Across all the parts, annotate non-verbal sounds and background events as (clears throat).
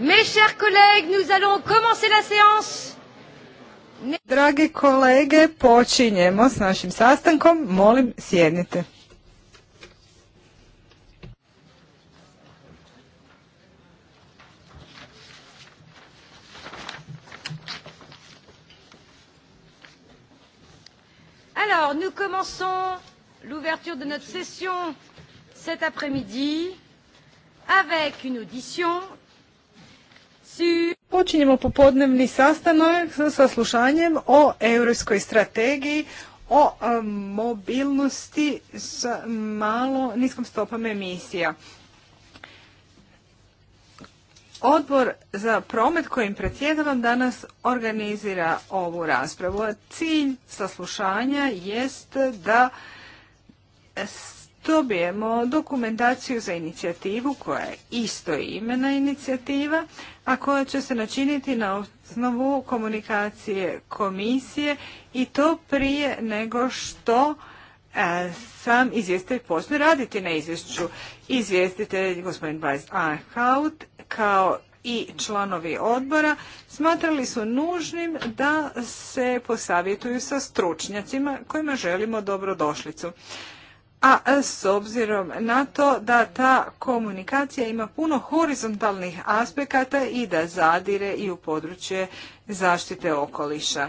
Mes chers collègues, nous allons commencer la séance. Drage kolege, počinjemo s našim sastankom. Molim, sjednite. Alors, nous commençons l'ouverture de notre session cet après-midi avec une audition Počinjemo popodnevni sastanak sa saslušanjem o europskoj strategiji o e, mobilnosti s malo niskom stopom emisija. Odbor za promet kojim predsjedavam danas organizira ovu raspravu. Cilj saslušanja jest da dobijemo dokumentaciju za inicijativu koja je isto imena inicijativa, a koja će se načiniti na osnovu komunikacije komisije i to prije nego što e, sam izvjestitelj počne raditi na izvješću. Izvjestitelj gospodin Bajs Ahaut kao i članovi odbora smatrali su nužnim da se posavjetuju sa stručnjacima kojima želimo dobrodošlicu a e, s obzirom na to da ta komunikacija ima puno horizontalnih aspekata i da zadire i u područje zaštite okoliša.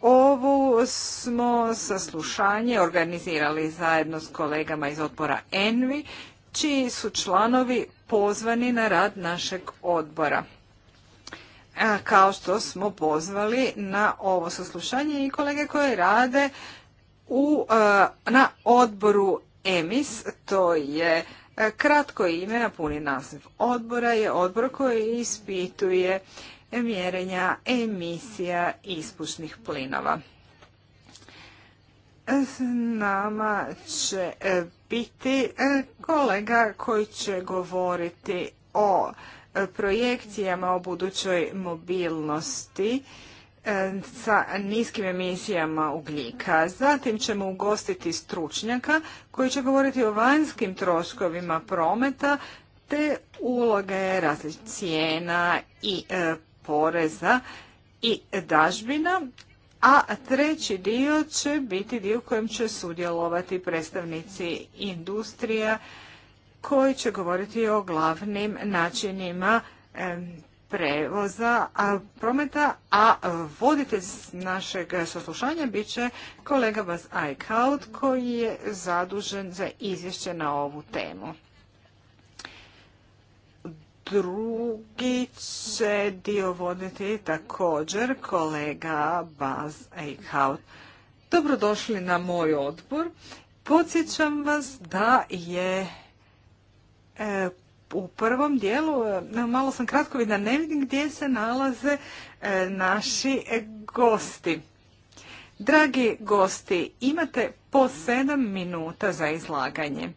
Ovo smo saslušanje organizirali zajedno s kolegama iz odbora ENVI, čiji su članovi pozvani na rad našeg odbora. E, kao što smo pozvali na ovo saslušanje i kolege koje rade u, na odboru EMIS, to je e, kratko ime na puni naziv odbora, je odbor koji ispituje mjerenja emisija ispušnih plinova. S nama će e, biti e, kolega koji će govoriti o projekcijama o budućoj mobilnosti E, sa niskim emisijama ugljika. Zatim ćemo ugostiti stručnjaka koji će govoriti o vanjskim troškovima prometa te uloge različitih cijena i e, poreza i dažbina. A treći dio će biti dio u kojem će sudjelovati predstavnici industrija koji će govoriti o glavnim načinima prevoza a, prometa, a voditelj našeg saslušanja bit će kolega Bas Eichhout koji je zadužen za izvješće na ovu temu. Drugi će dio voditi također kolega Baz Eichhout. Dobrodošli na moj odbor. Podsjećam vas da je e, u prvom dijelu e, malo sam kratko vidna, ne vidim gdje se nalaze e, naši e, gosti. Dragi gosti, imate po sedam minuta za izlaganje.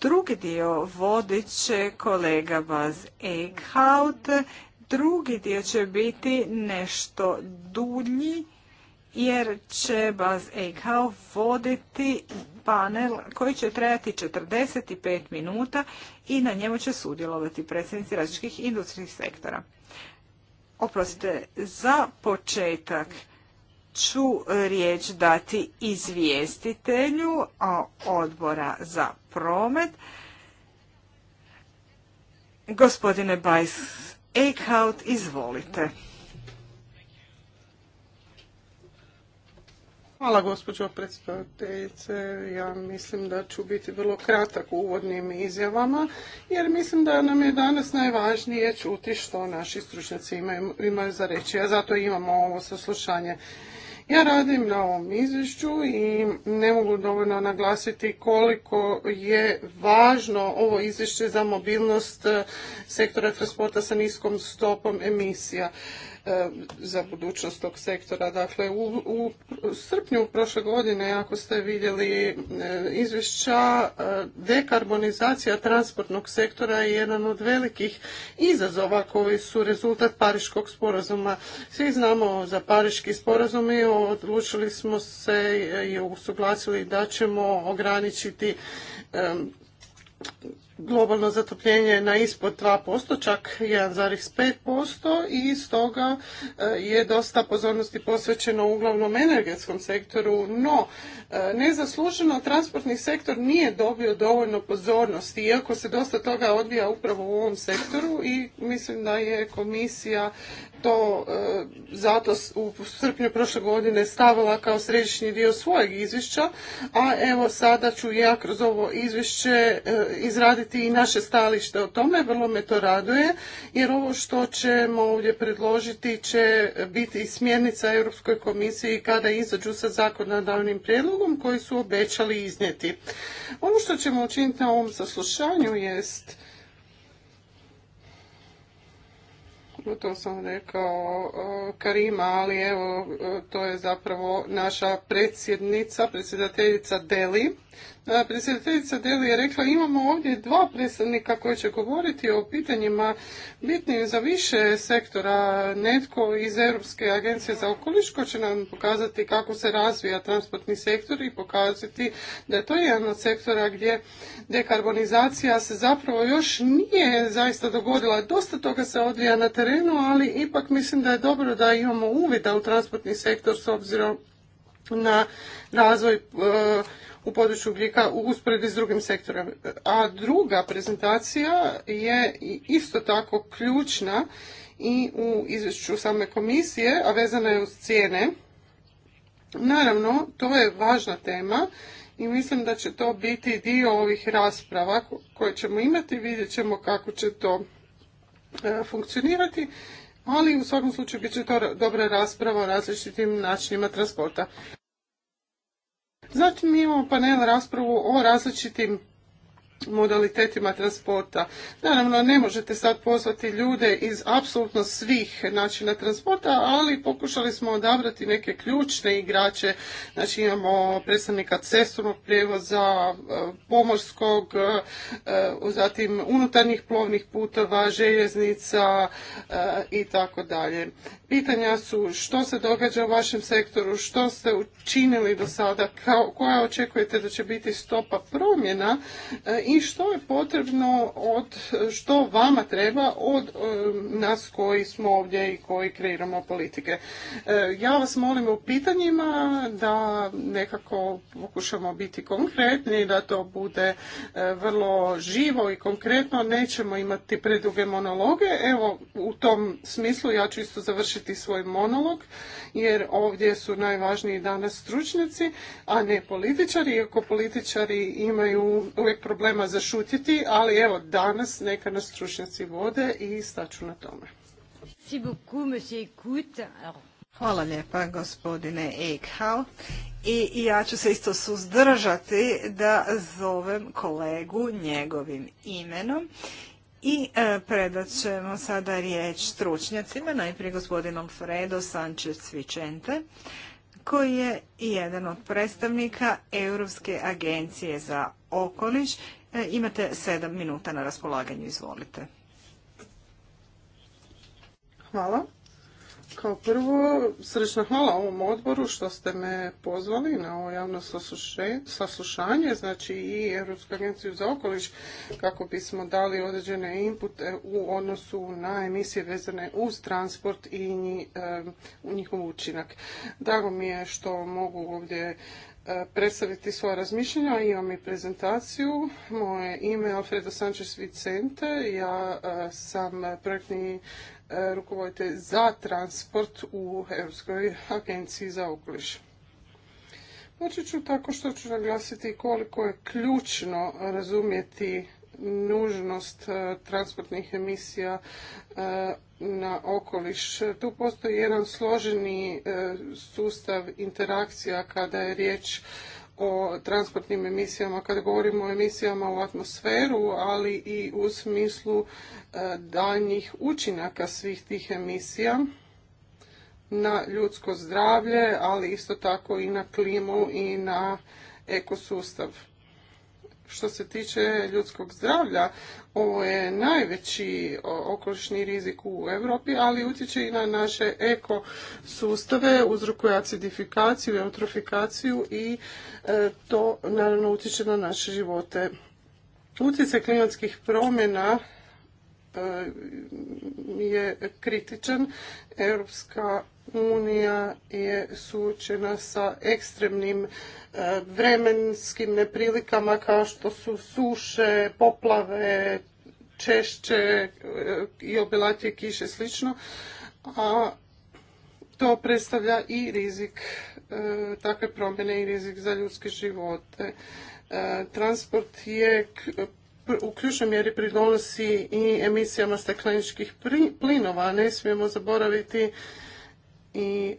Drugi dio vodit će kolega Baz Eichhout, drugi dio će biti nešto dulji jer će Baz Eichhout voditi panel koji će trajati 45 minuta i na njemu će sudjelovati predsjednici različitih industrijskih sektora. Oprostite, za početak ću e, riječ dati izvjestitelju odbora za promet. Gospodine Bajs Eichhout, izvolite. Hvala gospođo predstaviteljice. Ja mislim da ću biti vrlo kratak u uvodnim izjavama jer mislim da nam je danas najvažnije čuti što naši stručnjaci imaju, imaju za reći, a zato imamo ovo saslušanje. Ja radim na ovom izvješću i ne mogu dovoljno naglasiti koliko je važno ovo izvješće za mobilnost sektora transporta sa niskom stopom emisija. E, za budućnost tog sektora. Dakle, u, u srpnju prošle godine, ako ste vidjeli e, izvješća, e, dekarbonizacija transportnog sektora je jedan od velikih izazova koji su rezultat Pariškog sporazuma. Svi znamo za Pariški sporazum i odlučili smo se i usuglasili da ćemo ograničiti globalno zatopljenje na ispod 2%, čak 1,5% i stoga eh, je dosta pozornosti posvećeno uglavnom energetskom sektoru, no eh, nezasluženo transportni sektor nije dobio dovoljno pozornosti, iako se dosta toga odvija upravo u ovom sektoru i mislim da je komisija to eh, zato u srpnju prošle godine stavila kao središnji dio svojeg izvješća, a evo sada ću ja kroz ovo izvješće izraditi i naše stalište o tome. Vrlo me to raduje jer ovo što ćemo ovdje predložiti će biti smjernica Europskoj komisiji kada izađu sa zakonodavnim prijedlogom koji su obećali iznijeti. Ono što ćemo učiniti na ovom saslušanju jest to sam rekao e, Karima, ali evo e, to je zapravo naša predsjednica, predsjedateljica Deli, predsjedateljica Deli je rekla imamo ovdje dva predstavnika koji će govoriti o pitanjima bitnim za više sektora. Netko iz Europske agencije za okoliš koji će nam pokazati kako se razvija transportni sektor i pokazati da je to jedan od sektora gdje dekarbonizacija se zapravo još nije zaista dogodila. Dosta toga se odvija na terenu, ali ipak mislim da je dobro da imamo uvida u transportni sektor s obzirom na razvoj e, u području ugljika u usporedbi s drugim sektorom. A druga prezentacija je isto tako ključna i u izvješću same komisije, a vezana je uz cijene. Naravno, to je važna tema i mislim da će to biti dio ovih rasprava koje ćemo imati, vidjet ćemo kako će to e, funkcionirati, ali u svakom slučaju bit će to dobra rasprava o različitim načinima transporta. Zatim imamo panel raspravu o različitim modalitetima transporta. Naravno, ne možete sad pozvati ljude iz apsolutno svih načina transporta, ali pokušali smo odabrati neke ključne igrače. Znači imamo predstavnika cestovnog prijevoza, pomorskog, e, zatim unutarnjih plovnih putova, željeznica e, i tako dalje. Pitanja su što se događa u vašem sektoru, što ste učinili do sada, kao, koja očekujete da će biti stopa promjena e, i što je potrebno od, što vama treba od e, nas koji smo ovdje i koji kreiramo politike. E, ja vas molim u pitanjima da nekako pokušamo biti konkretni, da to bude vrlo živo i konkretno, nećemo imati preduge monologe. Evo, u tom smislu ja ću isto završiti završiti svoj monolog, jer ovdje su najvažniji danas stručnjaci, a ne političari, iako političari imaju uvijek problema zašutiti, ali evo danas neka nas stručnjaci vode i staću na tome. Hvala lijepa gospodine Eichhau. I ja ću se isto suzdržati da zovem kolegu njegovim imenom i e, predat ćemo sada riječ stručnjacima, najprije gospodinom Fredo Sanchez Vicente, koji je jedan od predstavnika Europske agencije za okoliš. E, imate sedam minuta na raspolaganju, izvolite. Hvala. Kao prvo, srećna hvala ovom odboru što ste me pozvali na ovo javno saslušanje, znači i Europsku agenciju za okoliš, kako bismo dali određene inpute u odnosu na emisije vezane uz transport i e, njihov učinak. Drago mi je što mogu ovdje e, predstaviti svoja razmišljenja. Imam i prezentaciju. Moje ime je Alfredo Sanchez Vicente. Ja e, sam projektni E, rukovoditelj za transport u Europskoj agenciji za okoliš. Moći ću tako što ću naglasiti koliko je ključno razumjeti nužnost e, transportnih emisija e, na okoliš. Tu postoji jedan složeni sustav interakcija kada je riječ o transportnim emisijama kada govorimo o emisijama u atmosferu, ali i u smislu e, daljnjih učinaka svih tih emisija na ljudsko zdravlje, ali isto tako i na klimu i na ekosustav što se tiče ljudskog zdravlja, ovo je najveći okolišni rizik u Europi, ali utječe i na naše ekosustave, uzrokuje acidifikaciju, eutrofikaciju i e, to naravno utječe na naše živote. Utjecaj klimatskih promjena e, je kritičan. Europska unija je suočena sa ekstremnim e, vremenskim neprilikama kao što su suše, poplave, češće e, i obilatije kiše slično, a to predstavlja i rizik e, takve promjene i rizik za ljudske živote. Transport je u ključnoj mjeri pridonosi i emisijama stakleničkih plinova. Ne smijemo zaboraviti i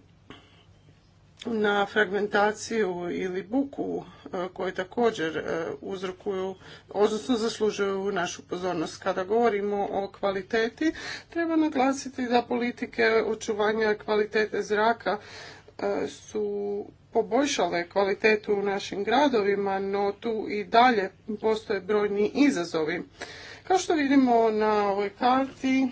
na fragmentaciju ili buku e, koje također e, uzrokuju, odnosno zaslužuju našu pozornost. Kada govorimo o kvaliteti, treba naglasiti da politike očuvanja kvalitete zraka e, su poboljšale kvalitetu u našim gradovima, no tu i dalje postoje brojni izazovi. Kao što vidimo na ovoj karti,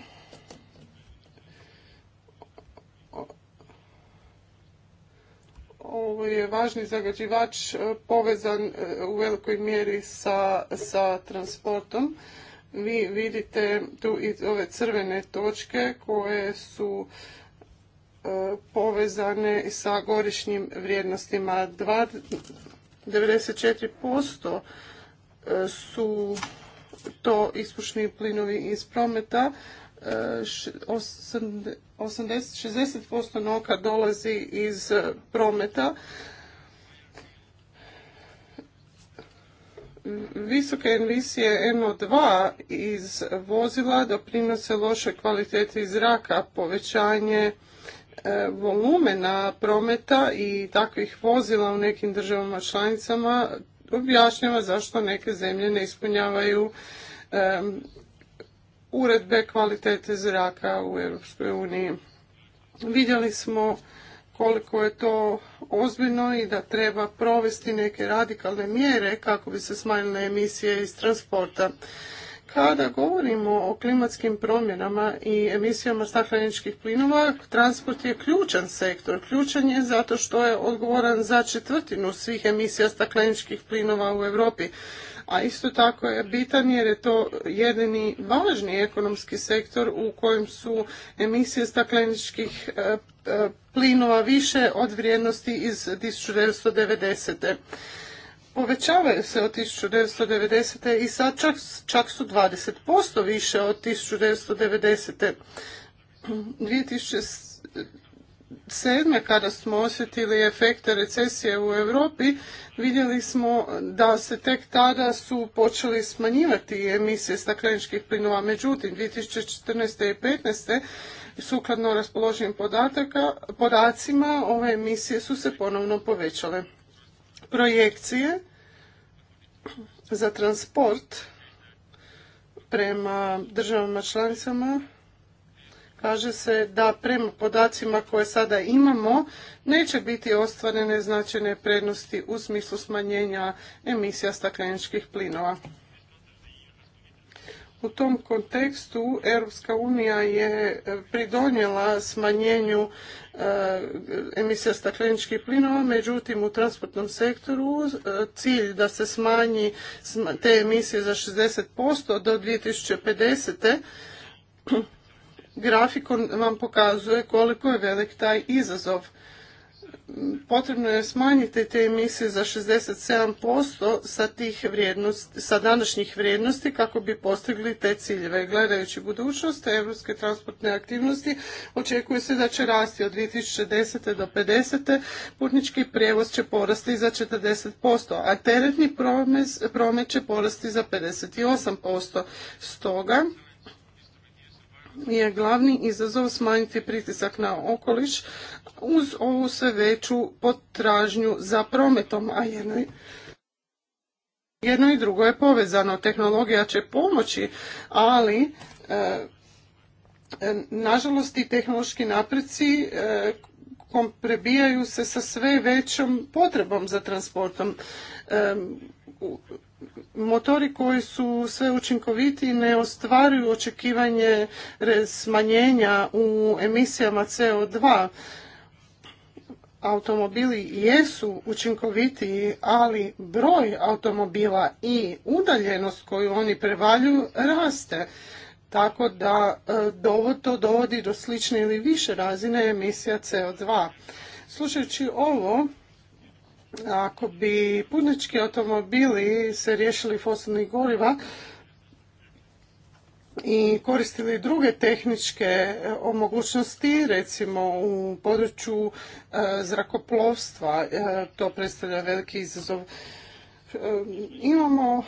ovo ovaj je važni zagađivač e, povezan e, u velikoj mjeri sa, sa transportom. Vi vidite tu i ove crvene točke koje su e, povezane sa godišnjim vrijednostima. 94% su to ispušni plinovi iz prometa, 80, 60% noka dolazi iz e, prometa. Visoke emisije NO2 iz vozila doprinose loše kvaliteti zraka, povećanje e, volumena prometa i takvih vozila u nekim državama članicama objašnjava zašto neke zemlje ne ispunjavaju uredbe kvalitete zraka u Europskoj uniji. Vidjeli smo koliko je to ozbiljno i da treba provesti neke radikalne mjere kako bi se smanjile emisije iz transporta. Kada govorimo o klimatskim promjenama i emisijama stakleničkih plinova, transport je ključan sektor. Ključan je zato što je odgovoran za četvrtinu svih emisija stakleničkih plinova u Europi a isto tako je bitan jer je to jedini važni ekonomski sektor u kojem su emisije stakleničkih e, e, plinova više od vrijednosti iz 1990 povećavaju se od 1990. i sad čak, čak su 20% više od 1990. 2000, sedme kada smo osjetili efekte recesije u Europi, vidjeli smo da se tek tada su počeli smanjivati emisije stakleničkih plinova. Međutim, 2014. i 2015. sukladno raspoloživim podacima ove emisije su se ponovno povećale. Projekcije za transport prema državama članicama kaže se da prema podacima koje sada imamo neće biti ostvarene značajne prednosti u smislu smanjenja emisija stakleničkih plinova. U tom kontekstu Europska unija je e, pridonijela smanjenju e, emisija stakleničkih plinova, međutim u transportnom sektoru e, cilj da se smanji te emisije za 60% do 2050 grafikon vam pokazuje koliko je velik taj izazov. Potrebno je smanjiti te emisije za 67% sa, tih vrijednosti, sa današnjih vrijednosti kako bi postigli te ciljeve. Gledajući budućnost, evropske transportne aktivnosti očekuje se da će rasti od 2010. do 50. Putnički prijevoz će porasti za 40%, a teretni promet će porasti za 58%. Stoga, je glavni izazov smanjiti pritisak na okoliš uz ovu sve veću potražnju za prometom, a jedno i, jedno i drugo je povezano. Tehnologija će pomoći, ali e, nažalost i tehnološki napreci e, prebijaju se sa sve većom potrebom za transportom. E, motori koji su sve učinkovitiji ne ostvaruju očekivanje smanjenja u emisijama CO2. Automobili jesu učinkovitiji, ali broj automobila i udaljenost koju oni prevaljuju raste. Tako da e, to dovodi do slične ili više razine emisija CO2. Slušajući ovo, ako bi putnički automobili se riješili fosilnih goriva i koristili druge tehničke e, mogućnosti, recimo u području e, zrakoplovstva, e, to predstavlja veliki izazov. Imamo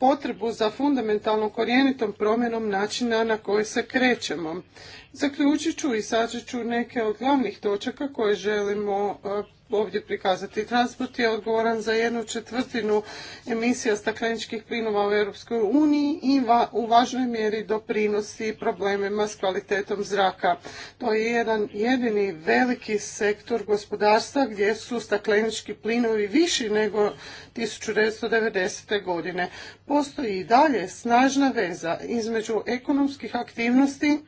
potrebu za fundamentalno korijenitom promjenom načina na koji se krećemo. Zaključit ću i ću neke od glavnih točaka koje želimo e, ovdje prikazati. Transport je odgovoran za jednu četvrtinu emisija stakleničkih plinova u Europskoj uniji i u važnoj mjeri doprinosi problemima s kvalitetom zraka. To je jedan jedini veliki sektor gospodarstva gdje su staklenički plinovi viši nego 1990. godine. Postoji i dalje snažna veza između ekonomskih aktivnosti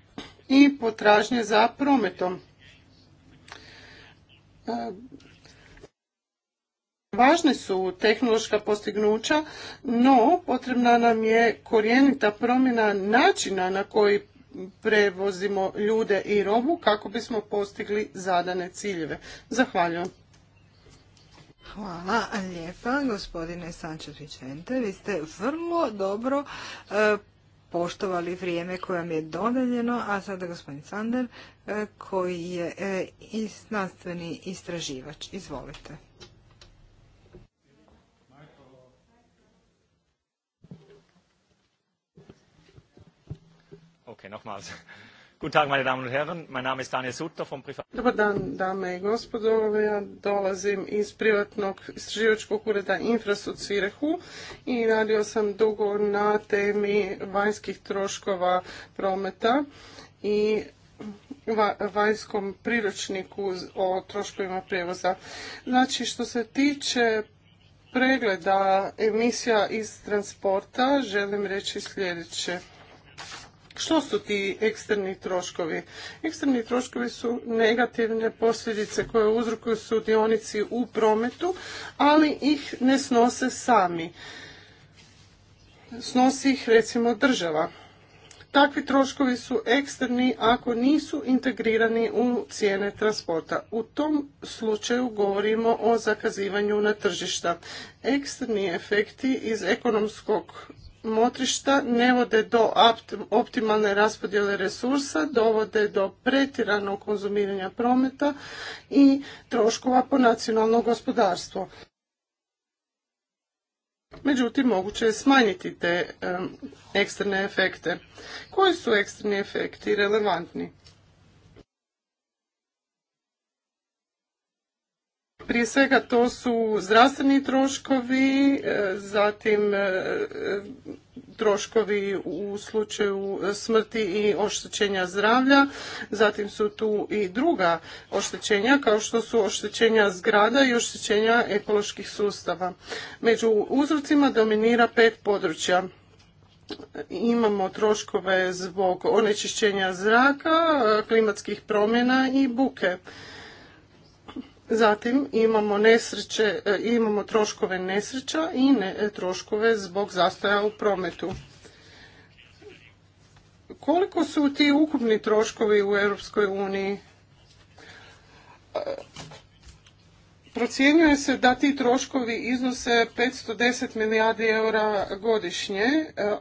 i potražnje za prometom. E, važne su tehnološka postignuća, no potrebna nam je korijenita promjena načina na koji prevozimo ljude i robu kako bismo postigli zadane ciljeve. Zahvaljujem. Hvala lijepa, gospodine sančević Vi ste vrlo dobro e, poštovali vrijeme koje vam je dodeljeno, a sada gospodin Sander e, koji je e, i znanstveni istraživač. Izvolite. Ok, nochmals. Dobar dan, dame i gospodo. Ja dolazim iz privatnog istraživačkog ureda infrastrukturehu i radio sam dugo na temi vanjskih troškova prometa i vanjskom priručniku o troškovima prijevoza. Znači, što se tiče pregleda emisija iz transporta, želim reći sljedeće. Što su ti eksterni troškovi? Eksterni troškovi su negativne posljedice koje uzrokuju sudionici u prometu, ali ih ne snose sami. Snosi ih recimo država. Takvi troškovi su eksterni ako nisu integrirani u cijene transporta. U tom slučaju govorimo o zakazivanju na tržišta. Eksterni efekti iz ekonomskog motrišta ne vode do optimalne raspodjele resursa, dovode do pretiranog konzumiranja prometa i troškova po nacionalno gospodarstvo. Međutim, moguće je smanjiti te eksterne efekte. Koji su eksterni efekti relevantni? Prije svega to su zdravstveni troškovi, e, zatim e, troškovi u slučaju smrti i oštećenja zdravlja, zatim su tu i druga oštećenja kao što su oštećenja zgrada i oštećenja ekoloških sustava. Među uzrocima dominira pet područja imamo troškove zbog onečišćenja zraka, klimatskih promjena i buke. Zatim imamo nesreće, e, imamo troškove nesreća i ne, e, troškove zbog zastoja u prometu. Koliko su ti ukupni troškovi u Europskoj uniji? E, procjenjuje se da ti troškovi iznose 510 milijardi eura godišnje,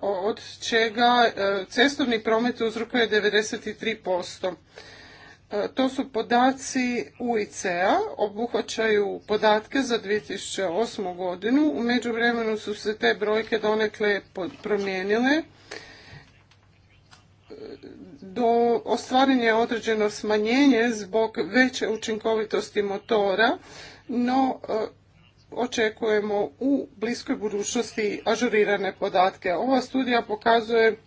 od čega cestovni promet uzrokuje 93%. E, to su podaci UICEA, obuhvaćaju podatke za 2008. godinu. U međuvremenu su se te brojke donekle promijenile. E, do, ostvaranja je određeno smanjenje zbog veće učinkovitosti motora, no e, očekujemo u bliskoj budućnosti ažurirane podatke. Ova studija pokazuje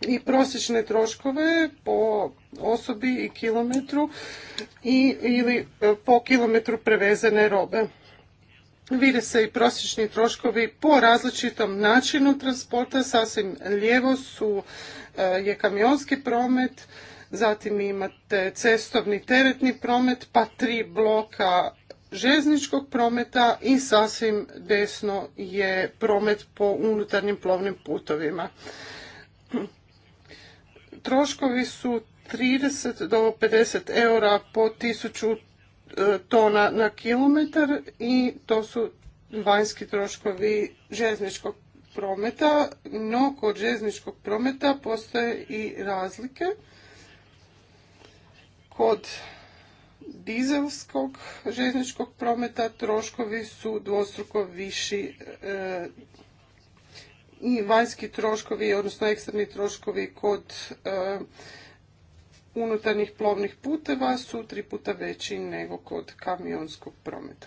i prosječne troškove po osobi i kilometru i, ili e, po kilometru prevezene robe. Vide se i prosječni troškovi po različitom načinu transporta, sasvim lijevo su e, je kamionski promet, zatim imate cestovni teretni promet, pa tri bloka željezničkog prometa i sasvim desno je promet po unutarnjim plovnim putovima. Troškovi su 30 do 50 eura po tisuću e, tona na kilometar i to su vanjski troškovi željezničkog prometa, no kod željezničkog prometa postoje i razlike. Kod dizelskog željezničkog prometa troškovi su dvostruko viši e, i vanjski troškovi, odnosno eksterni troškovi kod e, unutarnjih plovnih puteva su tri puta veći nego kod kamionskog prometa.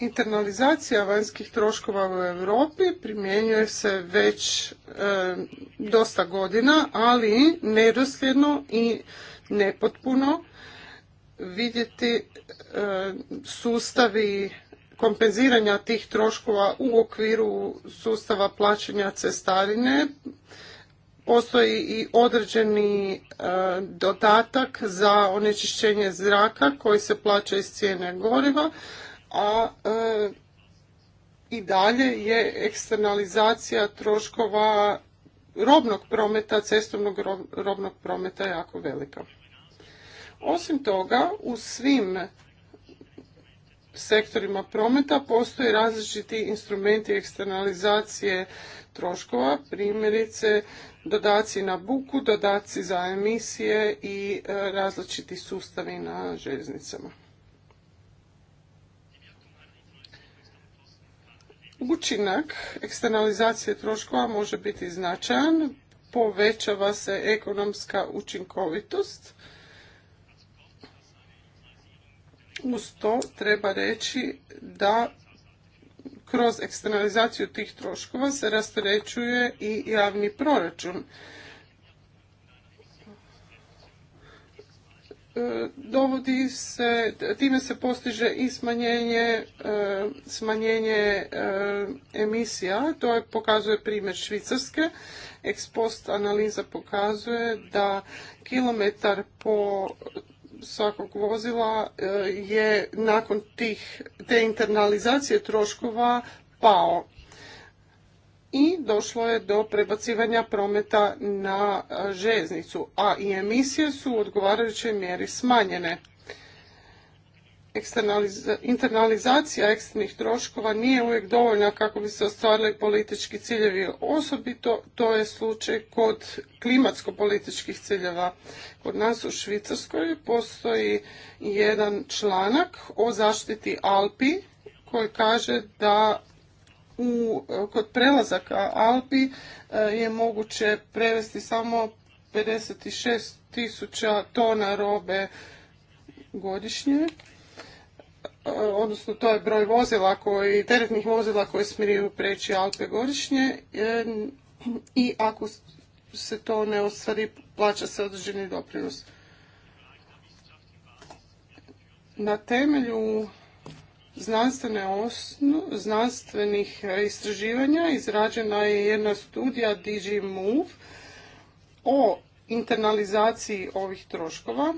Internalizacija vanjskih troškova u Europi primjenjuje se već e, dosta godina, ali nedosljedno i nepotpuno vidjeti e, sustavi kompenziranja tih troškova u okviru sustava plaćanja cestarine postoji i određeni e, dodatak za onečišćenje zraka koji se plaća iz cijene goriva, a e, i dalje je eksternalizacija troškova robnog prometa, cestovnog robnog prometa jako velika. Osim toga, u svim sektorima prometa postoje različiti instrumenti eksternalizacije troškova, primjerice dodaci na buku, dodaci za emisije i e, različiti sustavi na željeznicama. Učinak eksternalizacije troškova može biti značajan, povećava se ekonomska učinkovitost, uz to treba reći da kroz eksternalizaciju tih troškova se rasterećuje i javni proračun. E, dovodi se, time se postiže i smanjenje, e, smanjenje e, emisija. To je, pokazuje primjer Švicarske. ekspost analiza pokazuje da kilometar po svakog vozila e, je nakon tih, te internalizacije troškova pao i došlo je do prebacivanja prometa na e, željeznicu, a i emisije su u odgovarajućoj mjeri smanjene internalizacija eksternih troškova nije uvijek dovoljna kako bi se ostvarili politički ciljevi. Osobito to je slučaj kod klimatsko-političkih ciljeva. Kod nas u Švicarskoj postoji jedan članak o zaštiti Alpi koji kaže da u, kod prelazaka Alpi e, je moguće prevesti samo 56 tisuća tona robe godišnje E, odnosno to je broj vozila koji, teretnih vozila koje smiju preći Alpe godišnje e, i ako se to ne ostvari, plaća se određeni doprinos. Na temelju znanstvene osno, znanstvenih istraživanja izrađena je jedna studija DigiMove, o internalizaciji ovih troškova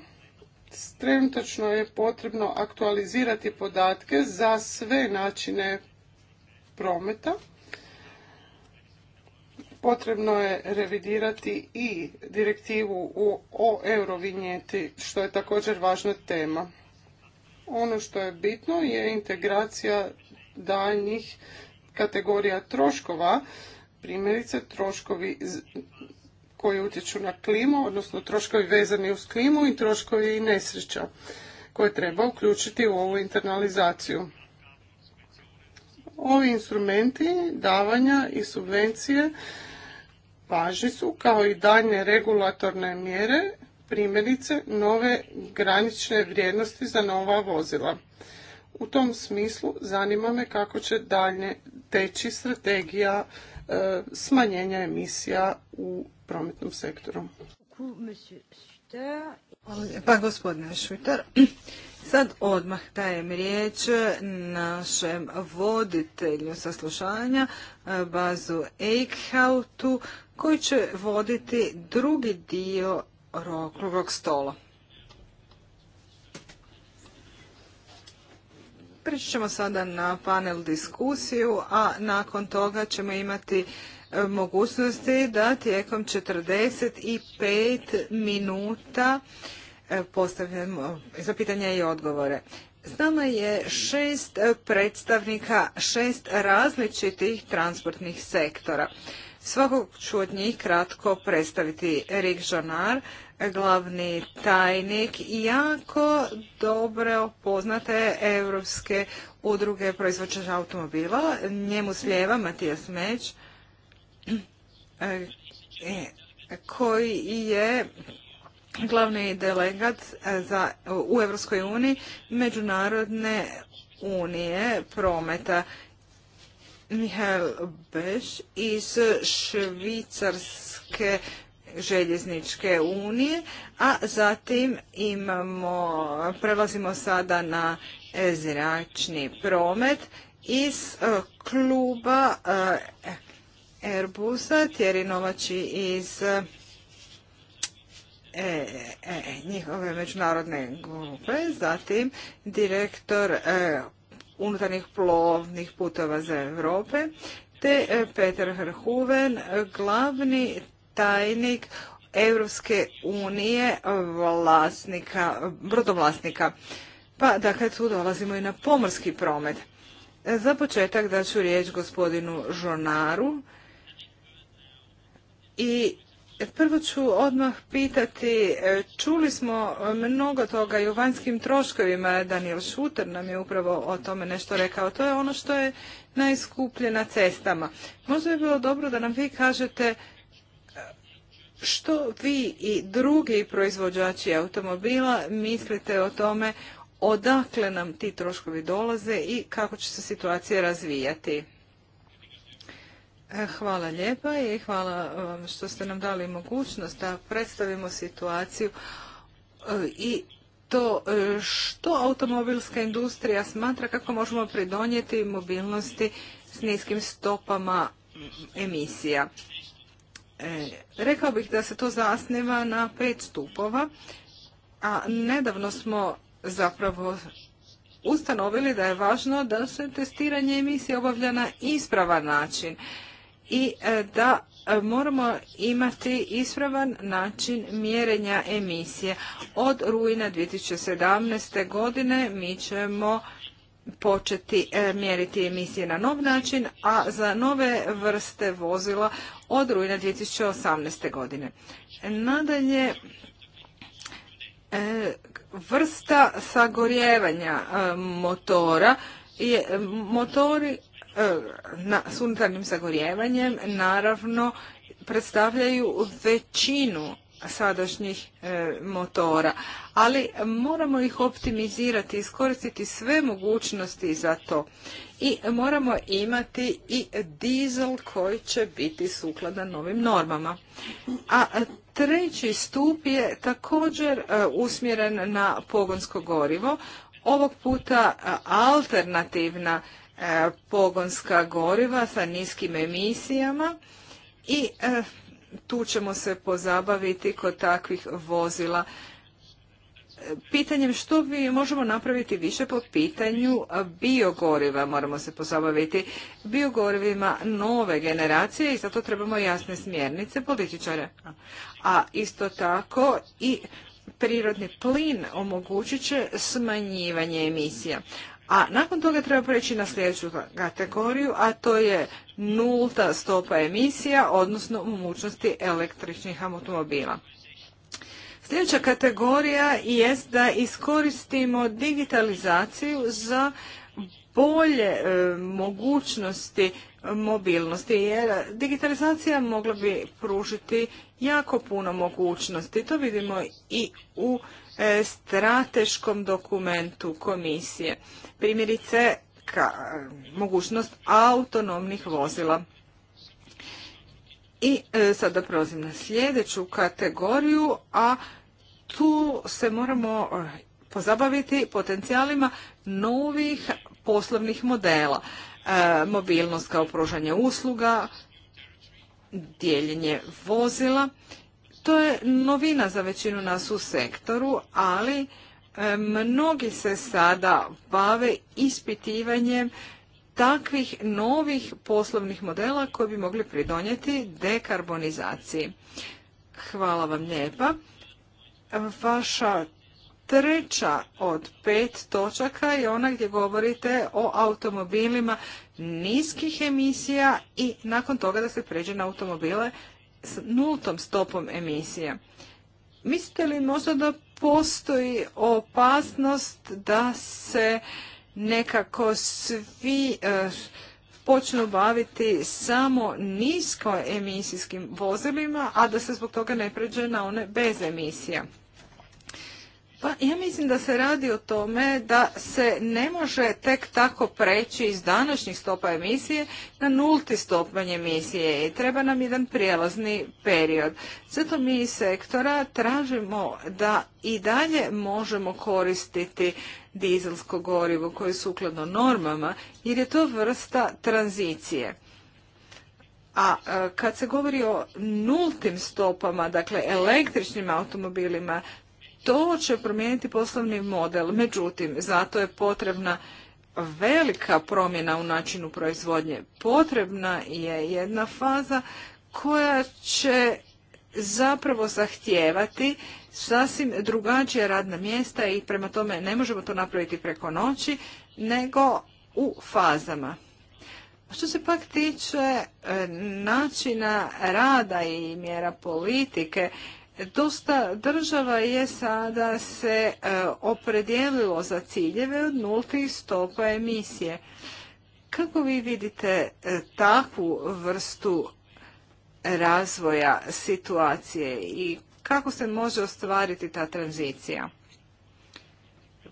Trenutačno je potrebno aktualizirati podatke za sve načine prometa. Potrebno je revidirati i direktivu o eurovinjeti, što je također važna tema. Ono što je bitno je integracija daljnjih kategorija troškova, primjerice troškovi koji utječu na klimu, odnosno troškovi vezani uz klimu i troškovi nesreća koje treba uključiti u ovu internalizaciju. Ovi instrumenti davanja i subvencije važni su kao i daljnje regulatorne mjere, primjerice nove granične vrijednosti za nova vozila. U tom smislu zanima me kako će dalje teći strategija e, smanjenja emisija u prometnom sektoru. Hvala gospodine Šuter. Sad odmah dajem riječ našem voditelju saslušanja, Bazu Eichhautu, koji će voditi drugi dio okruglog stola. Pričat ćemo sada na panel diskusiju, a nakon toga ćemo imati mogućnosti da tijekom 45 minuta e, postavljamo za pitanja i odgovore. S nama je šest predstavnika, šest različitih transportnih sektora. Svakog ću od njih kratko predstaviti Erik Žonar, glavni tajnik i jako dobro poznate Europske udruge proizvođača automobila. Njemu slijeva Matija Smeć. E, koji je glavni delegat e, u Europskoj uniji Međunarodne unije prometa. Mihael Beš iz Švicarske željezničke unije, a zatim imamo, prelazimo sada na zračni promet iz e, kluba Airbusa, Thierry Novači iz e, e, e, njihove međunarodne grupe, zatim direktor unutarnjih plovnih putova za Europe, te Peter Hrhuven, glavni tajnik Evropske unije brodovlasnika. Pa dakle tu dolazimo i na pomorski promet. Za početak daću riječ gospodinu Žonaru i prvo ću odmah pitati, e, čuli smo mnogo toga i o vanjskim troškovima, Daniel Šuter nam je upravo o tome nešto rekao, to je ono što je najskuplje na cestama. Možda bi bilo dobro da nam vi kažete e, što vi i drugi proizvođači automobila mislite o tome odakle nam ti troškovi dolaze i kako će se situacija razvijati. E, hvala lijepa i hvala vam što ste nam dali mogućnost da predstavimo situaciju e, i to e, što automobilska industrija smatra kako možemo pridonijeti mobilnosti s niskim stopama emisija. rekao bih da se to zasniva na pet stupova, a nedavno smo zapravo ustanovili da je važno da se testiranje emisije obavlja na ispravan način i e, da e, moramo imati ispravan način mjerenja emisije. Od rujna 2017. godine mi ćemo početi e, mjeriti emisije na nov način, a za nove vrste vozila od rujna 2018. godine. Nadalje, vrsta sagorjevanja motora je motori E, na, s unutarnjim zagorjevanjem naravno predstavljaju većinu sadašnjih e, motora, ali moramo ih optimizirati, iskoristiti sve mogućnosti za to. I moramo imati i dizel koji će biti sukladan novim normama. A treći stup je također e, usmjeren na pogonsko gorivo, ovog puta alternativna E, pogonska goriva sa niskim emisijama i e, tu ćemo se pozabaviti kod takvih vozila. E, pitanjem što bi možemo napraviti više po pitanju biogoriva, moramo se pozabaviti biogorivima nove generacije i zato trebamo jasne smjernice političare. A isto tako i prirodni plin omogućit će smanjivanje emisija. A nakon toga treba preći na sljedeću kategoriju, a to je nulta stopa emisija, odnosno mogućnosti električnih automobila. Sljedeća kategorija jest da iskoristimo digitalizaciju za bolje e, mogućnosti mobilnosti, jer digitalizacija mogla bi pružiti jako puno mogućnosti. To vidimo i u e, strateškom dokumentu komisije primjerice mogućnost autonomnih vozila. I sad e, sada prelazim na sljedeću kategoriju, a tu se moramo e, pozabaviti potencijalima novih poslovnih modela. E, mobilnost kao pružanje usluga, dijeljenje vozila. To je novina za većinu nas u sektoru, ali Mnogi se sada bave ispitivanjem takvih novih poslovnih modela koji bi mogli pridonijeti dekarbonizaciji. Hvala vam lijepa. Vaša treća od pet točaka je ona gdje govorite o automobilima niskih emisija i nakon toga da se pređe na automobile s nultom stopom emisije. Mislite li možda da postoji opasnost da se nekako svi e, počnu baviti samo nisko emisijskim vozilima, a da se zbog toga ne pređe na one bez emisija. Pa ja mislim da se radi o tome da se ne može tek tako preći iz današnjih stopa emisije na nulti stopanj emisije i treba nam jedan prijelazni period. Zato mi iz sektora tražimo da i dalje možemo koristiti dizelsko gorivo koje je sukladno normama jer je to vrsta tranzicije. A e, kad se govori o nultim stopama, dakle električnim automobilima, to će promijeniti poslovni model. Međutim, zato je potrebna velika promjena u načinu proizvodnje. Potrebna je jedna faza koja će zapravo zahtijevati sasvim drugačija radna mjesta i prema tome ne možemo to napraviti preko noći, nego u fazama. Što se pak tiče e, načina rada i mjera politike Dosta država je sada se e, opredijelilo za ciljeve od nultih stopa emisije. Kako vi vidite e, takvu vrstu razvoja situacije i kako se može ostvariti ta tranzicija?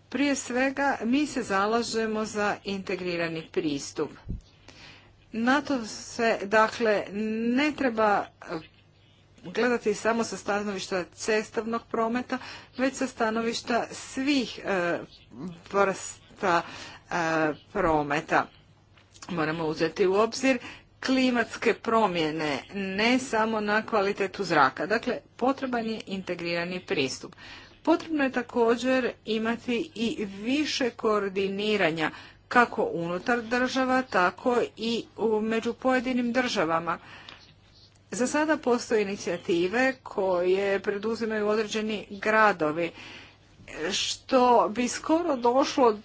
Prije svega, mi se zalažemo za integrirani pristup. Na to se, dakle, ne treba gledati samo sa stanovišta cestovnog prometa, već sa stanovišta svih e, vrsta e, prometa. Moramo uzeti u obzir klimatske promjene, ne samo na kvalitetu zraka. Dakle, potreban je integrirani pristup. Potrebno je također imati i više koordiniranja kako unutar država, tako i među pojedinim državama. Za sada postoje inicijative koje preduzimaju određeni gradovi, što bi skoro došlo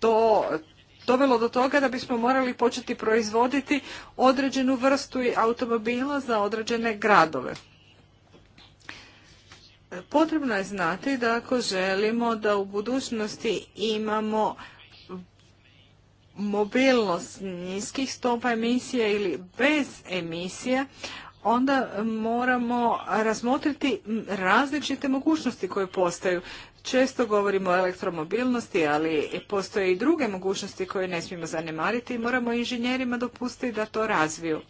do dovelo do toga da bismo morali početi proizvoditi određenu vrstu automobila za određene gradove. Potrebno je znati da ako želimo da u budućnosti imamo mobilnost niskih stopa emisija ili bez emisija, onda moramo razmotriti različite mogućnosti koje postaju. Često govorimo o elektromobilnosti, ali postoje i druge mogućnosti koje ne smijemo zanemariti i moramo inženjerima dopustiti da to razviju.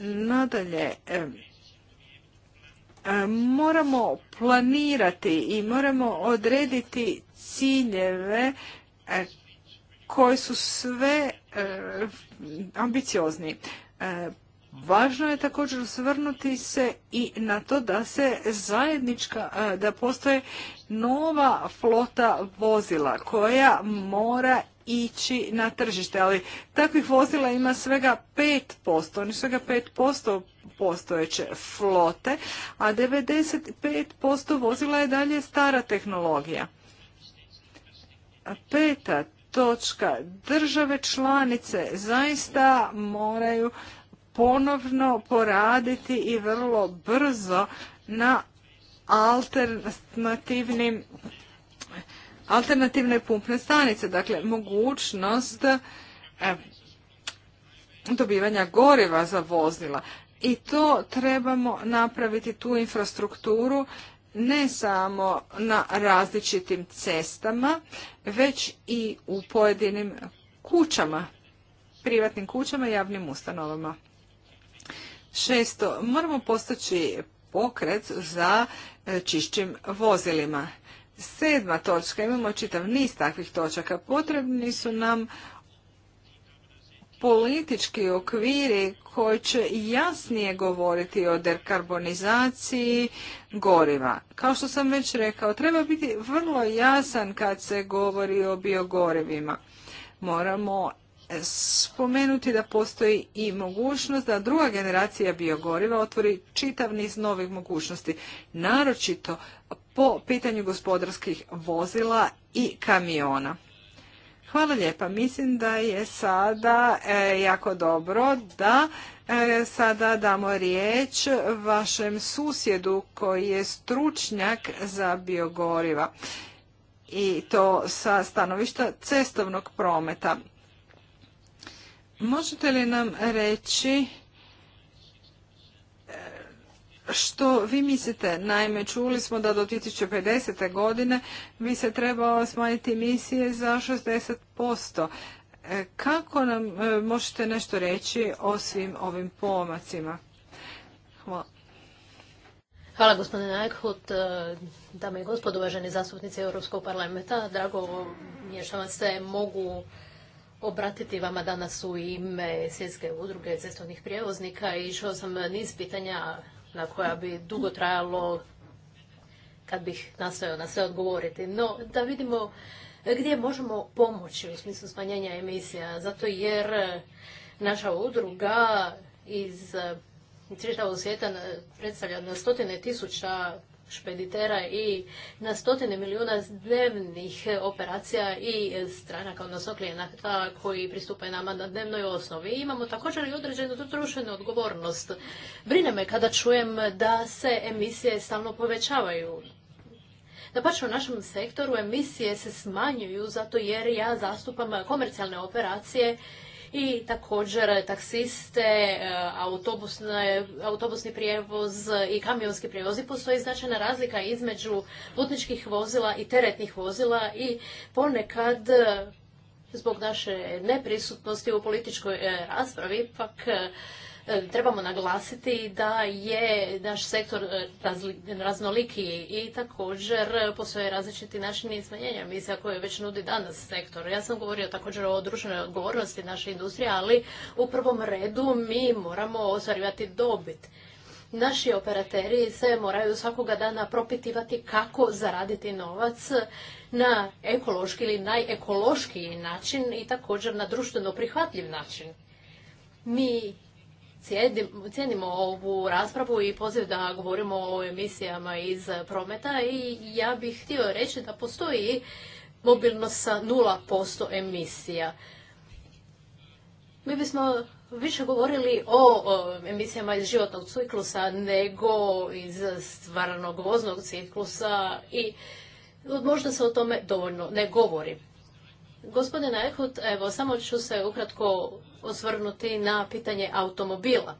Nadalje, moramo planirati i moramo odrediti ciljeve e, koji su sve e, ambiciozni. E, Važno je također osvrnuti se i na to da se zajednička, e, da postoje nova flota vozila koja mora ići na tržište, ali takvih vozila ima svega 5%, oni svega 5% postojeće flote, a 95% vozila je dalje stara tehnologija. Peta točka, države članice zaista moraju ponovno poraditi i vrlo brzo na alternativnim alternativne pumpne stanice, dakle mogućnost e, dobivanja goriva za vozila. I to trebamo napraviti tu infrastrukturu ne samo na različitim cestama, već i u pojedinim kućama, privatnim kućama i javnim ustanovama. Šesto, moramo postaći pokret za e, čišćim vozilima. Sedma točka, imamo čitav niz takvih točaka. Potrebni su nam politički okviri koji će jasnije govoriti o dekarbonizaciji goriva. Kao što sam već rekao, treba biti vrlo jasan kad se govori o biogorivima. Moramo spomenuti da postoji i mogućnost da druga generacija biogoriva otvori čitav niz novih mogućnosti, naročito po pitanju gospodarskih vozila i kamiona. Hvala lijepa. Mislim da je sada e, jako dobro da e, sada damo riječ vašem susjedu koji je stručnjak za biogoriva i to sa stanovišta cestovnog prometa. Možete li nam reći e, što vi mislite? Naime, čuli smo da do 2050. godine bi se trebalo smanjiti emisije za 60%. E, kako nam e, možete nešto reći o svim ovim pomacima? Hvala. Hvala gospodine Eichhut, dame i gospodo, uvaženi zastupnici Europskog parlamenta. Drago mi je što vam se mogu obratiti vama danas u ime Svjetske udruge cestovnih prijevoznika i išao sam niz pitanja na koja bi dugo trajalo kad bih nastojao na sve odgovoriti. No, da vidimo gdje možemo pomoći u smislu smanjenja emisija, zato jer naša udruga iz čitavog svijeta predstavlja na stotine tisuća špeditera i na stotine milijuna dnevnih operacija i stranaka, odnosno klijenata koji pristupaju nama na dnevnoj osnovi. imamo također i određenu društvenu odgovornost. Brine me kada čujem da se emisije stalno povećavaju. Da u našem sektoru emisije se smanjuju zato jer ja zastupam komercijalne operacije i također taksiste, e, autobusni prijevoz i kamionski prijevoz. I postoji značajna razlika između putničkih vozila i teretnih vozila i ponekad e, zbog naše neprisutnosti u političkoj e, raspravi ipak E, trebamo naglasiti da je naš sektor e, raznoliki i također postoje različiti načini smanjenja emisija koje već nudi danas sektor. Ja sam govorio također o društvenoj odgovornosti naše industrije, ali u prvom redu mi moramo ostvarivati dobit. Naši operateri se moraju svakoga dana propitivati kako zaraditi novac na ekološki ili najekološkiji način i također na društveno prihvatljiv način. Mi cijenimo ovu raspravu i poziv da govorimo o emisijama iz prometa i ja bih htio reći da postoji mobilnost sa 0% emisija. Mi bismo više govorili o, emisijama iz životnog ciklusa nego iz stvarnog voznog ciklusa i možda se o tome dovoljno ne govori. Gospodine Ehut, evo, samo ću se ukratko osvrnuti na pitanje automobila.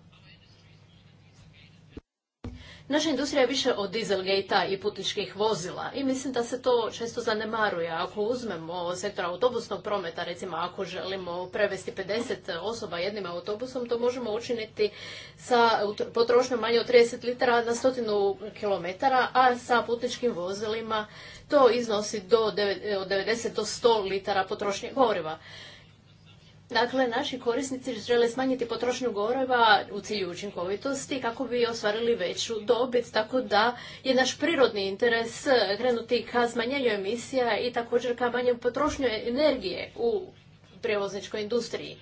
Naša industrija je više od dieselgate i putničkih vozila i mislim da se to često zanemaruje. Ako uzmemo sektor autobusnog prometa, recimo ako želimo prevesti 50 osoba jednim autobusom, to možemo učiniti sa potrošnjom manje od 30 litara na stotinu kilometara, a sa putničkim vozilima to iznosi do, od 90 do 100 litara potrošnje goriva. Dakle, naši korisnici žele smanjiti potrošnju goriva u cilju učinkovitosti kako bi ostvarili veću dobit, tako da je naš prirodni interes eh, krenuti ka smanjenju emisija i također ka manjem potrošnju energije u prijevozničkoj industriji.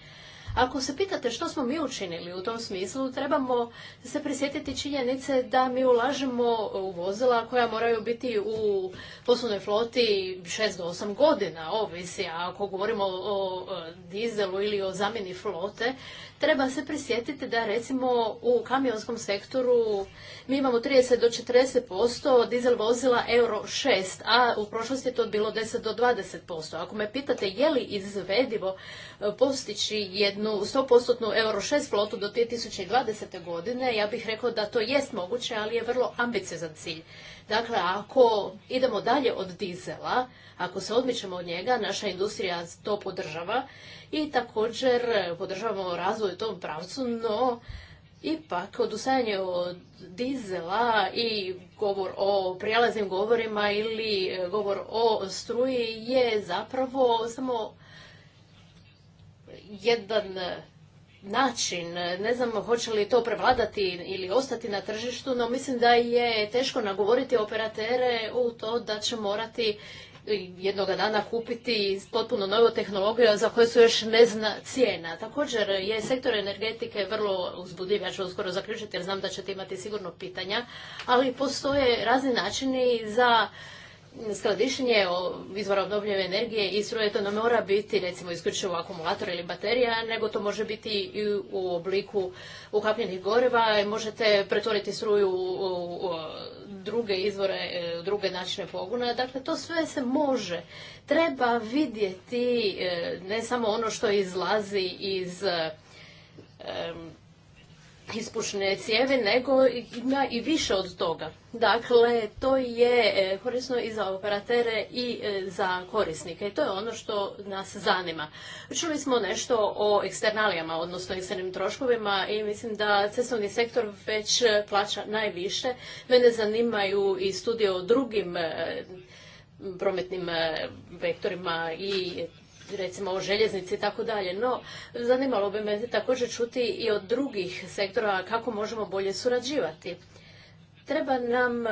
Ako se pitate što smo mi učinili u tom smislu, trebamo se prisjetiti činjenice da mi ulažemo u vozila koja moraju biti u poslovnoj floti 6 do 8 godina, ovisi, a ako govorimo o dizelu ili o zamjeni flote, treba se prisjetiti da recimo u kamionskom sektoru mi imamo 30 do 40% dizel vozila Euro 6, a u prošlosti je to bilo 10 do 20%. Ako me pitate je li izvedivo postići jednu sto 100% Euro 6 flotu do 2020. godine, ja bih rekao da to jest moguće, ali je vrlo ambiciozan cilj. Dakle, ako idemo dalje od dizela, ako se odmičemo od njega, naša industrija to podržava i također podržavamo razvoj u tom pravcu, no ipak odustajanje od dizela i govor o prijelaznim govorima ili govor o struji je zapravo samo jedan e, način. Ne znam hoće li to prevladati ili ostati na tržištu, no mislim da je teško nagovoriti operatere u to da će morati jednog dana kupiti potpuno novu tehnologiju za koju su još ne zna cijena. Također je sektor energetike vrlo uzbudljiv, ja ću uskoro zaključiti jer znam da ćete imati sigurno pitanja, ali postoje razni načini za Skladišenje izvora obnovljive energije i struje to ne mora biti recimo isključivo akumulator ili baterija, nego to može biti i u obliku ukapljenih goriva. Možete pretvoriti struju u druge izvore, u e, druge načine pogona. Dakle, to sve se može. Treba vidjeti e, ne samo ono što izlazi iz ispušne cijevi, nego ima i više od toga. Dakle, to je e, korisno i za operatere i e, za korisnike. I to je ono što nas zanima. Čuli smo nešto o eksternalijama, odnosno eksternim troškovima i mislim da cestovni sektor već plaća najviše. Mene zanimaju i studije o drugim e, prometnim vektorima i recimo o željeznici i tako dalje. No, zanimalo bi me također čuti i od drugih sektora kako možemo bolje surađivati. Treba nam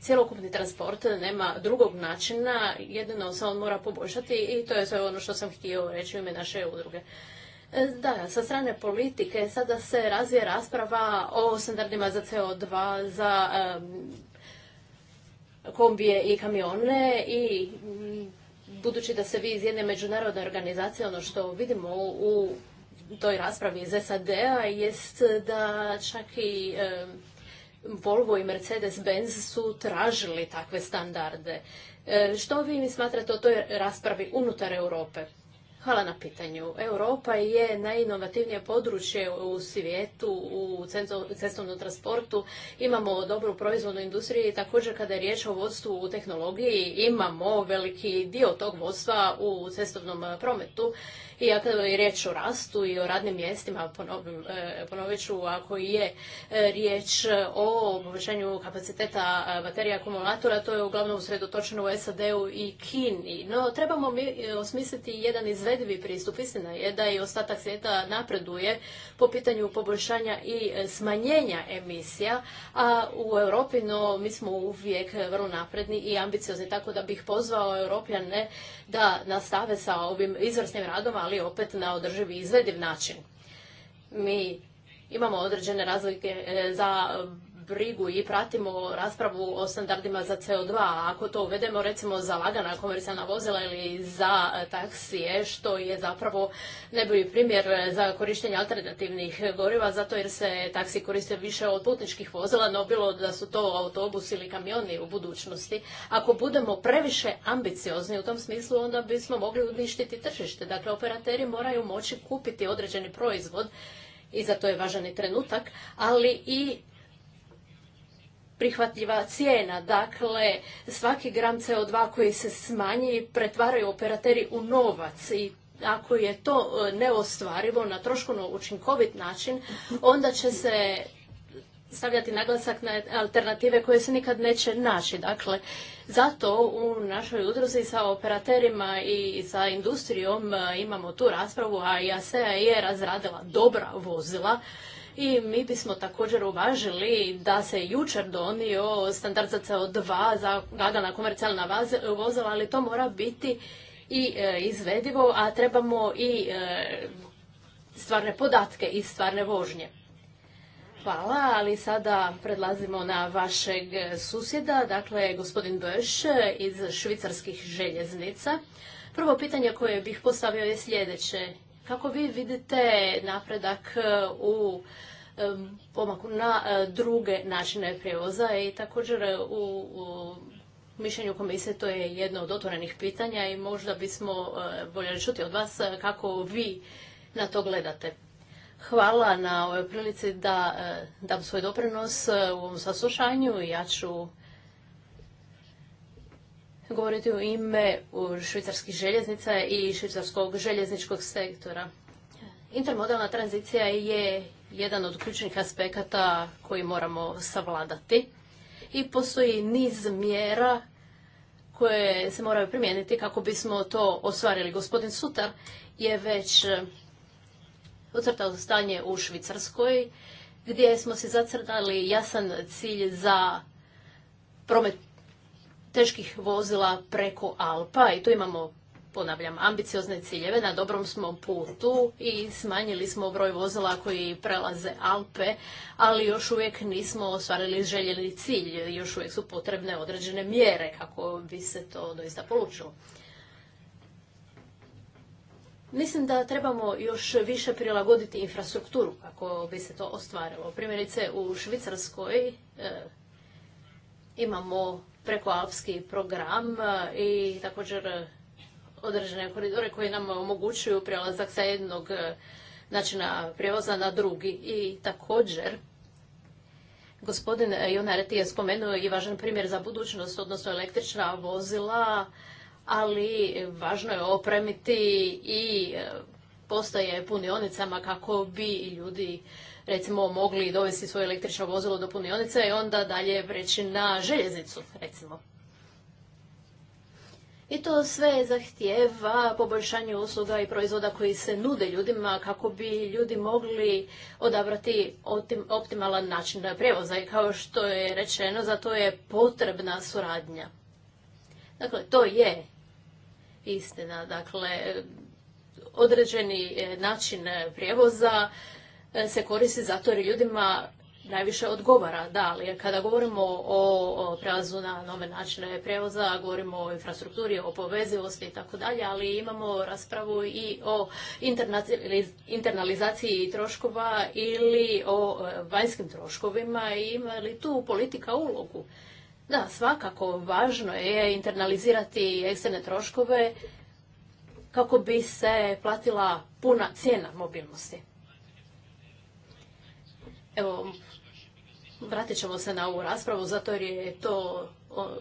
cjelokupni transport, nema drugog načina, jedino se on mora poboljšati i to je sve ono što sam htio reći u ime naše udruge. E, da, sa strane politike sada se razvije rasprava o standardima za CO2, za kombije i kamione i budući da se vi iz jedne međunarodne organizacije, ono što vidimo u toj raspravi iz SAD-a jest da čak i Volvo i Mercedes-Benz su tražili takve standarde. E, što vi mi smatrate o toj raspravi unutar Europe? Hvala na pitanju. Europa je najinovativnije područje u svijetu, u cestovnom transportu. Imamo dobru proizvodnu industriju i također kada je riječ o vodstvu u tehnologiji, imamo veliki dio tog vodstva u cestovnom prometu i ako je riječ o rastu i o radnim mjestima, e, ponovit ću, ako je e, riječ o povećanju kapaciteta e, baterija akumulatora, to je uglavnom usredotočeno u SAD-u i Kini. No, trebamo mi osmisliti jedan izvedivi pristup. Istina je da i ostatak svijeta napreduje po pitanju poboljšanja i smanjenja emisija, a u Europi, no, mi smo uvijek vrlo napredni i ambiciozni, tako da bih pozvao Europljane da nastave sa ovim izvrsnim radom, ali opet na održivi izvediv način. Mi imamo određene razlike e, za brigu i pratimo raspravu o standardima za CO2. ako to uvedemo recimo za lagana komercijalna vozila ili za e, taksije, što je zapravo najbolji primjer e, za korištenje alternativnih goriva, zato jer se taksi koriste više od putničkih vozila, no bilo da su to autobus ili kamioni u budućnosti. Ako budemo previše ambiciozni u tom smislu, onda bismo mogli uništiti tržište. Dakle, operateri moraju moći kupiti određeni proizvod i za to je važan i trenutak, ali i prihvatljiva cijena. Dakle, svaki gram CO2 koji se smanji pretvaraju operateri u novac i ako je to e, neostvarivo na troškovno učinkovit način, onda će se stavljati naglasak na alternative koje se nikad neće naći. Dakle, zato u našoj udruzi sa operaterima i sa industrijom e, imamo tu raspravu, a IASEA e je razradila dobra vozila i mi bismo također uvažili da se jučer donio standard za CO2 za lagana komercijalna vozila, ali to mora biti i e, izvedivo, a trebamo i e, stvarne podatke i stvarne vožnje. Hvala, ali sada predlazimo na vašeg susjeda, dakle gospodin Böš iz švicarskih željeznica. Prvo pitanje koje bih postavio je sljedeće. Kako vi vidite napredak e, u pomaku na e, druge načine prijevoza i također e, u, mišljenju komisije to je jedno od otvorenih pitanja i možda bismo e, bolje čuti od vas kako vi na to gledate. Hvala na ovoj prilici da dam svoj doprinos u ovom saslušanju. Ja ću govoriti u ime švicarskih željeznica i švicarskog željezničkog sektora. Intermodalna tranzicija je jedan od ključnih aspekata koji moramo savladati i postoji niz mjera koje se moraju primijeniti kako bismo to ostvarili. Gospodin Sutar je već ucrtao eh, stanje u Švicarskoj gdje smo se zacrtali jasan cilj za promet teških vozila preko Alpa i tu imamo ponavljam, ambiciozne ciljeve, na dobrom smo putu i smanjili smo broj vozila koji prelaze Alpe, ali još uvijek nismo ostvarili željeni cilj, još uvijek su potrebne određene mjere kako bi se to doista polučilo. Mislim da trebamo još više prilagoditi infrastrukturu kako bi se to ostvarilo. Primjerice u Švicarskoj e, imamo prekoalpski program e, i također određene koridore koji nam omogućuju prelazak sa jednog e, načina prijevoza na drugi. I također, gospodin Junar je spomenuo i važan primjer za budućnost, odnosno električna vozila, ali važno je opremiti i e, postaje punionicama kako bi ljudi recimo mogli dovesti svoje električno vozilo do punionice i onda dalje preći na željeznicu recimo. I to sve zahtjeva poboljšanje usluga i proizvoda koji se nude ljudima kako bi ljudi mogli odabrati optimalan način prijevoza. I kao što je rečeno, za to je potrebna suradnja. Dakle, to je istina. Dakle, određeni eh, način eh, prijevoza eh, se koristi zato jer ljudima najviše odgovara. Da, ali kada govorimo o prelazu na nove načine prijevoza, govorimo o infrastrukturi, o povezivosti i tako dalje, ali imamo raspravu i o internalizaciji troškova ili o e, vanjskim troškovima i ima li tu politika ulogu? Da, svakako važno je internalizirati eksterne troškove kako bi se platila puna cijena mobilnosti. Evo, Vratit ćemo se na ovu raspravu zato jer je to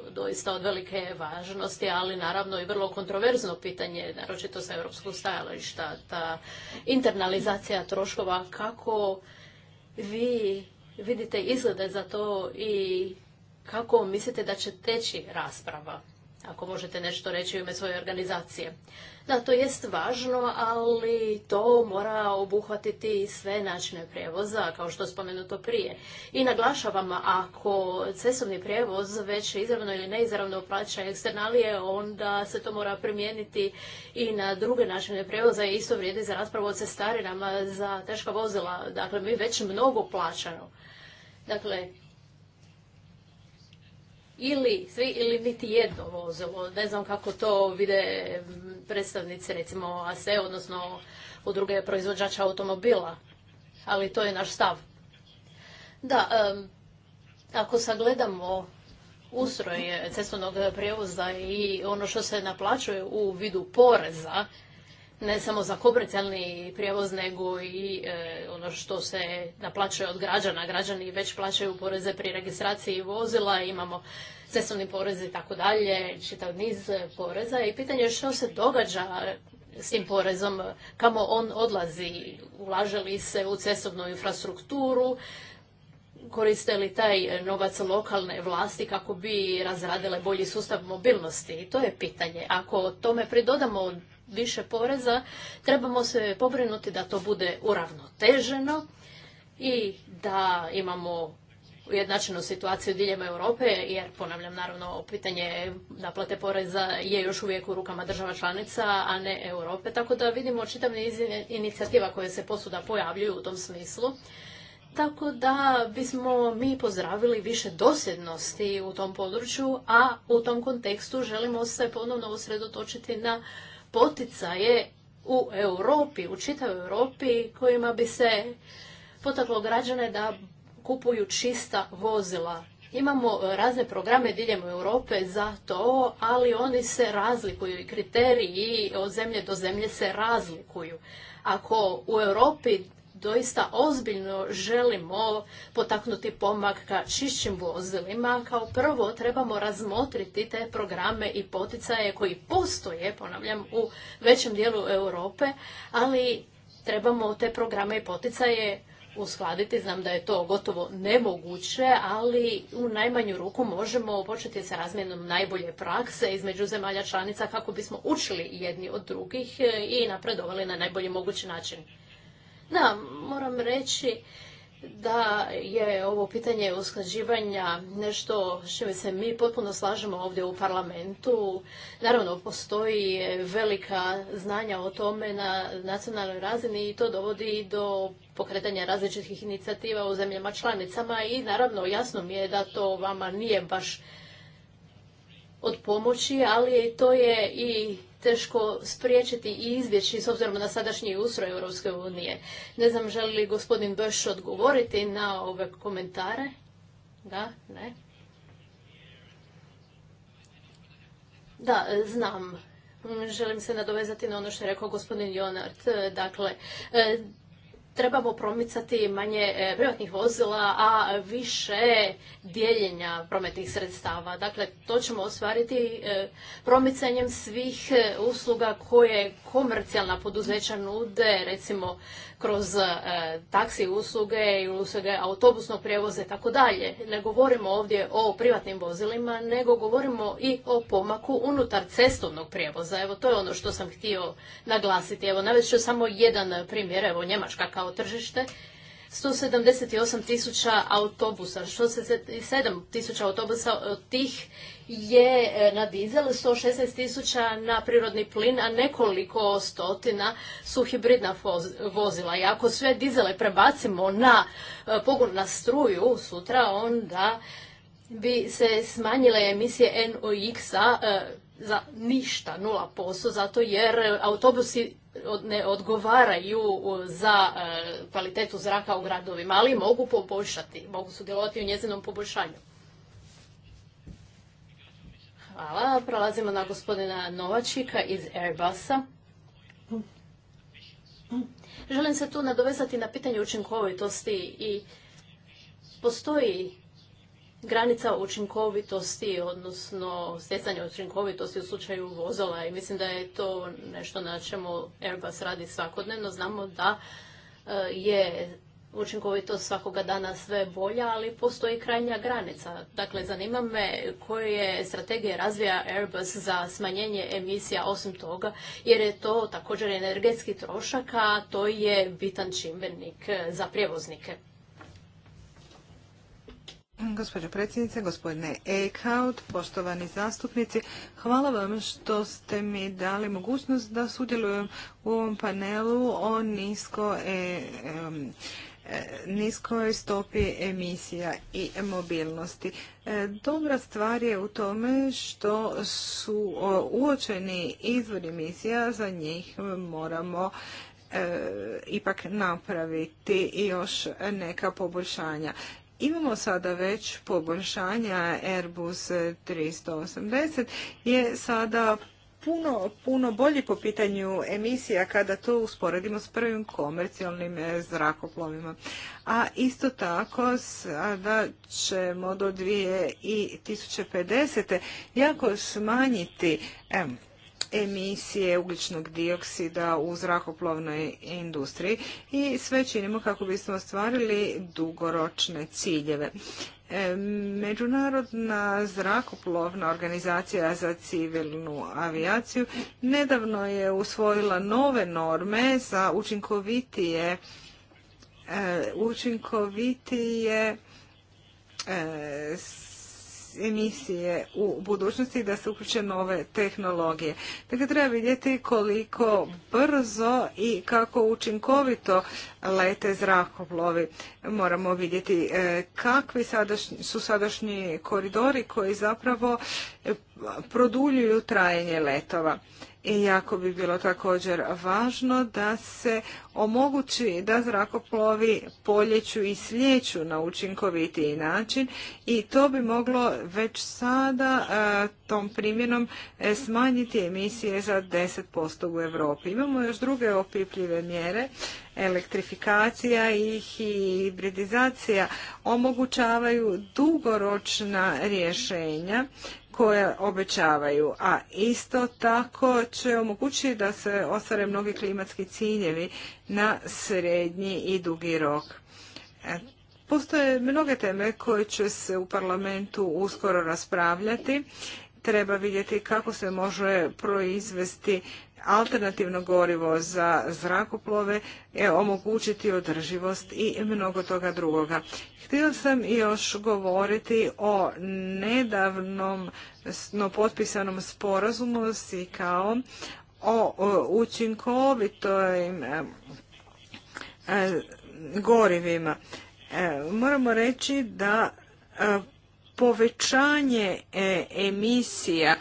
doista od velike važnosti, ali naravno i vrlo kontroverzno pitanje, naročito sa europskog stajališta, ta internalizacija troškova, kako vi vidite izglede za to i kako mislite da će teći rasprava? ako možete nešto reći u ime svoje organizacije. Da, to jest važno, ali to mora obuhvatiti sve načine prijevoza, kao što je spomenuto prije. I naglašavam, ako cesovni prijevoz već izravno ili neizravno plaća eksternalije, onda se to mora primijeniti i na druge načine prijevoza i isto vrijedi za raspravu o cestarinama za teška vozila. Dakle, mi već mnogo plaćamo. Dakle, ili svi ili niti jedno vozilo. Ne znam kako to vide predstavnici recimo ASE, odnosno udruge proizvođača automobila, ali to je naš stav. Da, ako sagledamo ustroj cestovnog prijevoza i ono što se naplaćuje u vidu poreza, ne samo za komercijalni prijevoz, nego i e, ono što se naplaćuje od građana. Građani već plaćaju poreze pri registraciji vozila, imamo cestovni porez i tako dalje, čitav niz poreza i pitanje je što se događa s tim porezom, kamo on odlazi, ulaže li se u cestovnu infrastrukturu, koriste li taj novac lokalne vlasti kako bi razradile bolji sustav mobilnosti? I to je pitanje. Ako tome pridodamo više poreza, trebamo se pobrinuti da to bude uravnoteženo i da imamo ujednačenu situaciju diljem Europe, jer ponavljam naravno pitanje naplate poreza je još uvijek u rukama država članica, a ne Europe, tako da vidimo čitav niz inicijativa koje se posuda pojavljuju u tom smislu. Tako da bismo mi pozdravili više dosljednosti u tom području, a u tom kontekstu želimo se ponovno usredotočiti na poticaje u Europi, u čitavoj Europi kojima bi se potaklo građane da kupuju čista vozila. Imamo razne programe diljem Europe za to, ali oni se razlikuju i kriteriji od zemlje do zemlje se razlikuju. Ako u Europi doista ozbiljno želimo potaknuti pomak ka čišćim vozilima, kao prvo trebamo razmotriti te programe i poticaje koji postoje, ponavljam, u većem dijelu Europe, ali trebamo te programe i poticaje uskladiti. Znam da je to gotovo nemoguće, ali u najmanju ruku možemo početi sa razmjenom najbolje prakse između zemalja članica kako bismo učili jedni od drugih i napredovali na najbolji mogući način. Da, moram reći da je ovo pitanje usklađivanja nešto s čime se mi potpuno slažemo ovdje u parlamentu. Naravno, postoji velika znanja o tome na nacionalnoj razini i to dovodi do pokretanja različitih inicijativa u zemljama članicama i naravno jasno mi je da to vama nije baš od pomoći, ali to je i teško spriječiti i izbjeći s obzirom na sadašnji ustroj Europske unije. Ne znam, želi li gospodin Böš odgovoriti na ove komentare? Da, ne. Da, znam. Želim se nadovezati na ono što je rekao gospodin Jonart. Dakle, trebamo promicati manje e, privatnih vozila, a više dijeljenja prometnih sredstava. Dakle, to ćemo ostvariti e, promicanjem svih e, usluga koje komercijalna poduzeća nude, recimo kroz e, taksi usluge i usluge autobusnog prijevoza i tako dalje. Ne govorimo ovdje o privatnim vozilima, nego govorimo i o pomaku unutar cestovnog prijevoza. Evo, to je ono što sam htio naglasiti. Evo, navest ću samo jedan primjer, evo, Njemačka kao tržište, 178 tisuća autobusa, 67 tisuća autobusa od tih je e, na dizel, 116 tisuća na prirodni plin, a nekoliko stotina su hibridna vozila. I ako sve dizele prebacimo na e, pogon na struju sutra, onda bi se smanjile emisije NOx-a e, za ništa, 0%, zato jer autobusi ne odgovaraju za kvalitetu zraka u gradovima, ali mogu poboljšati, mogu sudjelovati u njezinom poboljšanju. Hvala. Prelazimo na gospodina Novačika iz Airbusa. Želim se tu nadovezati na pitanje učinkovitosti i postoji granica učinkovitosti, odnosno stjecanja učinkovitosti u slučaju vozola. i mislim da je to nešto na čemu Airbus radi svakodnevno. Znamo da e, je učinkovitost svakoga dana sve bolja, ali postoji krajnja granica. Dakle, zanima me koje strategije razvija Airbus za smanjenje emisija osim toga, jer je to također energetski trošak, a to je bitan čimbenik za prijevoznike. Gospođo predsjednice, gospodine Eichhout, poštovani zastupnici, hvala vam što ste mi dali mogućnost da sudjelujem u ovom panelu o nisko e, niskoj stopi emisija i mobilnosti. E, dobra stvar je u tome što su uočeni izvori emisija, za njih moramo e, ipak napraviti još neka poboljšanja. Imamo sada već poboljšanja Airbus 380 je sada puno, puno bolji po pitanju emisija kada to usporedimo s prvim komercijalnim eh, zrakoplovima. A isto tako sada ćemo do 2050. jako smanjiti emisije ugljičnog dioksida u zrakoplovnoj industriji i sve činimo kako bismo ostvarili dugoročne ciljeve. E, Međunarodna zrakoplovna organizacija za civilnu avijaciju nedavno je usvojila nove norme za učinkovitije e, učinkovitije e, emisije u budućnosti da se uključe nove tehnologije. Dakle, treba vidjeti koliko brzo i kako učinkovito lete zrakoplovi. Moramo vidjeti e, kakvi su sadašnji koridori koji zapravo produljuju trajanje letova. I jako bi bilo također važno da se omogući da zrakoplovi poljeću i slijeću na učinkovitiji način i to bi moglo već sada e, tom primjenom e, smanjiti emisije za 10% u Europi. Imamo još druge opipljive mjere elektrifikacija i hibridizacija omogućavaju dugoročna rješenja koje obećavaju, a isto tako će omogućiti da se ostvare mnogi klimatski ciljevi na srednji i dugi rok. E, postoje mnoge teme koje će se u parlamentu uskoro raspravljati. Treba vidjeti kako se može proizvesti alternativno gorivo za zrakoplove e, omogućiti održivost i mnogo toga drugoga. Htio sam još govoriti o nedavnom no, potpisanom sporazumu s ICAO o, učinkovitoj e, gorivima. E, moramo reći da povećanje emisija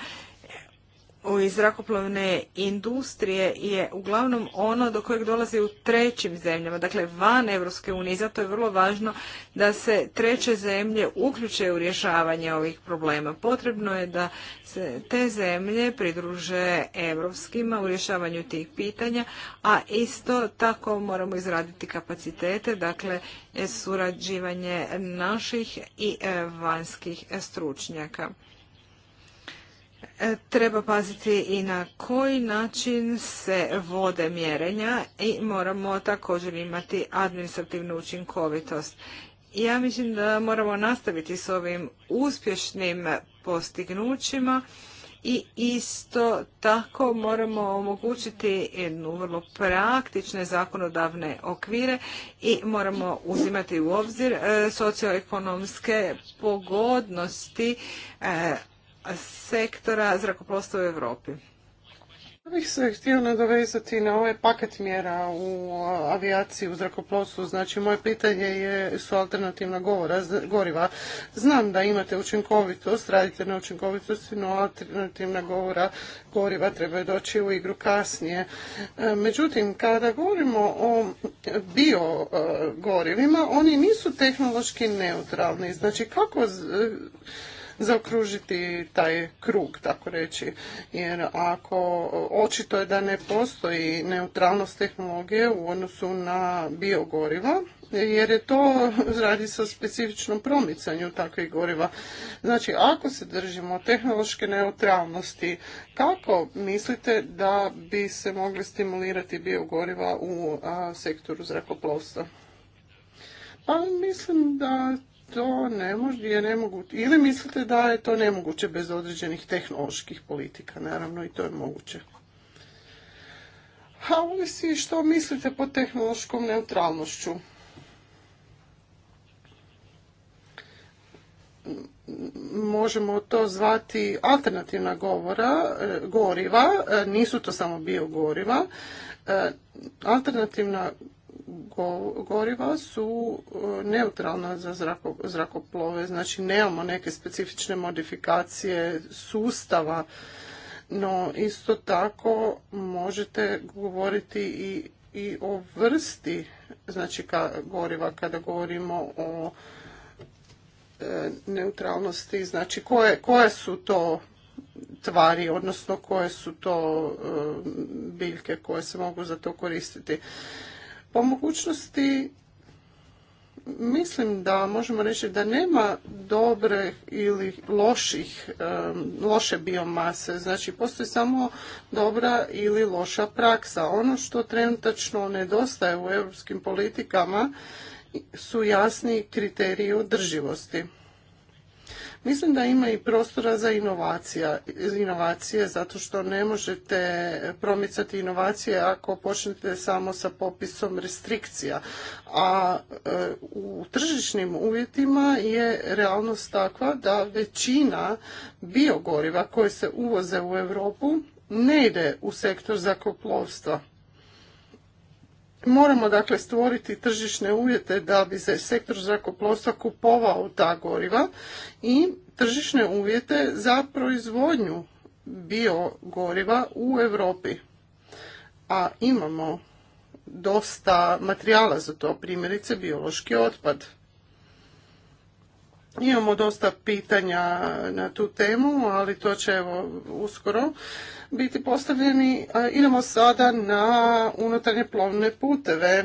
i zrakoplovne industrije je uglavnom ono do kojeg dolazi u trećim zemljama, dakle van Europske unije. Zato je vrlo važno da se treće zemlje uključe u rješavanje ovih problema. Potrebno je da se te zemlje pridruže europskima u rješavanju tih pitanja, a isto tako moramo izraditi kapacitete, dakle surađivanje naših i e, vanjskih stručnjaka. E, treba paziti i na koji način se vode mjerenja i moramo također imati administrativnu učinkovitost. Ja mislim da moramo nastaviti s ovim uspješnim postignućima i isto tako moramo omogućiti jednu vrlo praktične zakonodavne okvire i moramo uzimati u obzir e, socioekonomske pogodnosti e, sektora zrakoplovstva u Europi. Ja bih se htio nadovezati na ovaj paket mjera u avijaciji, u zrakoplovstvu. Znači, moje pitanje je, su alternativna govora, goriva. Znam da imate učinkovitost, radite na učinkovitosti, no alternativna govora goriva trebaju doći u igru kasnije. E, međutim, kada govorimo o biogorivima, e, oni nisu tehnološki neutralni. Znači, kako zaokružiti taj krug, tako reći. Jer ako očito je da ne postoji neutralnost tehnologije u odnosu na biogoriva, jer je to radi se specifičnom promicanju takvih goriva. Znači, ako se držimo tehnološke neutralnosti, kako mislite da bi se mogli stimulirati biogoriva u sektoru zrakoplovstva? Pa mislim da to ne može, je Ili mislite da je to nemoguće bez određenih tehnoloških politika, naravno i to je moguće. A ovisi što mislite po tehnološkom neutralnošću. možemo to zvati alternativna govora, e, goriva, e, nisu to samo biogoriva. E, alternativna goriva su e, neutralna za zrakoplove, znači nemamo neke specifične modifikacije sustava, no isto tako možete govoriti i, i o vrsti znači ka, goriva kada govorimo o e, neutralnosti, znači koje, koje su to tvari, odnosno koje su to e, biljke koje se mogu za to koristiti. Po mogućnosti mislim da možemo reći da nema dobre ili loših, loše biomase. Znači, postoji samo dobra ili loša praksa. Ono što trenutačno nedostaje u europskim politikama su jasni kriteriji održivosti. Mislim da ima i prostora za inovacija, inovacije zato što ne možete promicati inovacije ako počnete samo sa popisom restrikcija. A e, u tržišnim uvjetima je realnost takva da većina biogoriva koje se uvoze u Europu ne ide u sektor zakoplovstva Moramo dakle stvoriti tržišne uvjete da bi se sektor zrakoplovstva kupovao ta goriva i tržišne uvjete za proizvodnju biogoriva u Europi. A imamo dosta materijala za to, primjerice biološki otpad. Imamo dosta pitanja na tu temu, ali to će evo uskoro biti postavljeni. Idemo sada na unutarnje plovne puteve.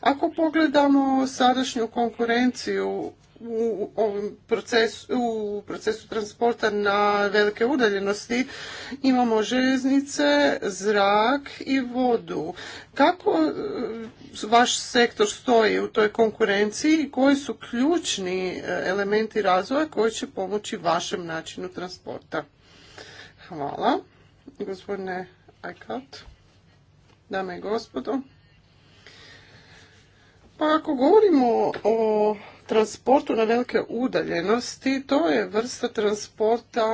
Ako pogledamo sadašnju konkurenciju u procesu, u procesu transporta na velike udaljenosti imamo željeznice, zrak i vodu. Kako e, vaš sektor stoji u toj konkurenciji i koji su ključni e, elementi razvoja koji će pomoći vašem načinu transporta? Hvala. Gospodine Eichhout, dame i gospodo. Pa ako govorimo o transportu na velike udaljenosti, to je vrsta transporta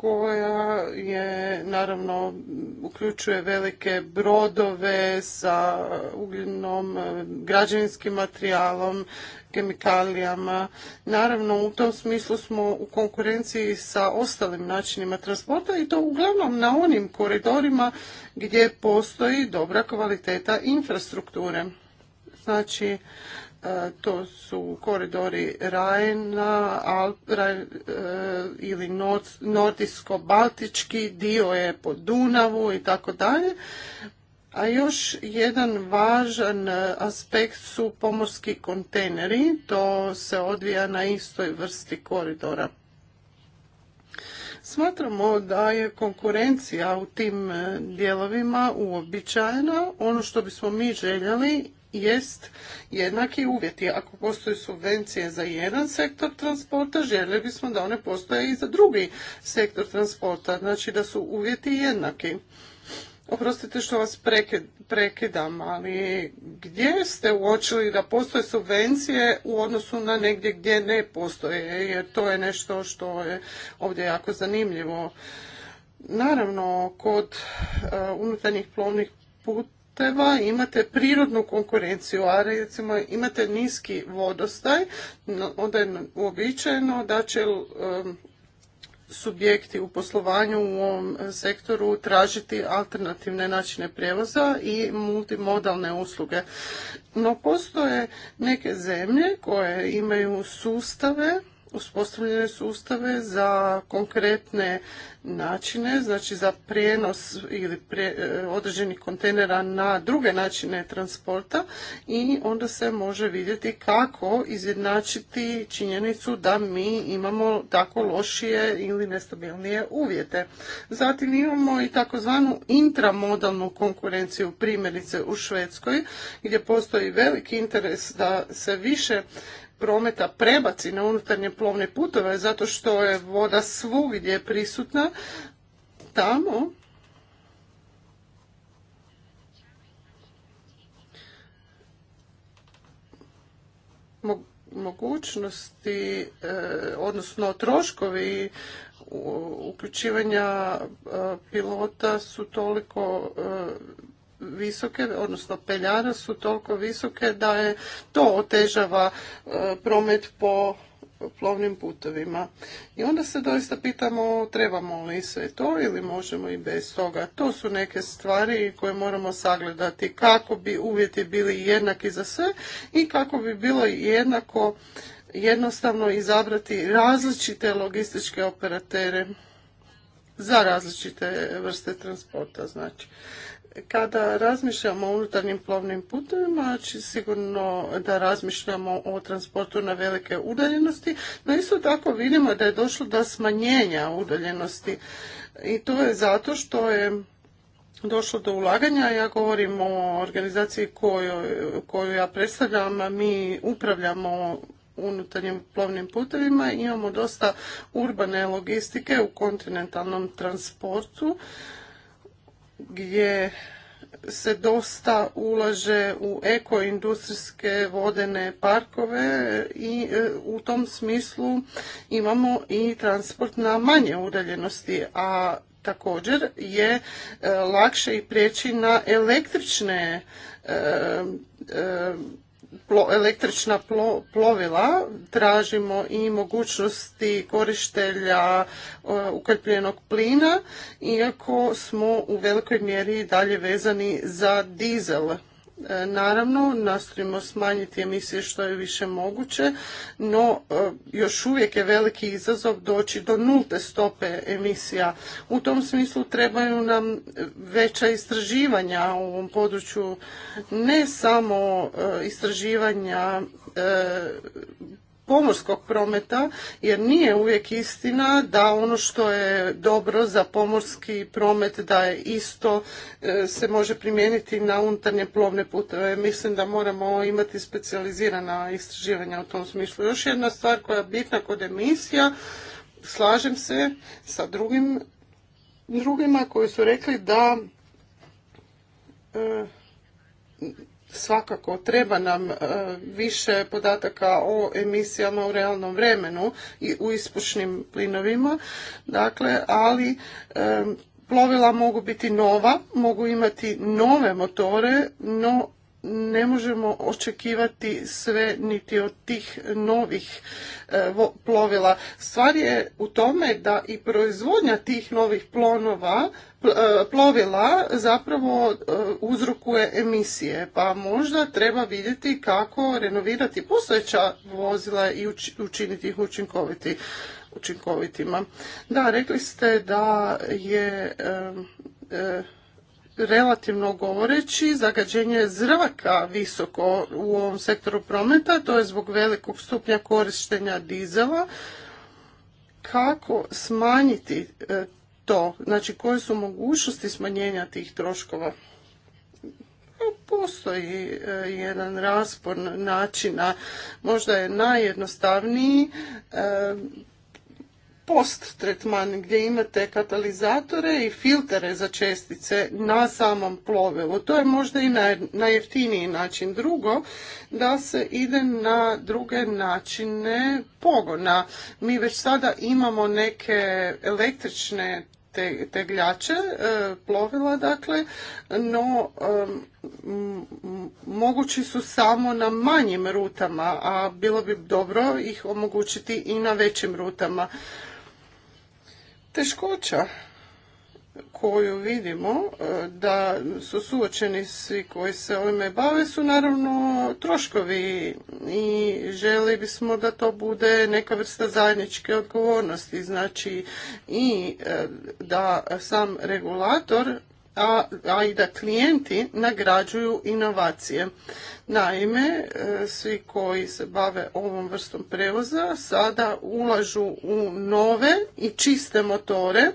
koja je naravno uključuje velike brodove sa ugljenom, građevinskim materijalom, kemikalijama. Naravno u tom smislu smo u konkurenciji sa ostalim načinima transporta i to uglavnom na onim koridorima gdje postoji dobra kvaliteta infrastrukture. Znači E, to su koridori Rajna e, ili nordijsko-baltički, dio je po Dunavu i tako dalje. A još jedan važan e, aspekt su pomorski kontejneri, to se odvija na istoj vrsti koridora. Smatramo da je konkurencija u tim dijelovima uobičajena. Ono što bismo mi željeli jest jednaki uvjeti. Ako postoje subvencije za jedan sektor transporta, željeli bismo da one postoje i za drugi sektor transporta, znači da su uvjeti jednaki. Oprostite što vas prekidam, ali gdje ste uočili da postoje subvencije u odnosu na negdje gdje ne postoje, jer to je nešto što je ovdje jako zanimljivo. Naravno, kod e, unutarnjih plovnih put, va, imate prirodnu konkurenciju, a recimo imate niski vodostaj, onda je uobičajeno da će um, subjekti u poslovanju u ovom sektoru tražiti alternativne načine prijevoza i multimodalne usluge. No postoje neke zemlje koje imaju sustave uspostavljene sustave za konkretne načine, znači za prijenos ili e, određenih kontejnera na druge načine transporta i onda se može vidjeti kako izjednačiti činjenicu da mi imamo tako lošije ili nestabilnije uvjete. Zatim imamo i takozvanu intramodalnu konkurenciju primjerice u Švedskoj gdje postoji veliki interes da se više prometa prebaci na unutarnje plovne putove zato što je voda svugdje prisutna tamo mogućnosti e, odnosno troškovi uključivanja e, pilota su toliko e, visoke, odnosno peljara su toliko visoke da je to otežava e, promet po plovnim putovima. I onda se doista pitamo trebamo li sve to ili možemo i bez toga. To su neke stvari koje moramo sagledati kako bi uvjeti bili jednaki za sve i kako bi bilo jednako jednostavno izabrati različite logističke operatere za različite vrste transporta. Znači, kada razmišljamo o unutarnjim plovnim putovima, znači sigurno da razmišljamo o transportu na velike udaljenosti, no isto tako vidimo da je došlo do smanjenja udaljenosti. I to je zato što je došlo do ulaganja. Ja govorim o organizaciji koju, koju ja predstavljam. Mi upravljamo unutarnjim plovnim putevima. Imamo dosta urbane logistike u kontinentalnom transportu gdje se dosta ulaže u ekoindustrijske vodene parkove i e, u tom smislu imamo i transport na manje udaljenosti, a također je e, lakše i prijeći na električne e, električna plovila, tražimo i mogućnosti korištelja e, ukrpljenog plina, iako smo u velikoj mjeri dalje vezani za dizel E, naravno, nastojimo smanjiti emisije što je više moguće, no e, još uvijek je veliki izazov doći do nulte stope emisija. U tom smislu trebaju nam veća istraživanja u ovom području, ne samo e, istraživanja pomorskog prometa jer nije uvijek istina da ono što je dobro za pomorski promet da je isto e, se može primijeniti na unutarnje plovne puteve. Mislim da moramo imati specijalizirana istraživanja u tom smislu. Još jedna stvar koja je bitna kod emisija, slažem se sa drugim, drugima koji su rekli da e, svakako treba nam e, više podataka o emisijama u realnom vremenu i u ispušnim plinovima, dakle, ali e, plovila mogu biti nova, mogu imati nove motore, no ne možemo očekivati sve niti od tih novih e, plovila. Stvar je u tome da i proizvodnja tih novih plonova, e, plovila zapravo e, uzrokuje emisije, pa možda treba vidjeti kako renovirati postojeća vozila i učiniti ih učinkoviti, učinkovitima. Da, rekli ste da je relativno govoreći zagađenje zraka visoko u ovom sektoru prometa, to je zbog velikog stupnja korištenja dizela. Kako smanjiti e, to? Znači koje su mogućnosti smanjenja tih troškova? Pa, postoji e, jedan raspon načina, možda je najjednostavniji e, post tretman gdje imate katalizatore i filtere za čestice na samom plovilu. To je možda i najjeftiniji način. Drugo, da se ide na druge načine pogona. Mi već sada imamo neke električne tegljače e, plovila dakle no mogući su samo na manjim rutama a bilo bi dobro ih omogućiti i na većim rutama teškoća koju vidimo e, da su suočeni svi koji se ovime bave su naravno troškovi i želi bismo da to bude neka vrsta zajedničke odgovornosti. Znači i e, da sam regulator a, i da klijenti nagrađuju inovacije. Naime, e, svi koji se bave ovom vrstom prevoza sada ulažu u nove i čiste motore,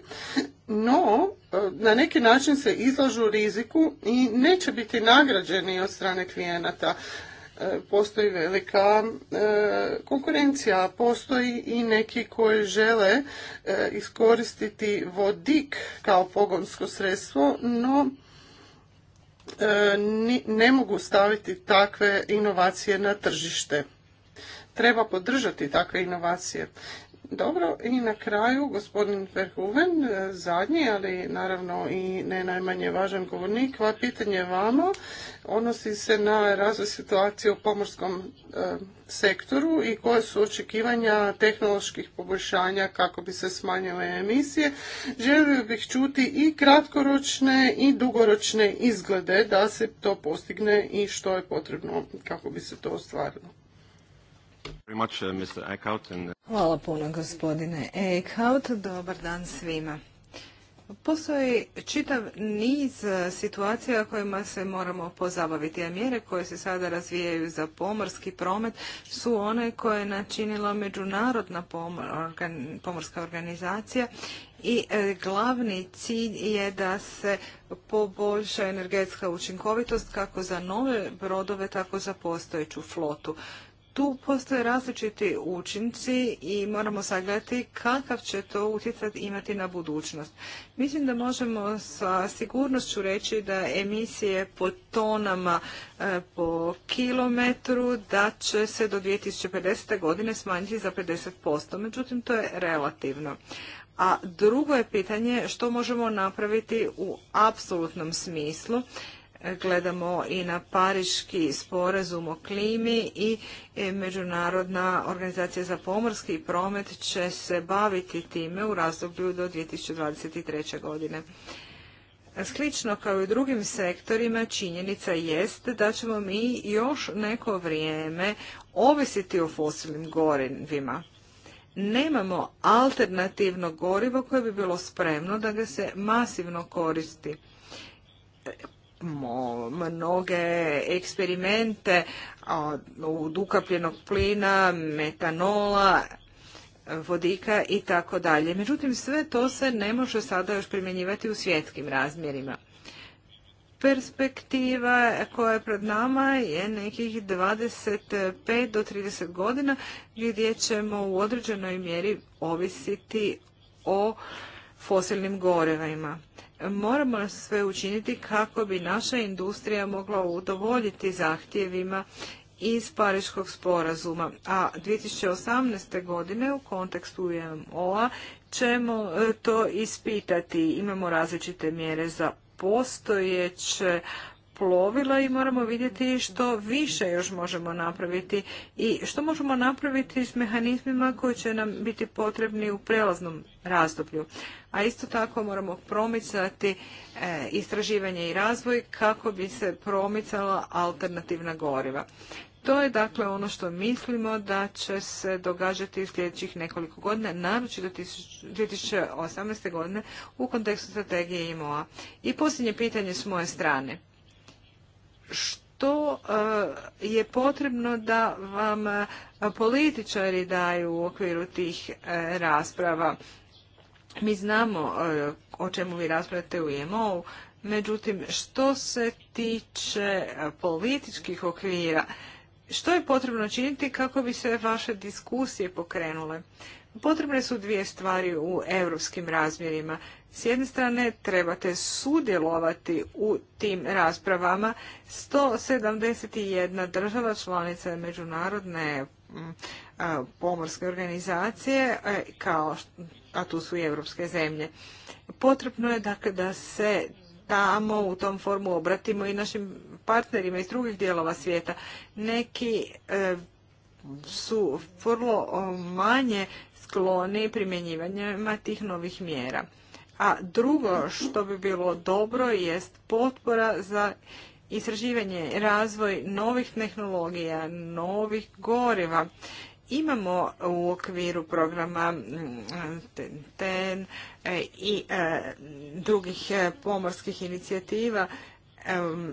no e, na neki način se izlažu riziku i neće biti nagrađeni od strane klijenata. E, postoji velika e, konkurencija, postoji i neki koji žele e, iskoristiti vodik kao pogonsko sredstvo, no ne mogu staviti takve inovacije na tržište. Treba podržati takve inovacije. Dobro, i na kraju gospodin Verhoeven, e, zadnji, ali naravno i ne najmanje važan govornik. Ovo pitanje vama odnosi se na razvoj situacije u pomorskom e, sektoru i koje su očekivanja tehnoloških poboljšanja kako bi se smanjile emisije. Želio bih čuti i kratkoročne i dugoročne izglede da se to postigne i što je potrebno kako bi se to ostvarilo. Uh, uh, Hvala puno gospodine Eckhout. dobar dan svima. Postoji čitav niz uh, situacija kojima se moramo pozabaviti, a mjere koje se sada razvijaju za pomorski promet su one koje je načinila Međunarodna pomorska organizacija i e, glavni cilj je da se poboljša energetska učinkovitost kako za nove brodove, tako za postojeću flotu tu postoje različiti učinci i moramo sagledati kakav će to utjecat imati na budućnost. Mislim da možemo sa sigurnošću reći da emisije po tonama e, po kilometru da će se do 2050. godine smanjiti za 50%. Međutim, to je relativno. A drugo je pitanje što možemo napraviti u apsolutnom smislu gledamo i na Pariški sporazum o klimi i e, Međunarodna organizacija za pomorski promet će se baviti time u razdoblju do 2023. godine. Slično kao i u drugim sektorima činjenica jest da ćemo mi još neko vrijeme ovisiti o fosilnim gorivima. Nemamo alternativno gorivo koje bi bilo spremno da ga se masivno koristi mnoge eksperimente od ukapljenog plina, metanola, vodika i tako dalje. Međutim, sve to se ne može sada još primjenjivati u svjetskim razmjerima. Perspektiva koja je pred nama je nekih 25 do 30 godina gdje ćemo u određenoj mjeri ovisiti o fosilnim gorevajima moramo sve učiniti kako bi naša industrija mogla udovoljiti zahtjevima iz Pariškog sporazuma, a 2018. godine u kontekstu UMO-a ćemo e, to ispitati. Imamo različite mjere za postojeće plovila i moramo vidjeti što više još možemo napraviti i što možemo napraviti s mehanizmima koji će nam biti potrebni u prelaznom razdoblju. A isto tako moramo promicati e, istraživanje i razvoj kako bi se promicala alternativna goriva. To je dakle ono što mislimo da će se događati u sljedećih nekoliko godina, naročito 2018. godine u kontekstu strategije imo I posljednje pitanje s moje strane što eh, je potrebno da vam eh, političari daju u okviru tih eh, rasprava. Mi znamo o čemu vi raspravljate u IMO-u, međutim što se tiče političkih okvira, što je potrebno činiti kako bi se vaše diskusije pokrenule? Potrebne su dvije stvari u europskim razmjerima. S jedne strane trebate sudjelovati u tim raspravama. 171 država članica međunarodne mm, pomorske organizacije, e, kao, a tu su i evropske zemlje. Potrebno je dakle da se tamo u tom formu obratimo i našim partnerima iz drugih dijelova svijeta. Neki e, su vrlo manje skloni primjenjivanjima tih novih mjera. A drugo što bi bilo dobro jest potpora za istraživanje, razvoj novih tehnologija, novih goriva. Imamo u okviru programa mm, TEN e, i e, drugih e, pomorskih inicijativa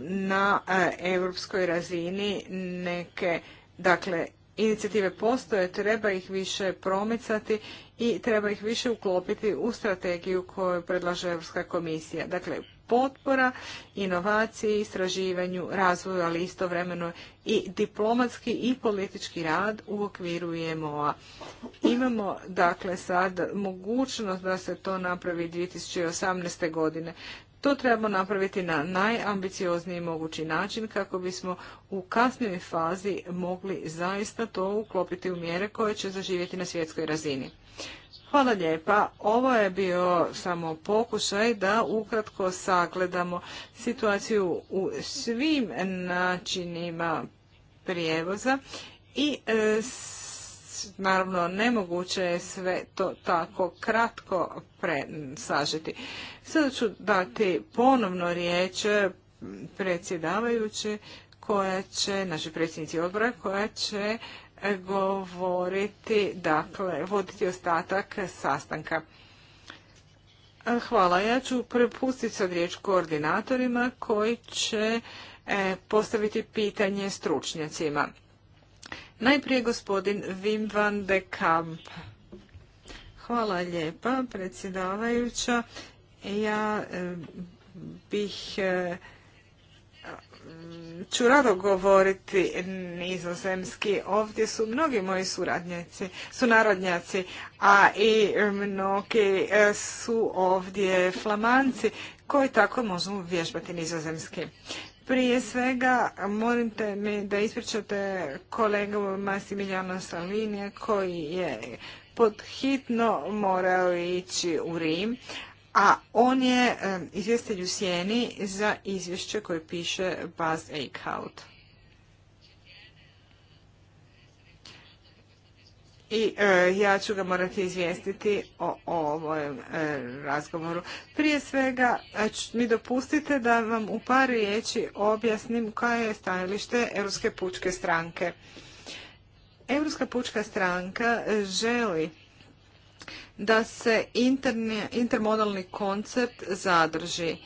na europskoj razini neke dakle inicijative postoje, treba ih više promicati i treba ih više uklopiti u strategiju koju predlaže Europska komisija. Dakle, potpora, inovaciji, istraživanju, razvoju, ali istovremeno i diplomatski i politički rad u okviru IMO-a. Imamo dakle sad mogućnost da se to napravi 2018. godine. To trebamo napraviti na najambiciozniji mogući način kako bismo u kasnijoj fazi mogli zaista to uklopiti u mjere koje će zaživjeti na svjetskoj razini. Hvala lijepa. Ovo je bio samo pokušaj da ukratko sagledamo situaciju u svim načinima prijevoza i e, naravno nemoguće je sve to tako kratko sažeti. Sada ću dati ponovno riječ predsjedavajući, koja će, naši predsjednici odbora, koja će govoriti, dakle, voditi ostatak sastanka. Hvala. Ja ću prepustiti sad riječ koordinatorima koji će e, postaviti pitanje stručnjacima. Najprije gospodin Wim van de Kamp. Hvala lijepa, predsjedavajuća. Ja e, bih e, ću rado govoriti nizozemski. Ovdje su mnogi moji suradnjaci, sunarodnjaci, a i mnogi e, su ovdje flamanci koji tako možemo vježbati nizozemski. Prije svega, molim te mi da ispričate kolegu Massimiliano Salinija koji je pod hitno morao ići u Rim, a on je izvjestelj u Sjeni za izvješće koje piše Buzz Eichhout. i e, ja ću ga morati izvijestiti o, ovom e, razgovoru. Prije svega e, mi dopustite da vam u par riječi objasnim koje je stajalište Europske pučke stranke. Europska pučka stranka želi da se intermodalni koncept zadrži.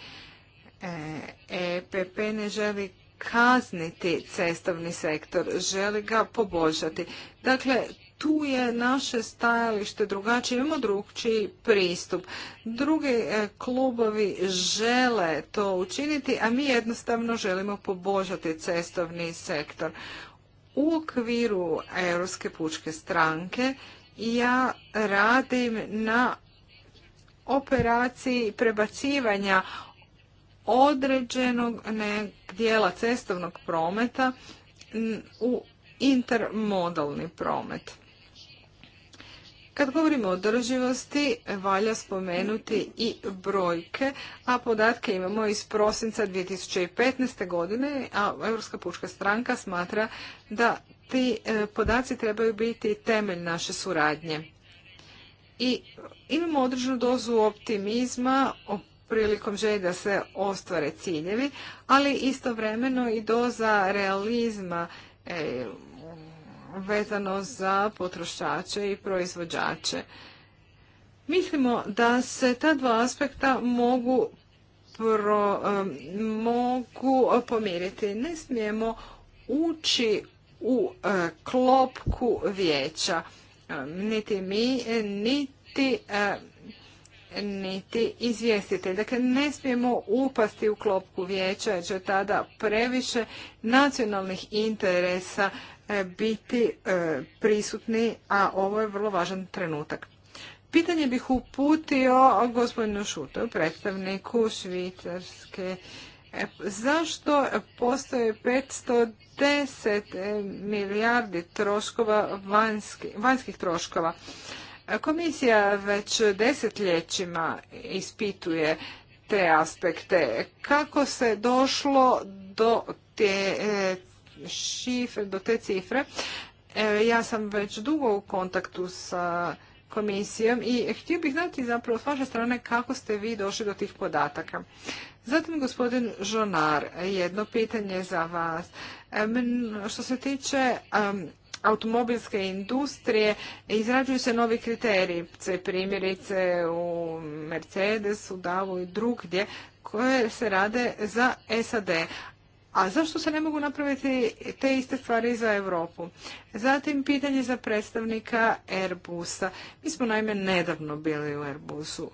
EPP ne želi kazniti cestovni sektor, želi ga poboljšati. Dakle, tu je naše stajalište drugačije, imamo drugčiji pristup. Drugi e, klubovi žele to učiniti, a mi jednostavno želimo poboljšati cestovni sektor. U okviru Europske pučke stranke ja radim na operaciji prebacivanja određenog dijela cestovnog prometa u intermodalni promet. Kad govorimo o održivosti, valja spomenuti i brojke, a podatke imamo iz prosinca 2015. godine, a Europska pučka stranka smatra da ti e, podaci trebaju biti temelj naše suradnje. I imamo određenu dozu optimizma prilikom želje da se ostvare ciljevi, ali istovremeno i doza realizma e, vezano za potrošače i proizvođače. Mislimo da se ta dva aspekta mogu mogu pomiriti. Ne smijemo ući u e, klopku vijeća. Niti mi, niti niti izvjestitelj. Dakle, ne smijemo upasti u klopku vijeća jer će tada previše nacionalnih interesa e, biti e, prisutni, a ovo je vrlo važan trenutak. Pitanje bih uputio gospodinu Šutu, predstavniku Švicarske. E, zašto postoje 510 milijardi troškova vanjskih troškova? Komisija već desetljećima ispituje te aspekte. Kako se došlo do te e, šifre, do te cifre? E, ja sam već dugo u kontaktu sa komisijom i htio bih znati zapravo s vaše strane kako ste vi došli do tih podataka. Zatim gospodin Žonar, jedno pitanje za vas. E, što se tiče automobilske industrije izrađuju se novi kriteriji, primjerice u Mercedesu, Davu i drugdje, koje se rade za SAD. A zašto se ne mogu napraviti te iste stvari za Europu? Zatim pitanje za predstavnika Airbusa. Mi smo naime nedavno bili u Airbusu.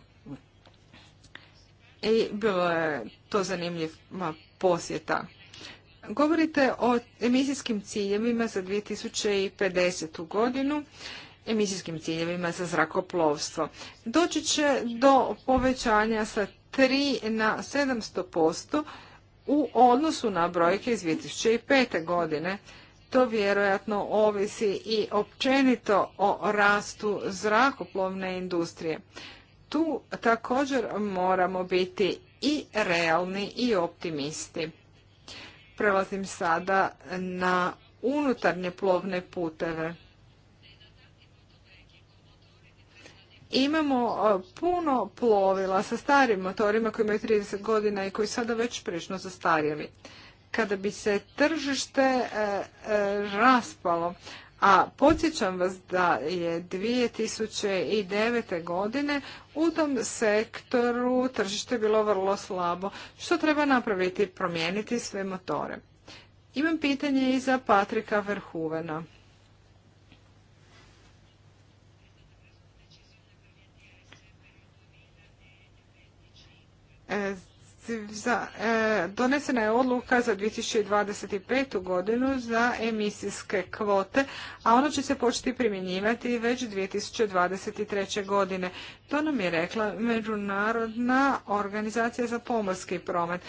I bilo je to zanimljiva posjeta. Govorite o emisijskim ciljevima za 2050. godinu, emisijskim ciljevima za zrakoplovstvo. Doći će do povećanja sa 3 na 700% u odnosu na brojke iz 2005. godine. To vjerojatno ovisi i općenito o rastu zrakoplovne industrije. Tu također moramo biti i realni i optimisti. Prelazim sada na unutarnje plovne puteve. Imamo e, puno plovila sa starim motorima koji imaju 30 godina i koji sada već prilično zastarjeli. Kada bi se tržište e, e, raspalo, a podsjećam vas da je 2009. godine u tom sektoru tržište bilo vrlo slabo. Što treba napraviti? Promijeniti sve motore. Imam pitanje i za Patrika Verhuvena za, e, donesena je odluka za 2025. godinu za emisijske kvote, a ono će se početi primjenjivati već 2023. godine. To nam je rekla Međunarodna organizacija za pomorski promet.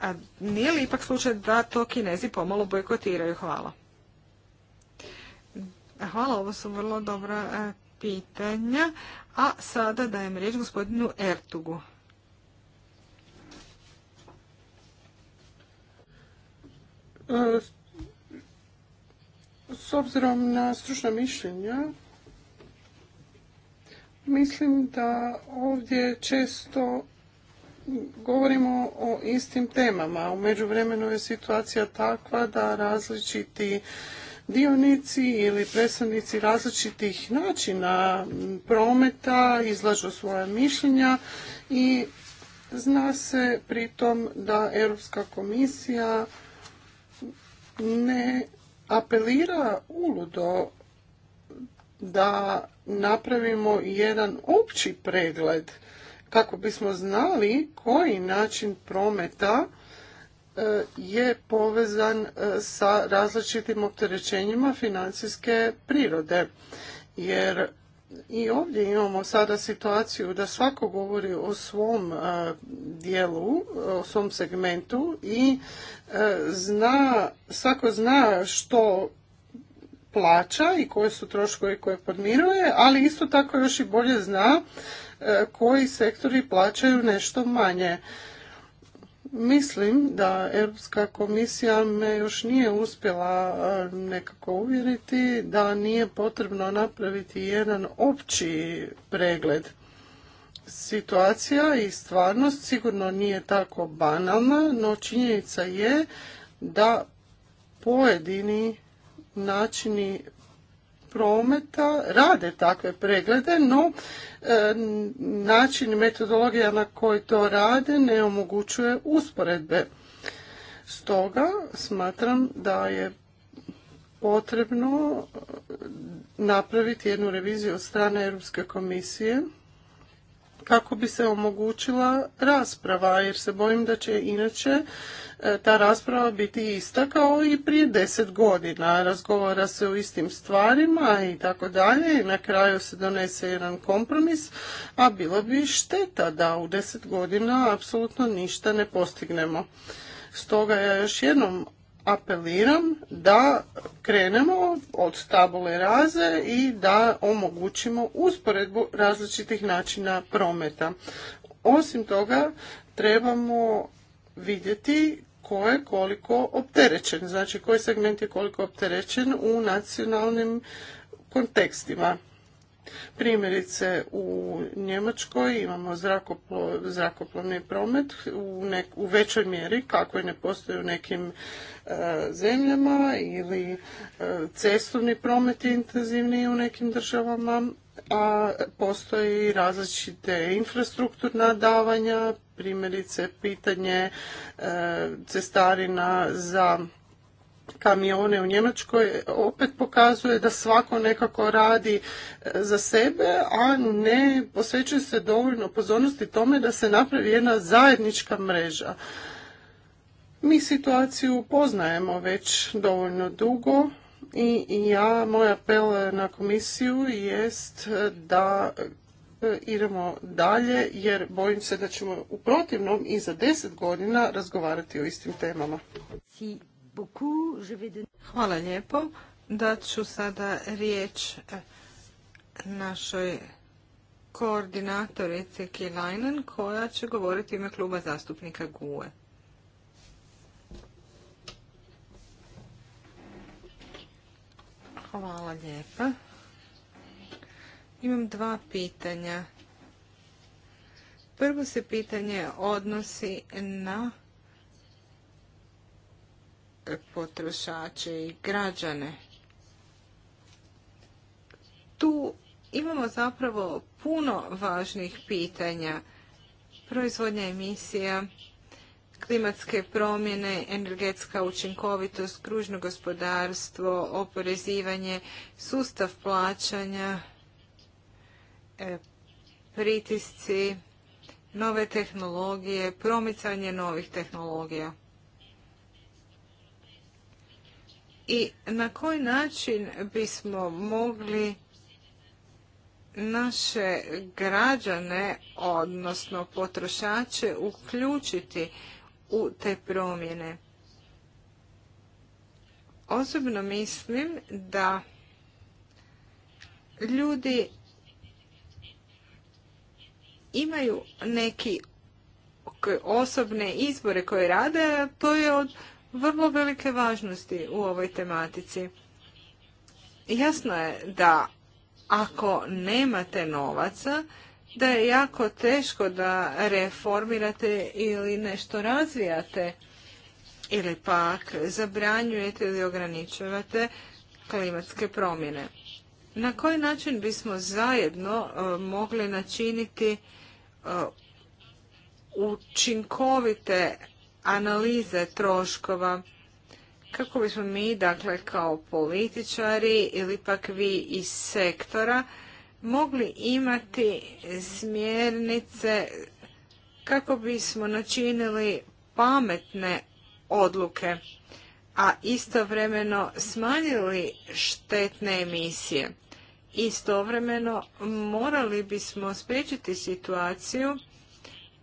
A nije li ipak slučaj da to kinezi pomalo bojkotiraju? Hvala. Hvala, ovo su vrlo dobra e, pitanja. A sada dajem riječ gospodinu Ertugu. S obzirom na stručna mišljenja, mislim da ovdje često govorimo o istim temama. U međuvremenu je situacija takva da različiti dionici ili predstavnici različitih načina prometa izlažu svoja mišljenja i zna se pritom da Europska komisija ne apelira uludo da napravimo jedan opći pregled kako bismo znali koji način prometa e, je povezan e, sa različitim opterećenjima financijske prirode jer i ovdje imamo sada situaciju da svako govori o svom e, dijelu, o svom segmentu i e, zna, svako zna što plaća i koje su troškovi koje podmiruje, ali isto tako još i bolje zna e, koji sektori plaćaju nešto manje. Mislim da Europska komisija me još nije uspjela e, nekako uvjeriti da nije potrebno napraviti jedan opći pregled. Situacija i stvarnost sigurno nije tako banalna, no činjenica je da pojedini načini prometa rade takve preglede, no e, način i metodologija na koji to rade ne omogućuje usporedbe. Stoga smatram da je potrebno napraviti jednu reviziju od strane Europske komisije kako bi se omogućila rasprava jer se bojim da će inače e, ta rasprava biti ista kao i prije deset godina. Razgovara se o istim stvarima i tako dalje i na kraju se donese jedan kompromis, a bilo bi šteta da u deset godina apsolutno ništa ne postignemo. Stoga ja još jednom apeliram da krenemo od tabule raze i da omogućimo usporedbu različitih načina prometa. Osim toga, trebamo vidjeti ko je koliko opterećen, znači koji segment je koliko opterećen u nacionalnim kontekstima. Primjerice u Njemačkoj imamo zrakoplo, zrakoplovni promet u, u većoj mjeri kako i ne postoji u nekim e, zemljama ili e, cestovni promet je intenzivniji u nekim državama, a postoji različite infrastrukturna davanja, primjerice pitanje e, cestarina za kamione u Njemačkoj opet pokazuje da svako nekako radi e, za sebe, a ne posvećuje se dovoljno pozornosti tome da se napravi jedna zajednička mreža. Mi situaciju poznajemo već dovoljno dugo i ja, moj apel na komisiju jest da e, idemo dalje jer bojim se da ćemo u protivnom i za deset godina razgovarati o istim temama. Hvala lijepo. Dat ću sada riječ eh, našoj koordinatorice Kilajnen koja će govoriti u ime kluba zastupnika GUE. Hvala lijepa. Imam dva pitanja. Prvo se pitanje odnosi na potrošače i građane. Tu imamo zapravo puno važnih pitanja. Proizvodnja emisija, klimatske promjene, energetska učinkovitost, kružno gospodarstvo, oporezivanje, sustav plaćanja, e, pritisci, nove tehnologije, promicanje novih tehnologija. i na koji način bismo mogli naše građane, odnosno potrošače, uključiti u te promjene. Osobno mislim da ljudi imaju neki osobne izbore koje rade, a to je od vrlo velike važnosti u ovoj tematici. Jasno je da ako nemate novaca, da je jako teško da reformirate ili nešto razvijate ili pak zabranjujete ili ograničavate klimatske promjene. Na koji način bismo zajedno e, mogli načiniti e, učinkovite analize troškova kako bismo mi, dakle, kao političari ili pak vi iz sektora mogli imati smjernice kako bismo načinili pametne odluke, a istovremeno smanjili štetne emisije. Istovremeno morali bismo spriječiti situaciju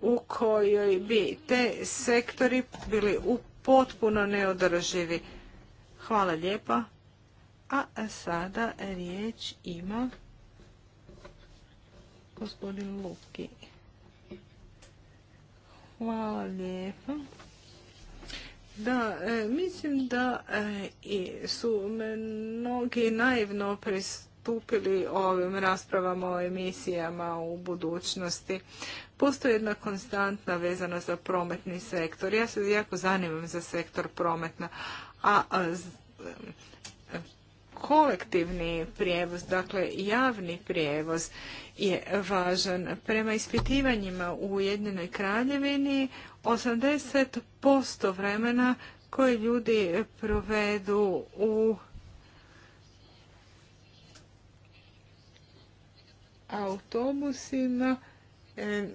u kojoj bi te sektori bili u potpuno neodrživi. Hvala lijepa. A sada riječ ima gospodin Luki. Hvala lijepa. Da, e, mislim da e, su mnogi naivno pristupili pristupili ovim raspravama o emisijama u budućnosti. Postoji jedna konstantna vezana za prometni sektor. Ja se jako zanimam za sektor prometna, a, kolektivni prijevoz, dakle javni prijevoz je važan. Prema ispitivanjima u Ujedinjenoj kraljevini 80% vremena koje ljudi provedu u autobusima e,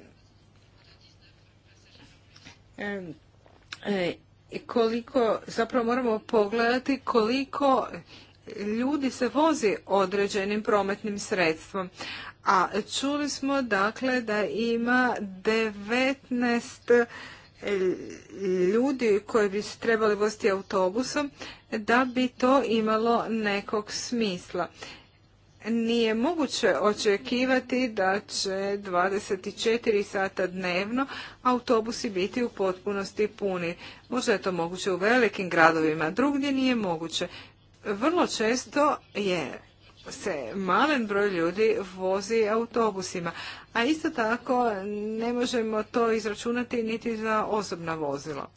koliko zapravo moramo pogledati koliko ljudi se vozi određenim prometnim sredstvom. A čuli smo dakle da ima 19 ljudi koji bi se trebali voziti autobusom da bi to imalo nekog smisla nije moguće očekivati da će 24 sata dnevno autobusi biti u potpunosti puni. Možda je to moguće u velikim gradovima, drugdje nije moguće. Vrlo često je se malen broj ljudi vozi autobusima, a isto tako ne možemo to izračunati niti za osobna vozila.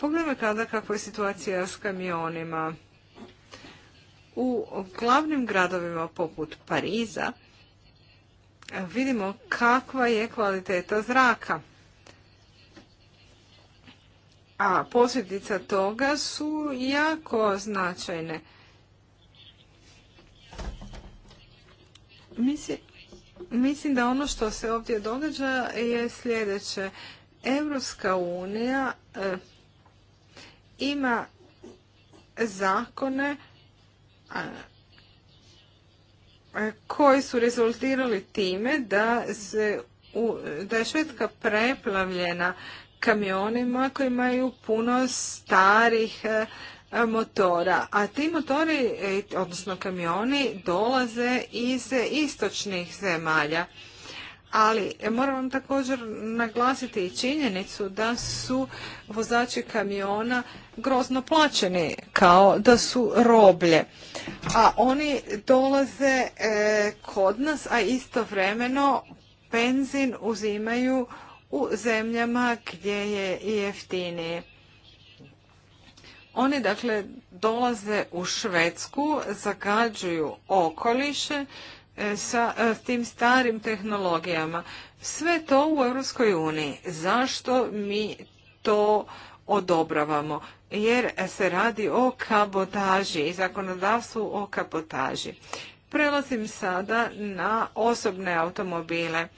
Pogledajmo kada kakva je situacija s kamionima. U glavnim gradovima poput Pariza vidimo kakva je kvaliteta zraka. A posljedica toga su jako značajne. Mislim, da ono što se ovdje događa je sljedeće. Europska unija eh, ima zakone E, koji su rezultirali time da, se, da je Švedska preplavljena kamionima koji imaju puno starih e, motora, a ti motori, e, odnosno kamioni, dolaze iz istočnih zemalja. Ali moram vam također naglasiti i činjenicu da su vozači kamiona grozno plaćeni kao da su roblje. A oni dolaze e, kod nas, a istovremeno benzin uzimaju u zemljama gdje je i Oni dakle dolaze u Švedsku, zagađuju okoliše, sa e, tim starim tehnologijama. Sve to u Europskoj uniji. Zašto mi to odobravamo? Jer se radi o kabotaži i zakonodavstvu o kabotaži. Prelazim sada na osobne automobile.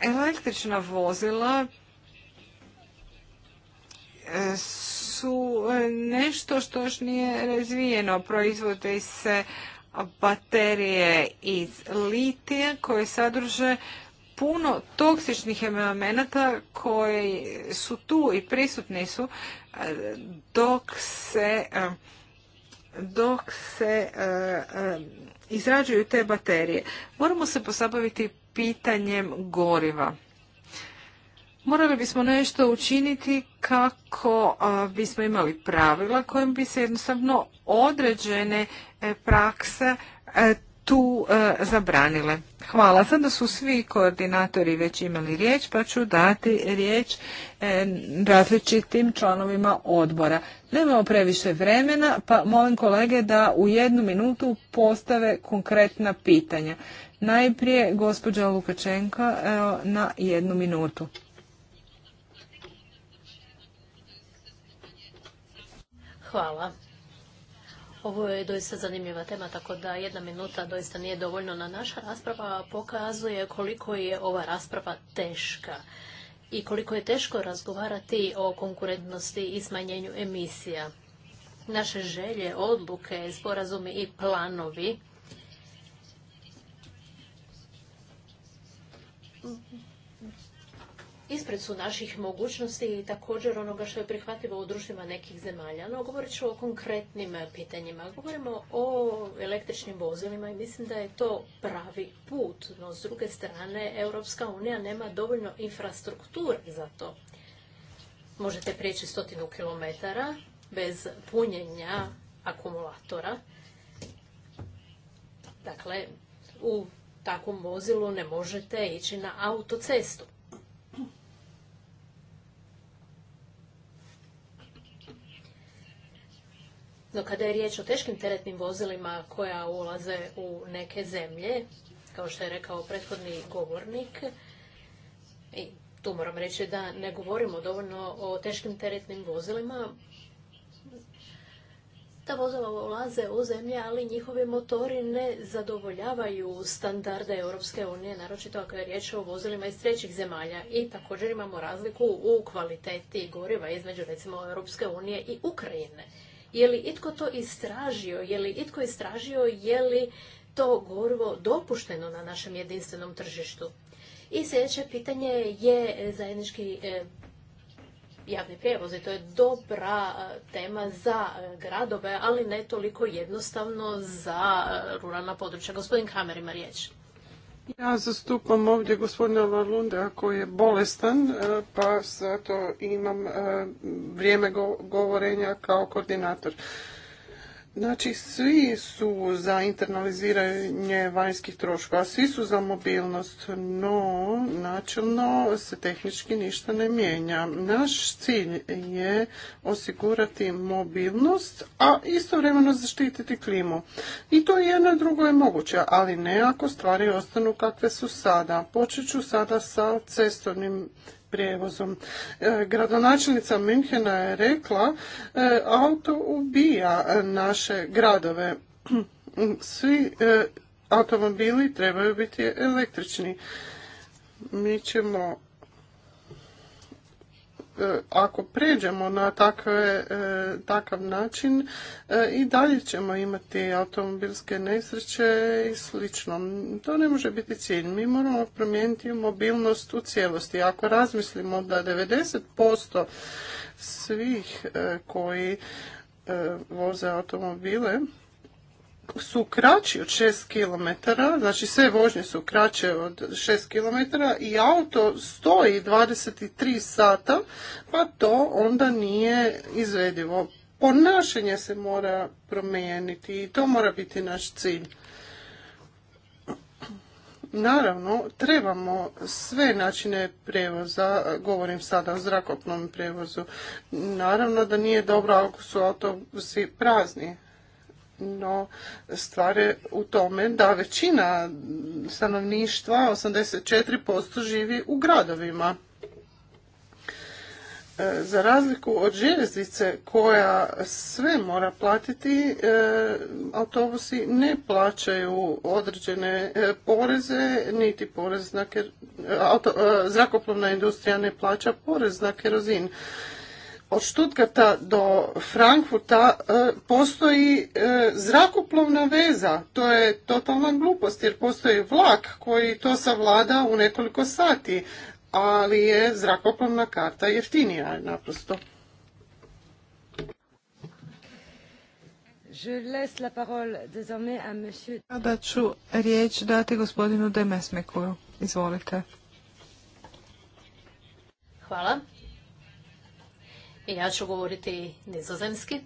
Električna vozila e, su e, nešto što još nije razvijeno. Proizvode se baterije iz litija koje sadrže puno toksičnih elemenata koji su tu i prisutni su dok se dok se eh, eh, izrađuju te baterije. Moramo se posabaviti pitanjem goriva morali bismo nešto učiniti kako bismo imali pravila kojim bi se jednostavno određene e, prakse e, tu e, zabranile. Hvala. Sada su svi koordinatori već imali riječ, pa ću dati riječ različitim članovima odbora. Nemamo previše vremena, pa molim kolege da u jednu minutu postave konkretna pitanja. Najprije gospođa Lukačenka na jednu minutu. Hvala. Ovo je doista zanimljiva tema, tako da jedna minuta doista nije dovoljno na naša rasprava. Pokazuje koliko je ova rasprava teška i koliko je teško razgovarati o konkurentnosti i smanjenju emisija. Naše želje, odluke, sporazumi i planovi ispred su naših mogućnosti i također onoga što je prihvatljivo u društvima nekih zemalja. No, govorit ću o konkretnim eh, pitanjima. Govorimo o električnim vozilima i mislim da je to pravi put. No, s druge strane, Europska unija nema dovoljno infrastrukture za to. Možete prijeći stotinu kilometara bez punjenja akumulatora. Dakle, u takvom vozilu ne možete ići na autocestu. No kada je riječ o teškim teretnim vozilima koja ulaze u neke zemlje, kao što je rekao prethodni govornik, i tu moram reći da ne govorimo dovoljno o teškim teretnim vozilima, ta vozila ulaze u zemlje, ali njihovi motori ne zadovoljavaju standarde Europske unije, naročito ako je riječ o vozilima iz trećih zemalja. I također imamo razliku u kvaliteti goriva između recimo Europske unije i Ukrajine. Je li itko to istražio? Je li itko istražio je li to gorivo dopušteno na našem jedinstvenom tržištu? I sljedeće pitanje je zajednički e, javni prijevoz i to je dobra e, tema za e, gradove, ali ne toliko jednostavno za ruralna područja. Gospodin Kramer ima riječ. Ja zastupam ovdje gospodina Varlunda koji je bolestan, e, pa zato imam e, vrijeme govorenja kao koordinator. Znači, svi su za internaliziranje vanjskih troškova, svi su za mobilnost, no načelno se tehnički ništa ne mijenja. Naš cilj je osigurati mobilnost, a istovremeno zaštititi klimu. I to jedno i drugo je moguće, ali ne ako stvari ostanu kakve su sada. Počet ću sada sa cestovnim prijevozom. E, gradonačelnica Münchena je rekla, e, auto ubija e, naše gradove. (clears throat) Svi automobili trebaju biti električni. Mi ćemo E, ako pređemo na takve, e, takav način e, i dalje ćemo imati automobilske nesreće i slično. To ne može biti cilj. Mi moramo promijeniti mobilnost u cijelosti. Ako razmislimo da 90% svih koji voze automobile su kraći od 6 km, znači sve vožnje su kraće od 6 km i auto stoji 23 sata, pa to onda nije izvedivo. Ponašanje se mora promijeniti i to mora biti naš cilj. Naravno, trebamo sve načine prevoza, govorim sada o zrakopnom prevozu. Naravno da nije dobro ako su autobusi prazni no stvar je u tome da većina stanovništva, 84%, živi u gradovima. E, za razliku od željeznice koja sve mora platiti, e, autobusi ne plaćaju određene e, poreze, niti porez na, zrakoplovna industrija ne plaća porez na kerozin od Štutkata do Frankfurta e, postoji e, zrakoplovna veza. To je totalna glupost jer postoji vlak koji to savlada u nekoliko sati, ali je zrakoplovna karta jeftinija naprosto. Sada ću riječ dati gospodinu Demesmeku. Izvolite. Hvala. I ja ću govoriti nizozemski.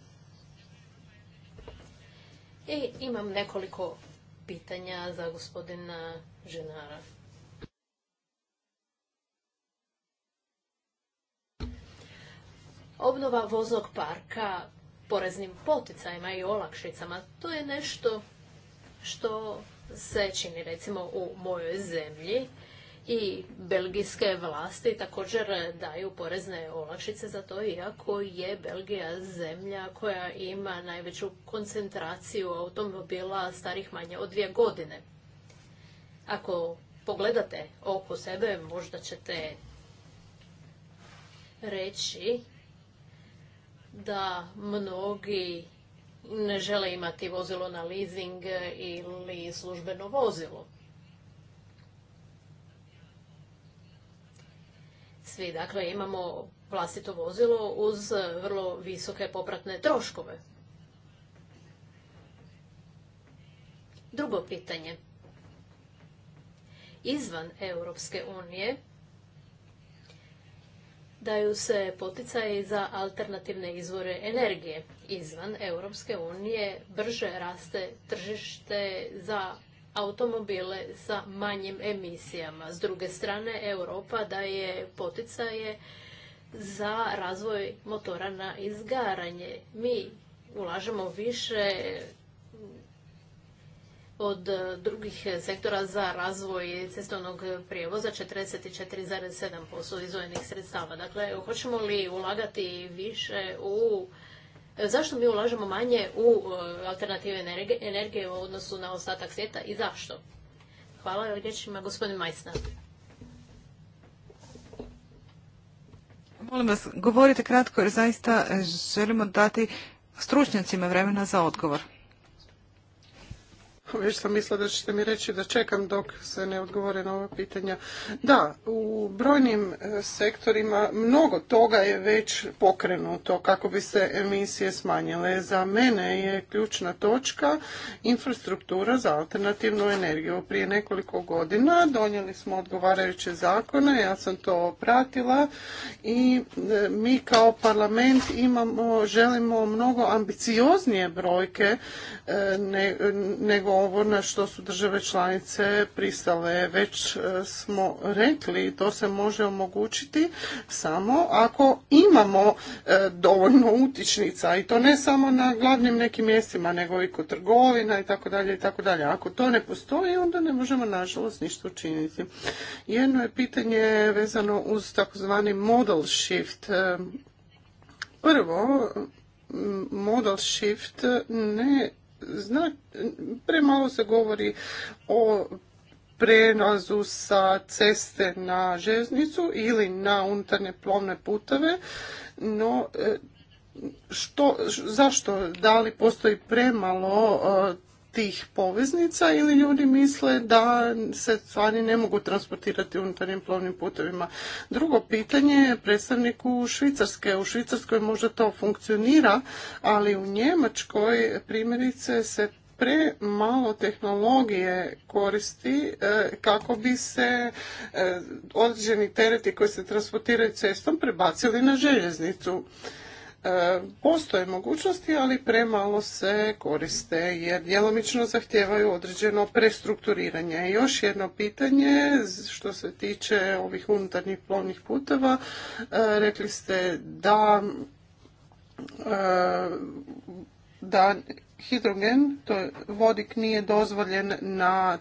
I imam nekoliko pitanja za gospodina Ženara. Obnova voznog parka poreznim poticajima i olakšicama, to je nešto što se čini recimo u mojoj zemlji i belgijske vlasti također daju porezne olakšice za to, iako je Belgija zemlja koja ima najveću koncentraciju automobila starih manje od dvije godine. Ako pogledate oko sebe, možda ćete reći da mnogi ne žele imati vozilo na leasing ili službeno vozilo. svi. Dakle, imamo vlastito vozilo uz e, vrlo visoke popratne troškove. Drugo pitanje. Izvan Europske unije daju se poticaji za alternativne izvore energije. Izvan Europske unije brže raste tržište za automobile sa manjim emisijama. S druge strane, Europa daje poticaje za razvoj motora na izgaranje. Mi ulažemo više od drugih sektora za razvoj cestovnog prijevoza 44,7% izvojenih sredstava. Dakle, hoćemo li ulagati više u E, zašto mi ulažemo manje u e, alternative energije u odnosu na ostatak svijeta i zašto? Hvala riječima gospodin Majsna. Molim vas, govorite kratko jer zaista e, želimo dati stručnjacima vremena za odgovor. Već sam mislila da ćete mi reći da čekam dok se ne odgovore na ova pitanja. Da, u brojnim e, sektorima mnogo toga je već pokrenuto kako bi se emisije smanjile. Za mene je ključna točka infrastruktura za alternativnu energiju. Prije nekoliko godina donijeli smo odgovarajuće zakone, ja sam to pratila i e, mi kao parlament imamo, želimo mnogo ambicioznije brojke e, nego ovo na što su države članice pristale. Već e, smo rekli, to se može omogućiti samo ako imamo e, dovoljno utičnica i to ne samo na glavnim nekim mjestima, nego i kod trgovina i tako dalje i tako dalje. Ako to ne postoji, onda ne možemo nažalost ništa učiniti. Jedno je pitanje vezano uz takozvani model shift. E, prvo, model shift ne zna, premalo se govori o prenazu sa ceste na željeznicu ili na unutarnje plovne putove, no e, što, zašto, da li postoji premalo e, tih poveznica ili ljudi misle da se stvari ne mogu transportirati unutarnjim plovnim putovima. Drugo pitanje je predstavniku Švicarske. U Švicarskoj možda to funkcionira, ali u Njemačkoj primjerice se premalo tehnologije koristi e, kako bi se e, određeni tereti koji se transportiraju cestom prebacili na željeznicu. E, postoje mogućnosti, ali premalo se koriste jer djelomično zahtijevaju određeno prestrukturiranje. još jedno pitanje što se tiče ovih unutarnjih plovnih puteva. E, rekli ste da e, da hidrogen, to je vodik nije dozvoljen na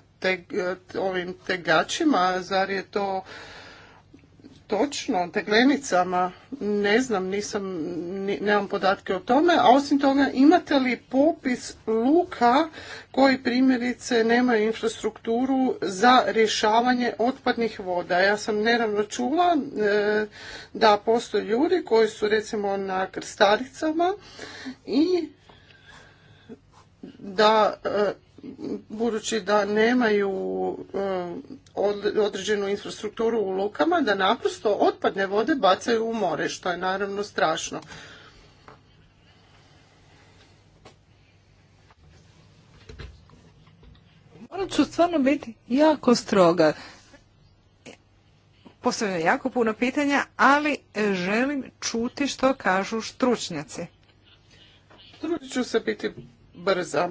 ovim tegačima, zar je to točno teglenicama, ne znam, nisam, nemam podatke o tome, a osim toga imate li popis luka koji primjerice nemaju infrastrukturu za rješavanje otpadnih voda? Ja sam neravno čula e, da postoje ljudi koji su recimo na krstaricama i da e, budući da nemaju eh, određenu infrastrukturu u lukama, da naprosto otpadne vode bacaju u more, što je naravno strašno. Morat ću stvarno biti jako stroga. Postavljam jako puno pitanja, ali eh, želim čuti što kažu stručnjaci. Trudit ću se biti brza.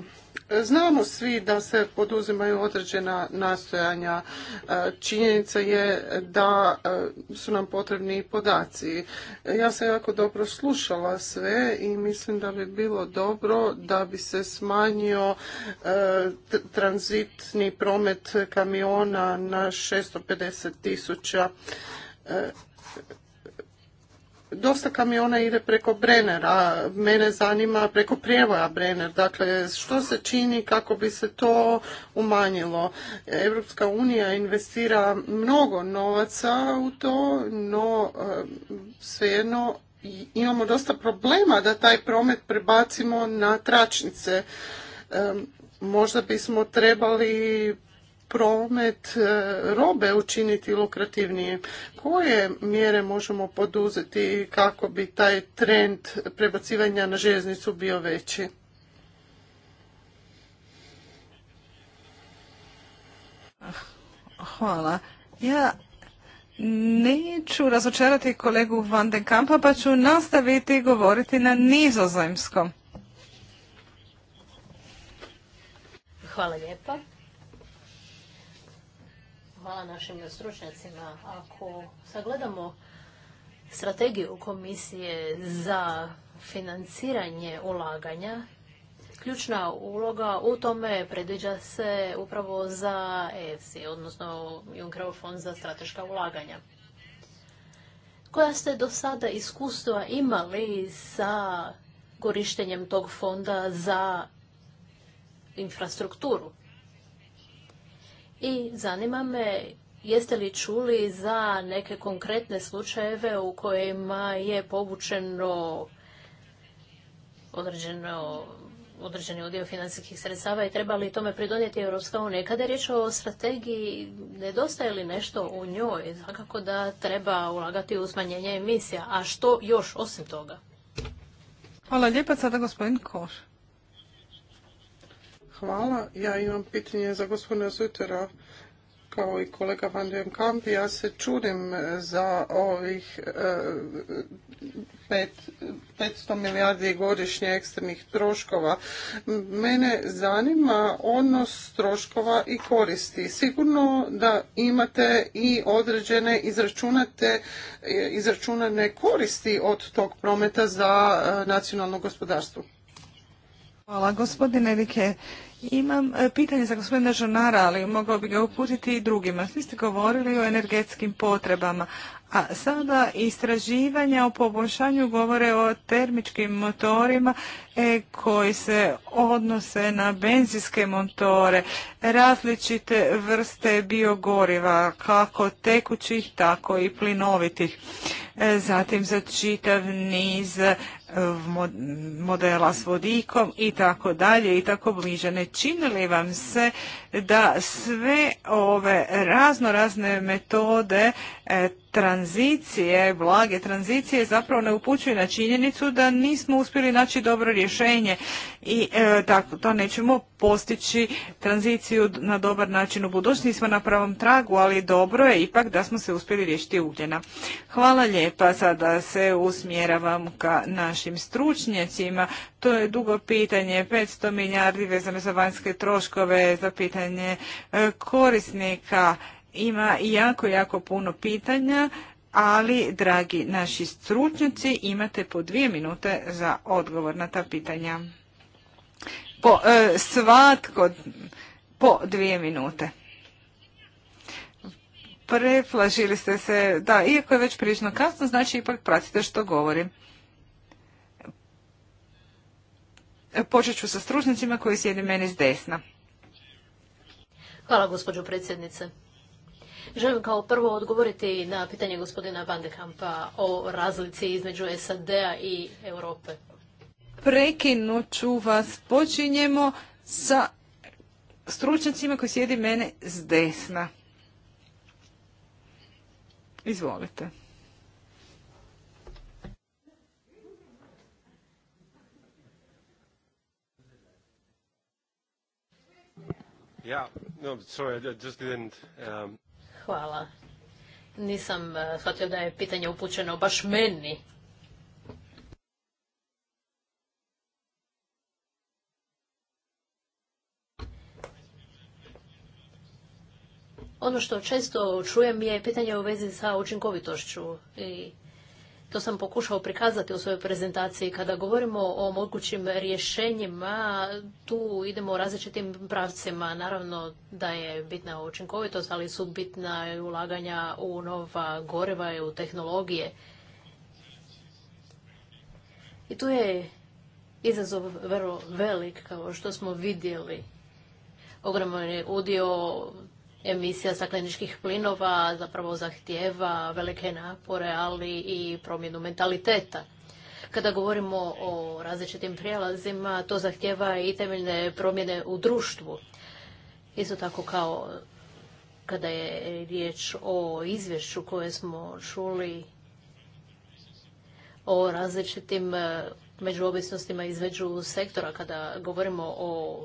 Znamo svi da se poduzimaju određena nastojanja. E, činjenica je da e, su nam potrebni podaci. Ja sam jako dobro slušala sve i mislim da bi bilo dobro da bi se smanjio e, tranzitni promet kamiona na 650 tisuća dosta kamiona ide preko Brennera, mene zanima preko prijevoja Brenner, dakle što se čini kako bi se to umanjilo. Europska unija investira mnogo novaca u to, no eh, svejedno imamo dosta problema da taj promet prebacimo na tračnice. Eh, možda bismo trebali promet e, robe učiniti lukrativnije. Koje mjere možemo poduzeti kako bi taj trend prebacivanja na željeznicu bio veći? Ah, hvala. Ja neću razočarati kolegu Van den Kampa, pa ću nastaviti govoriti na nizozemskom. Hvala lijepa hvala našim stručnjacima. Ako sagledamo strategiju komisije za financiranje ulaganja, ključna uloga u tome predviđa se upravo za EFSI, odnosno Junckerov fond za strateška ulaganja. Koja ste do sada iskustva imali sa korištenjem tog fonda za infrastrukturu? I zanima me Jeste li čuli za neke konkretne slučajeve u kojima je povučeno određeno određeni udio financijskih sredstava i treba li tome pridonijeti Europska unija. Kada je riječ o strategiji, nedostaje li nešto u njoj? kako da treba ulagati u smanjenje emisija. A što još osim toga? Hvala lijepa. Sada gospodin Koš. Hvala. Ja imam pitanje za gospodina Zutera kao i kolega Van Kampi. Kamp. Ja se čudim za ovih 500 e, milijardi godišnje ekstremnih troškova. Mene zanima odnos troškova i koristi. Sigurno da imate i određene izračunate, e, izračunane koristi od tog prometa za e, nacionalno gospodarstvo. Hvala gospodine Rike. Imam e, pitanje za gospodina Žonara, ali mogao bi ga uputiti i drugima. Svi ste govorili o energetskim potrebama, a sada istraživanja o poboljšanju govore o termičkim motorima e, koji se odnose na benzinske motore, različite vrste biogoriva, kako tekućih, tako i plinovitih. E, zatim za čitav niz modela s vodikom i tako dalje i tako bliže. Ne čini li vam se da sve ove razno razne metode E, tranzicije, blage tranzicije zapravo ne upućuje na činjenicu da nismo uspjeli naći dobro rješenje i e, tako to nećemo postići tranziciju na dobar način u budućnosti. Nismo na pravom tragu, ali dobro je ipak da smo se uspjeli riješiti ugljena. Hvala lijepa. Sada se usmjeravam ka našim stručnjacima. To je dugo pitanje, 500 milijardi vezano za vanjske troškove, za pitanje e, korisnika ima jako, jako puno pitanja, ali, dragi naši stručnjaci, imate po dvije minute za odgovor na ta pitanja. Po, e, svatko po dvije minute. Preflažili ste se, da, iako je već prilično kasno, znači ipak pratite što govorim. Počet ću sa stručnicima koji sjede meni s desna. Hvala, gospođo predsjednice. Želim kao prvo odgovoriti na pitanje gospodina Van o razlici između SAD-a i Europe. Prekinut ću vas. Počinjemo sa stručnjacima koji sjedi mene s desna. Izvolite. Yeah, no, sorry, just didn't. Um, Hvala. Nisam e, shvatio da je pitanje upućeno baš meni. Ono što često čujem je pitanje u vezi sa učinkovitošću i to sam pokušao prikazati u svojoj prezentaciji. Kada govorimo o mogućim rješenjima, tu idemo u različitim pravcima. Naravno da je bitna učinkovitost, ali su bitna i ulaganja u nova goreva i u tehnologije. I tu je izazov vrlo velik, kao što smo vidjeli. Ogroman je udio emisija stakleničkih plinova zapravo zahtjeva velike napore, ali i promjenu mentaliteta. Kada govorimo o različitim prijelazima, to zahtjeva i temeljne promjene u društvu. Isto tako kao kada je riječ o izvješću koje smo čuli o različitim međuovisnostima između sektora, kada govorimo o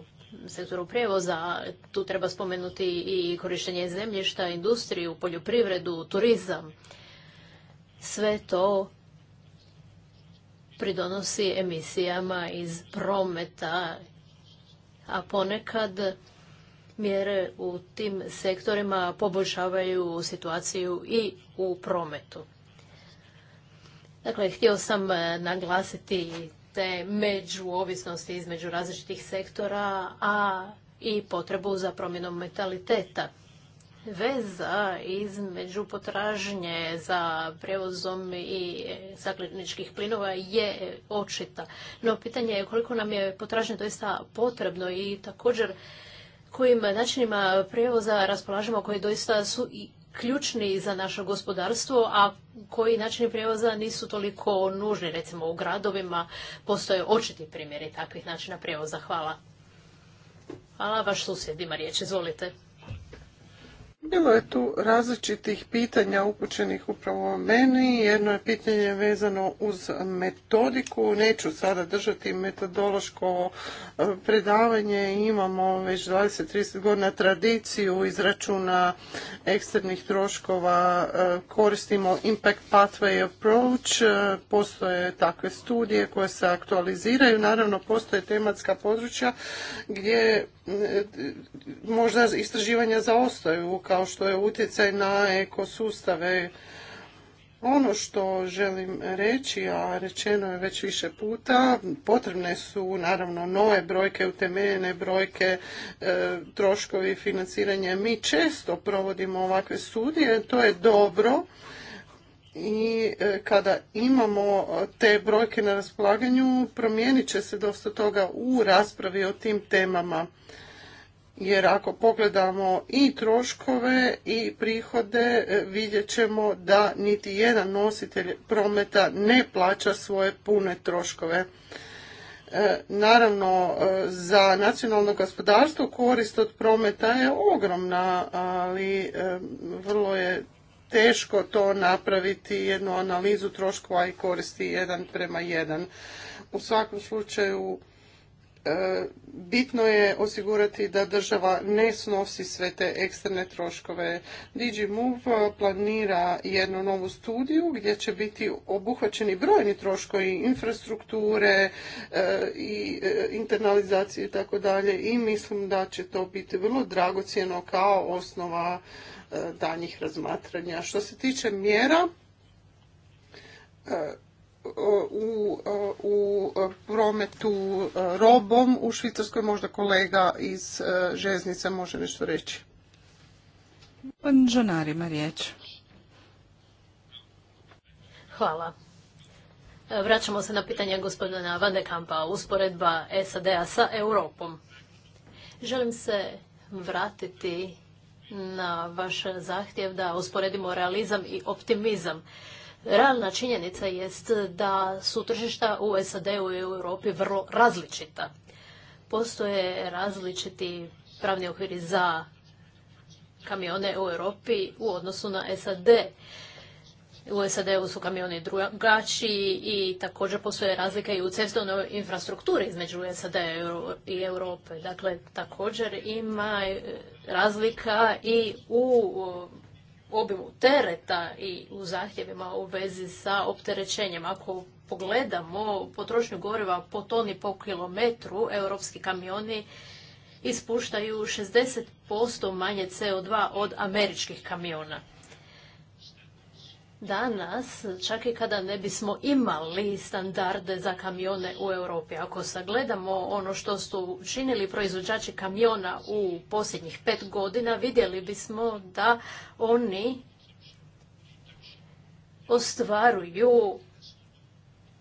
sektoru prijevoza. Tu treba spomenuti i korištenje zemljišta, industriju, poljoprivredu, turizam. Sve to pridonosi emisijama iz prometa, a ponekad mjere u tim sektorima poboljšavaju situaciju i u prometu. Dakle, htio sam naglasiti među ovisnosti između različitih sektora, a i potrebu za promjenom mentaliteta. Veza između potražnje za prijevozom i stakleničkih plinova je očita. No pitanje je koliko nam je potražnje doista potrebno i također kojim načinima prijevoza raspolažemo koji doista su i ključni za naše gospodarstvo, a koji načini prijevoza nisu toliko nužni. Recimo u gradovima postoje očiti primjeri takvih načina prijevoza. Hvala. Hvala, vaš susjed ima riječ, izvolite. Bilo je tu različitih pitanja upućenih upravo meni. Jedno je pitanje vezano uz metodiku. Neću sada držati metodološko e, predavanje. Imamo već 20-30 godina tradiciju izračuna eksternih troškova. E, koristimo Impact Pathway Approach. E, postoje takve studije koje se aktualiziraju. Naravno, postoje tematska područja gdje možda istraživanja zaostaju kao što je utjecaj na ekosustave. Ono što želim reći, a rečeno je već više puta, potrebne su naravno nove brojke, utemeljene brojke, e, troškovi financiranja. Mi često provodimo ovakve studije, to je dobro i e, kada imamo te brojke na raspolaganju, promijenit će se dosta toga u raspravi o tim temama jer ako pogledamo i troškove i prihode e, vidjet ćemo da niti jedan nositelj prometa ne plaća svoje pune troškove. E, naravno, e, za nacionalno gospodarstvo korist od prometa je ogromna, ali vrlo je teško to napraviti, jednu analizu troškova i koristi jedan prema jedan. U svakom slučaju E, bitno je osigurati da država ne snosi sve te eksterne troškove. DigiMove planira jednu novu studiju gdje će biti obuhvaćeni brojni troškovi infrastrukture e, i e, internalizacije i tako dalje i mislim da će to biti vrlo dragocjeno kao osnova danjih razmatranja. Što se tiče mjera, u, e, u prometu e, robom u Švicarskoj. Možda kolega iz e, Žeznice može nešto reći. Žanarima riječ. Hvala. Vraćamo se na pitanje gospodina Van de Kampa, usporedba SAD-a sa Europom. Želim se vratiti na vaš zahtjev da usporedimo realizam i optimizam. Realna činjenica jest da su tržišta u SAD-u i u Europi vrlo različita. Postoje različiti pravni okviri za kamione u Europi u odnosu na SAD. U SAD-u su kamioni drugačiji i također postoje razlika i u cestovnoj infrastrukturi između SAD i Europe. Dakle, također ima razlika i u obimu tereta i u zahtjevima u vezi sa opterećenjem. Ako pogledamo potrošnju goriva po toni po kilometru, europski kamioni ispuštaju 60% manje CO2 od američkih kamiona danas, čak i kada ne bismo imali standarde za kamione u Europi. Ako sagledamo ono što su činili proizvođači kamiona u posljednjih pet godina, vidjeli bismo da oni ostvaruju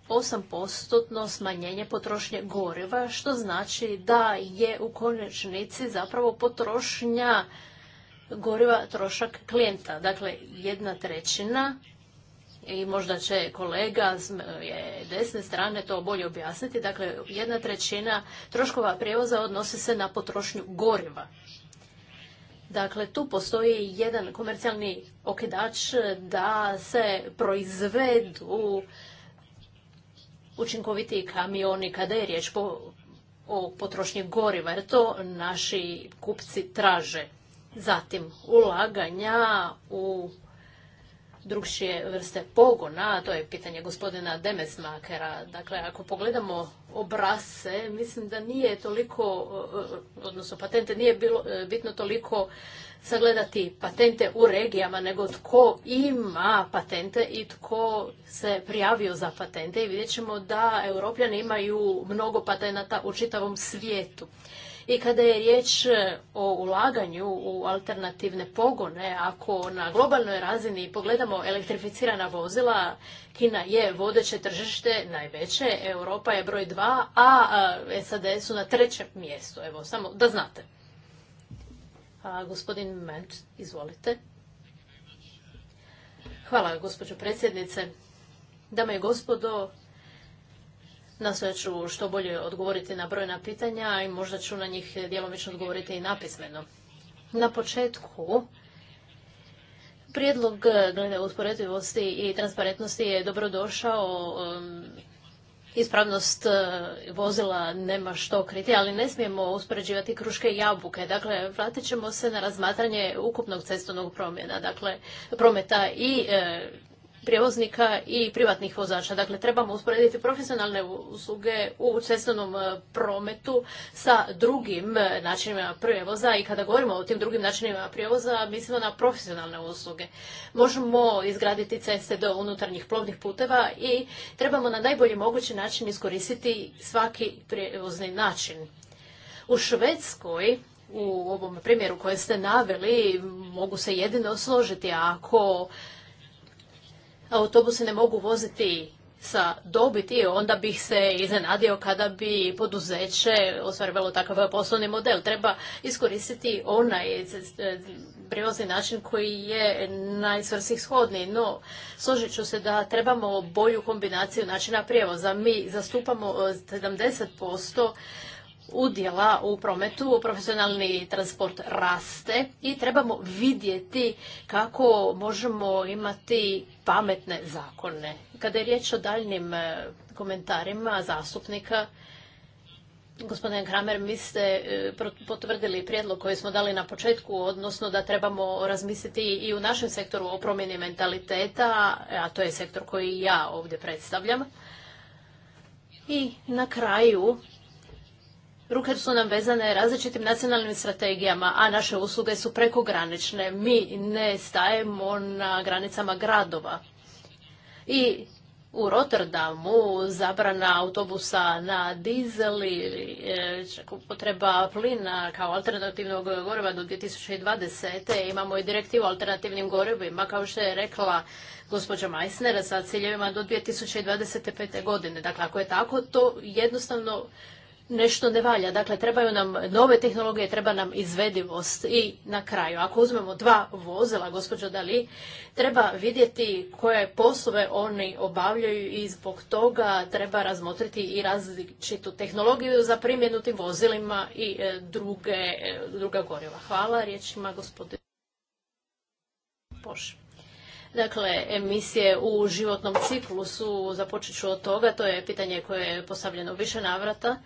8% smanjenje potrošnje goriva, što znači da je u konačnici zapravo potrošnja goriva trošak klijenta. Dakle, jedna trećina i možda će kolega s desne strane to bolje objasniti. Dakle, jedna trećina troškova prijevoza odnosi se na potrošnju goriva. Dakle, tu postoji jedan komercijalni okidač da se proizvedu učinkoviti kamioni kada je riječ o potrošnji goriva, jer to naši kupci traže. Zatim ulaganja u drugšije vrste pogona, to je pitanje gospodina Demesmakera. Dakle, ako pogledamo obrase, mislim da nije toliko, e, e, odnosno patente, nije bilo e, bitno toliko sagledati patente u regijama, nego tko ima patente i tko se prijavio za patente i vidjet ćemo da europljani imaju mnogo patenata u čitavom svijetu. I kada je riječ e, o ulaganju u alternativne pogone, ako na globalnoj razini pogledamo elektrificirana vozila, Kina je vodeće tržište najveće, Europa je broj dva, a e, SAD su na trećem mjestu. Evo, samo da znate. gospodin Ment, izvolite. Hvala, gospođo predsjednice. Dame i gospodo, Nastojat ću što bolje odgovoriti na brojna pitanja i možda ću na njih djelomično odgovoriti i napismeno. Na početku, prijedlog glede usporedivosti i transparentnosti je došao. Um, ispravnost uh, vozila nema što kriti, ali ne smijemo uspoređivati kruške i jabuke. Dakle, vratit ćemo se na razmatranje ukupnog cestovnog promjena, dakle, prometa i uh, prijevoznika i privatnih vozača. Dakle, trebamo usporediti profesionalne usluge u cestovnom e, prometu sa drugim e, načinima prijevoza i kada govorimo o tim drugim načinima prijevoza, mislimo na profesionalne usluge. Možemo izgraditi ceste do unutarnjih plovnih puteva i trebamo na najbolji mogući način iskoristiti svaki prijevozni način. U Švedskoj u ovom primjeru koje ste naveli mogu se jedino složiti ako autobuse ne mogu voziti sa dobiti, onda bih se iznenadio kada bi poduzeće ostvarivalo takav poslovni model. Treba iskoristiti onaj prijevozni način koji je najsvrsishodniji, no složit ću se da trebamo bolju kombinaciju načina prijevoza. Mi zastupamo 70% eh, udjela u prometu, profesionalni transport raste i trebamo vidjeti kako možemo imati pametne zakone. Kada je riječ o daljnim e, komentarima zastupnika, Gospodine Kramer, mi ste e, potvrdili prijedlog koji smo dali na početku, odnosno da trebamo razmisliti i u našem sektoru o promjeni mentaliteta, a to je sektor koji ja ovdje predstavljam. I na kraju ruke su nam vezane različitim nacionalnim strategijama, a naše usluge su prekogranične. Mi ne stajemo na granicama gradova. I u Rotterdamu zabrana autobusa na dizel ili e, čak plina kao alternativnog goriva do 2020. Imamo i direktivu o alternativnim gorivima, kao što je rekla gospođa Meissner, sa ciljevima do 2025. godine. Dakle, ako je tako, to jednostavno nešto ne valja. Dakle, trebaju nam nove tehnologije, treba nam izvedivost. I na kraju, ako uzmemo dva vozila, gospođo Dali, treba vidjeti koje poslove oni obavljaju i zbog toga treba razmotriti i različitu tehnologiju za primjenu tim vozilima i e, druge, e, druga goriva. Hvala, riječima, gospodine. Dakle, emisije u životnom ciklusu, započet ću od toga, to je pitanje koje je postavljeno više navrata.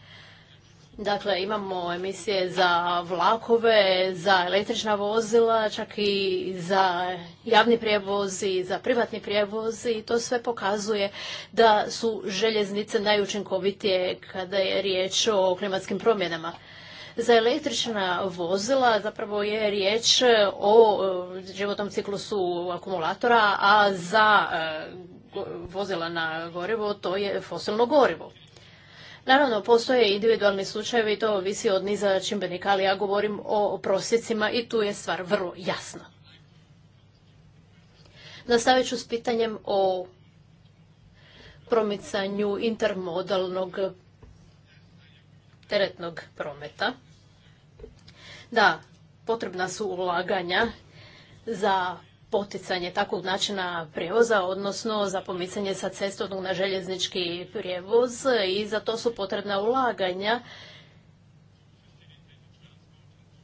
Dakle, imamo emisije za vlakove, za električna vozila, čak i za javni prijevoz i za privatni prijevoz i to sve pokazuje da su željeznice najučinkovitije kada je riječ o klimatskim promjenama. Za električna vozila zapravo je riječ o e, životnom ciklusu akumulatora, a za e, vozila na gorivo to je fosilno gorivo. Naravno, postoje individualni slučajevi i to ovisi od niza čimbenika, ali ja govorim o prosjecima i tu je stvar vrlo jasna. Nastavit ću s pitanjem o promicanju intermodalnog teretnog prometa. Da, potrebna su ulaganja za poticanje takvog načina prijevoza, odnosno za pomicanje sa cestovnog na željeznički prijevoz i za to su potrebna ulaganja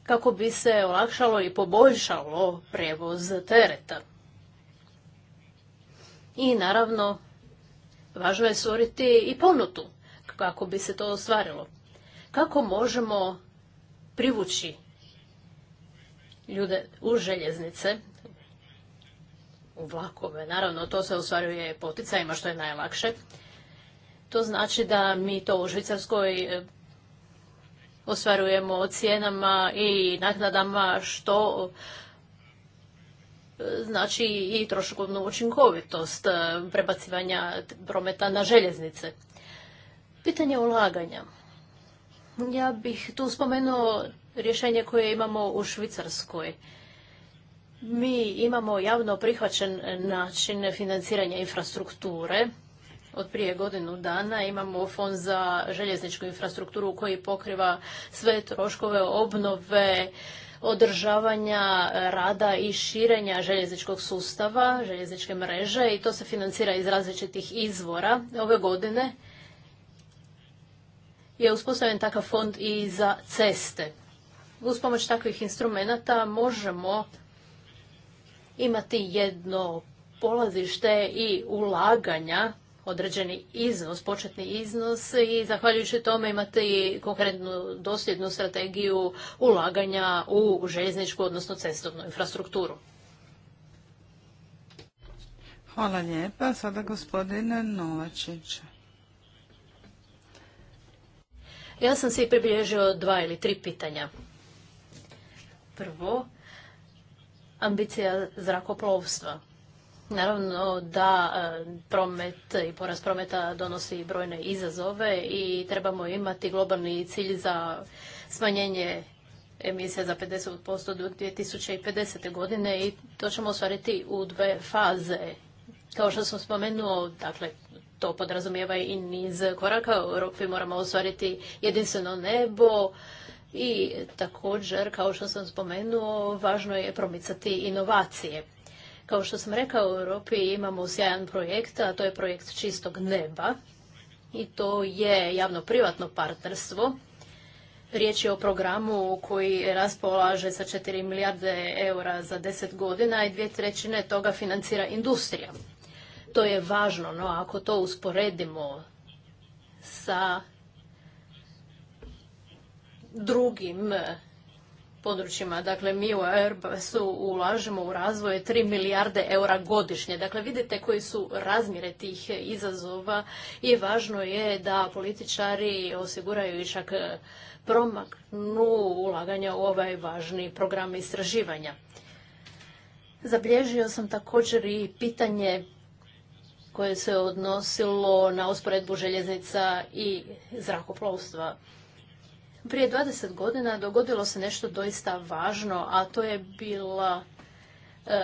kako bi se olakšalo i poboljšalo prijevoz tereta. I naravno, važno je stvoriti i ponutu kako bi se to ostvarilo. Kako možemo privući ljude u željeznice u vlakove. Naravno, to se ostvaruje poticajima što je najlakše. To znači da mi to u Švicarskoj e, ostvarujemo cijenama i naknadama što e, znači i troškovnu učinkovitost e, prebacivanja prometa na željeznice. Pitanje ulaganja. Ja bih tu spomenuo rješenje koje imamo u Švicarskoj. Mi imamo javno prihvaćen način financiranja infrastrukture. Od prije godinu dana imamo fond za željezničku infrastrukturu koji pokriva sve troškove obnove, održavanja rada i širenja željezničkog sustava, željezničke mreže i to se financira iz različitih izvora. Ove godine je uspostavljen takav fond i za ceste. Uz pomoć takvih instrumenata možemo imati jedno polazište i ulaganja određeni iznos, početni iznos i zahvaljujući tome imate i konkretnu dosljednu strategiju ulaganja u željezničku, odnosno cestovnu infrastrukturu. Hvala lijepa. Sada gospodine Novačić. Ja sam i približio dva ili tri pitanja. Prvo, ambicija zrakoplovstva. Naravno da e, promet i porast prometa donosi brojne izazove i trebamo imati globalni cilj za smanjenje emisija za 50% do 2050. godine i to ćemo ostvariti u dve faze. Kao što sam spomenuo, dakle, to podrazumijeva i niz koraka. U Europi moramo ostvariti jedinstveno nebo, i također, kao što sam spomenuo, važno je promicati inovacije. Kao što sam rekao, u Europi imamo sjajan projekt, a to je projekt čistog neba. I to je javno-privatno partnerstvo. Riječ je o programu koji raspolaže sa 4 milijarde eura za 10 godina i dvije trećine toga financira industrija. To je važno, no ako to usporedimo sa drugim eh, područjima. Dakle, mi u Airbusu ulažemo u razvoj 3 milijarde eura godišnje. Dakle, vidite koji su razmjere tih izazova i važno je da političari osiguraju i čak eh, promaknu ulaganja u ovaj važni program istraživanja. Zabilježio sam također i pitanje koje se odnosilo na usporedbu željeznica i zrakoplovstva. Prije 20 godina dogodilo se nešto doista važno, a to je bila e,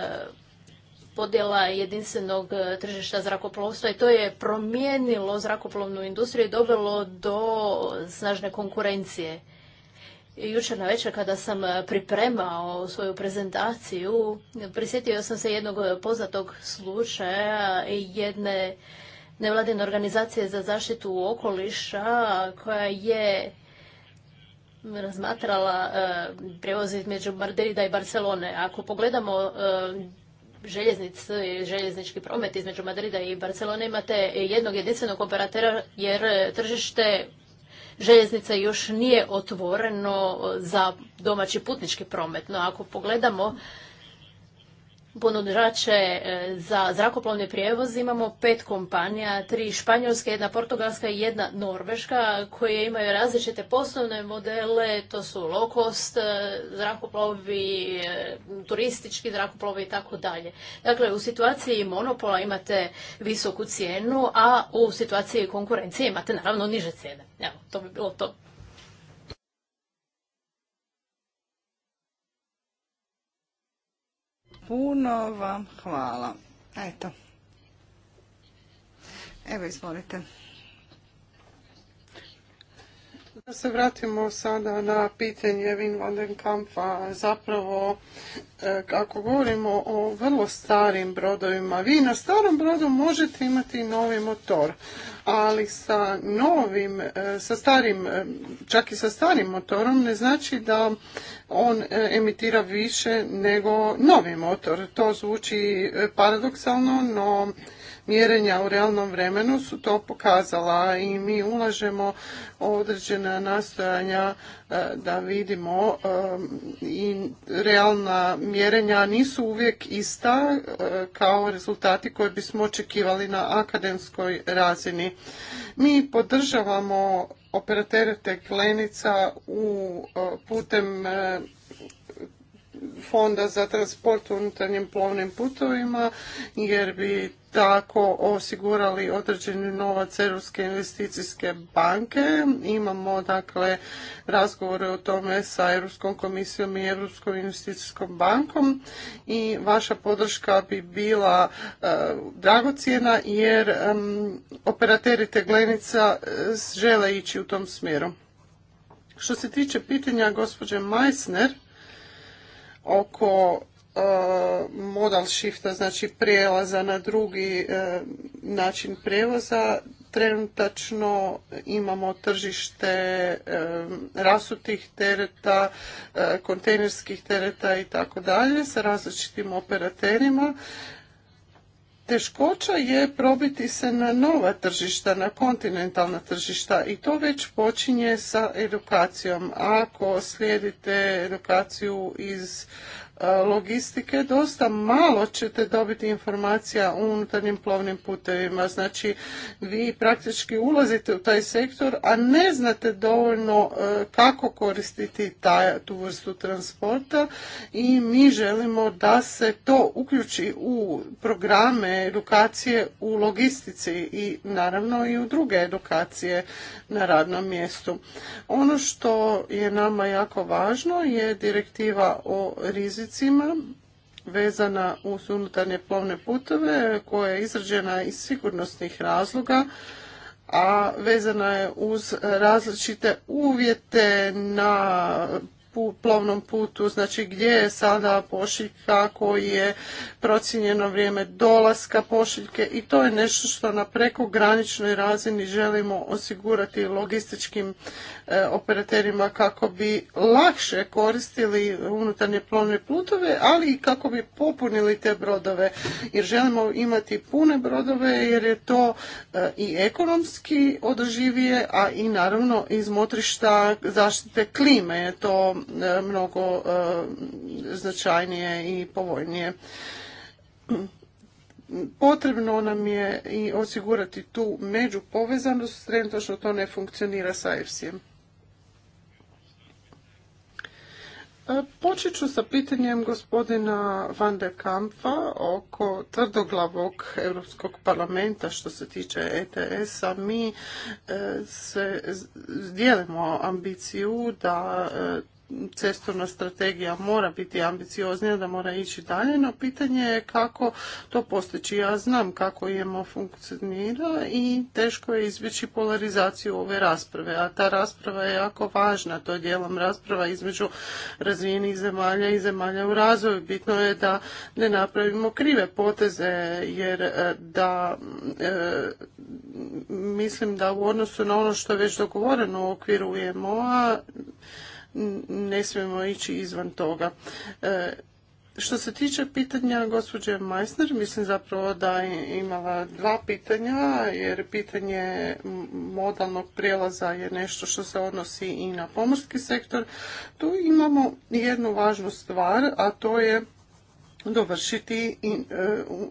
podjela jedinstvenog e, tržišta zrakoplovstva i to je promijenilo zrakoplovnu industriju i dovelo do snažne konkurencije. Jučer na večer kada sam pripremao svoju prezentaciju, prisjetio sam se jednog poznatog slučaja jedne nevladine organizacije za zaštitu okoliša koja je razmatrala e, prijevoz između Madrida i Barcelone. Ako pogledamo e, željeznic i željeznički promet između Madrida i Barcelone imate jednog jedinstvenog operatera jer e, tržište željeznice još nije otvoreno za domaći putnički promet. No ako pogledamo ponuđače e, za zrakoplovne prijevoz imamo pet kompanija, tri španjolske, jedna portugalska i jedna norveška koje imaju različite poslovne modele, to su low cost e, zrakoplovi, e, turistički zrakoplovi i tako dalje. Dakle, u situaciji monopola imate visoku cijenu, a u situaciji konkurencije imate naravno niže cijene. Evo, to bi bilo to. Puno vam hvala. Eto. Evo, izvolite. Da se vratimo sada na pitanje Vin van Kampa. Zapravo, kako e, govorimo o vrlo starim brodovima, vi na starom brodu možete imati novi motor, ali sa novim, e, sa starim, e, čak i sa starim motorom ne znači da on emitira više nego novi motor. To zvuči paradoksalno, no mjerenja u realnom vremenu su to pokazala i mi ulažemo određena nastojanja e, da vidimo e, i realna mjerenja nisu uvijek ista e, kao rezultati koje bismo očekivali na akademskoj razini. Mi podržavamo operatere teklenica u putem fonda za transport u unutarnjim plovnim putovima jer bi tako osigurali određeni novac Europske investicijske banke. Imamo dakle razgovore o tome sa Europskom komisijom i Europskom investicijskom bankom i vaša podrška bi bila e, dragocjena jer operateri teglenica e, žele ići u tom smjeru. Što se tiče pitanja gospođe Meissner oko modal shifta, znači prijelaza na drugi e, način prijevoza, trenutačno imamo tržište e, rasutih tereta, e, kontejnerskih tereta i tako dalje sa različitim operaterima. Teškoća je probiti se na nova tržišta, na kontinentalna tržišta i to već počinje sa edukacijom. Ako slijedite edukaciju iz E, logistike dosta malo ćete dobiti informacija o unutarnjim plovnim putevima. Znači vi praktički ulazite u taj sektor, a ne znate dovoljno e, kako koristiti taj, tu vrstu transporta i mi želimo da se to uključi u programe edukacije u logistici i naravno i u druge edukacije na radnom mjestu. Ono što je nama jako važno je direktiva o riziku rizicima vezana uz unutarnje plovne putove koja je izrađena iz sigurnosnih razloga, a vezana je uz različite uvjete na plovnom putu, znači gdje je sada pošiljka, koji je procijenjeno vrijeme dolaska pošiljke i to je nešto što na prekograničnoj razini želimo osigurati logističkim E, operaterima kako bi lakše koristili unutarnje plovne plutove, ali i kako bi popunili te brodove. Jer želimo imati pune brodove jer je to e, i ekonomski održivije, a i naravno iz motrišta zaštite klime je to e, mnogo značajnije i povoljnije potrebno nam je i osigurati tu međupovezanost, što to ne funkcionira sa efsi E, počet ću sa pitanjem gospodina Van der Kampfa oko tvrdoglavog Europskog parlamenta što se tiče ETS-a. Mi e, se dijelimo ambiciju da e, cestovna strategija mora biti ambicioznija, da mora ići dalje, no pitanje je kako to postići. Ja znam kako IMO funkcionira i teško je izbjeći polarizaciju ove rasprave, a ta rasprava je jako važna. To je dijelom rasprava između razvijenih zemalja i zemalja u razvoju. Bitno je da ne napravimo krive poteze, jer e, da e, mislim da u odnosu na ono što je već dogovoreno u okviru IMO-a ne smijemo ići izvan toga. E, što se tiče pitanja gospođe Meissner, mislim zapravo da je imala dva pitanja, jer pitanje modalnog prijelaza je nešto što se odnosi i na pomorski sektor. Tu imamo jednu važnu stvar, a to je dovršiti e,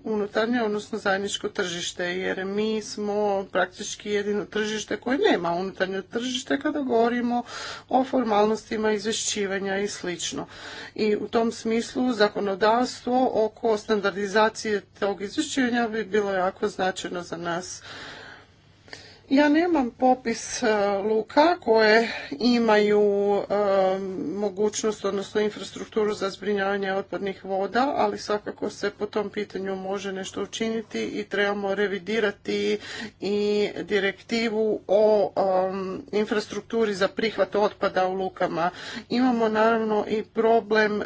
unutarnje, odnosno zajedničko tržište, jer mi smo praktički jedino tržište koje nema unutarnje tržište kada govorimo o formalnostima izvješćivanja i sl. I u tom smislu zakonodavstvo oko standardizacije tog izvješćivanja bi bilo jako značajno za nas ja nemam popis e, luka koje imaju e, mogućnost, odnosno infrastrukturu za zbrinjavanje otpadnih voda, ali svakako se po tom pitanju može nešto učiniti i trebamo revidirati i direktivu o e, infrastrukturi za prihvat otpada u lukama. Imamo naravno i problem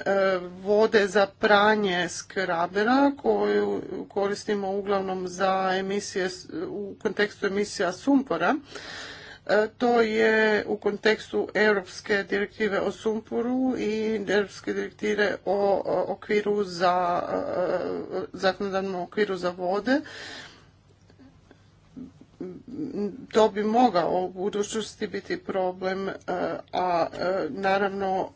vode za pranje skrabera koju koristimo uglavnom za emisije u kontekstu emisija su sumpora. E, to je u kontekstu Europske direktive o sumporu i Europske direktive o okviru za e, zakonodavnom okviru za vode to bi mogao u budućnosti biti problem, e, a naravno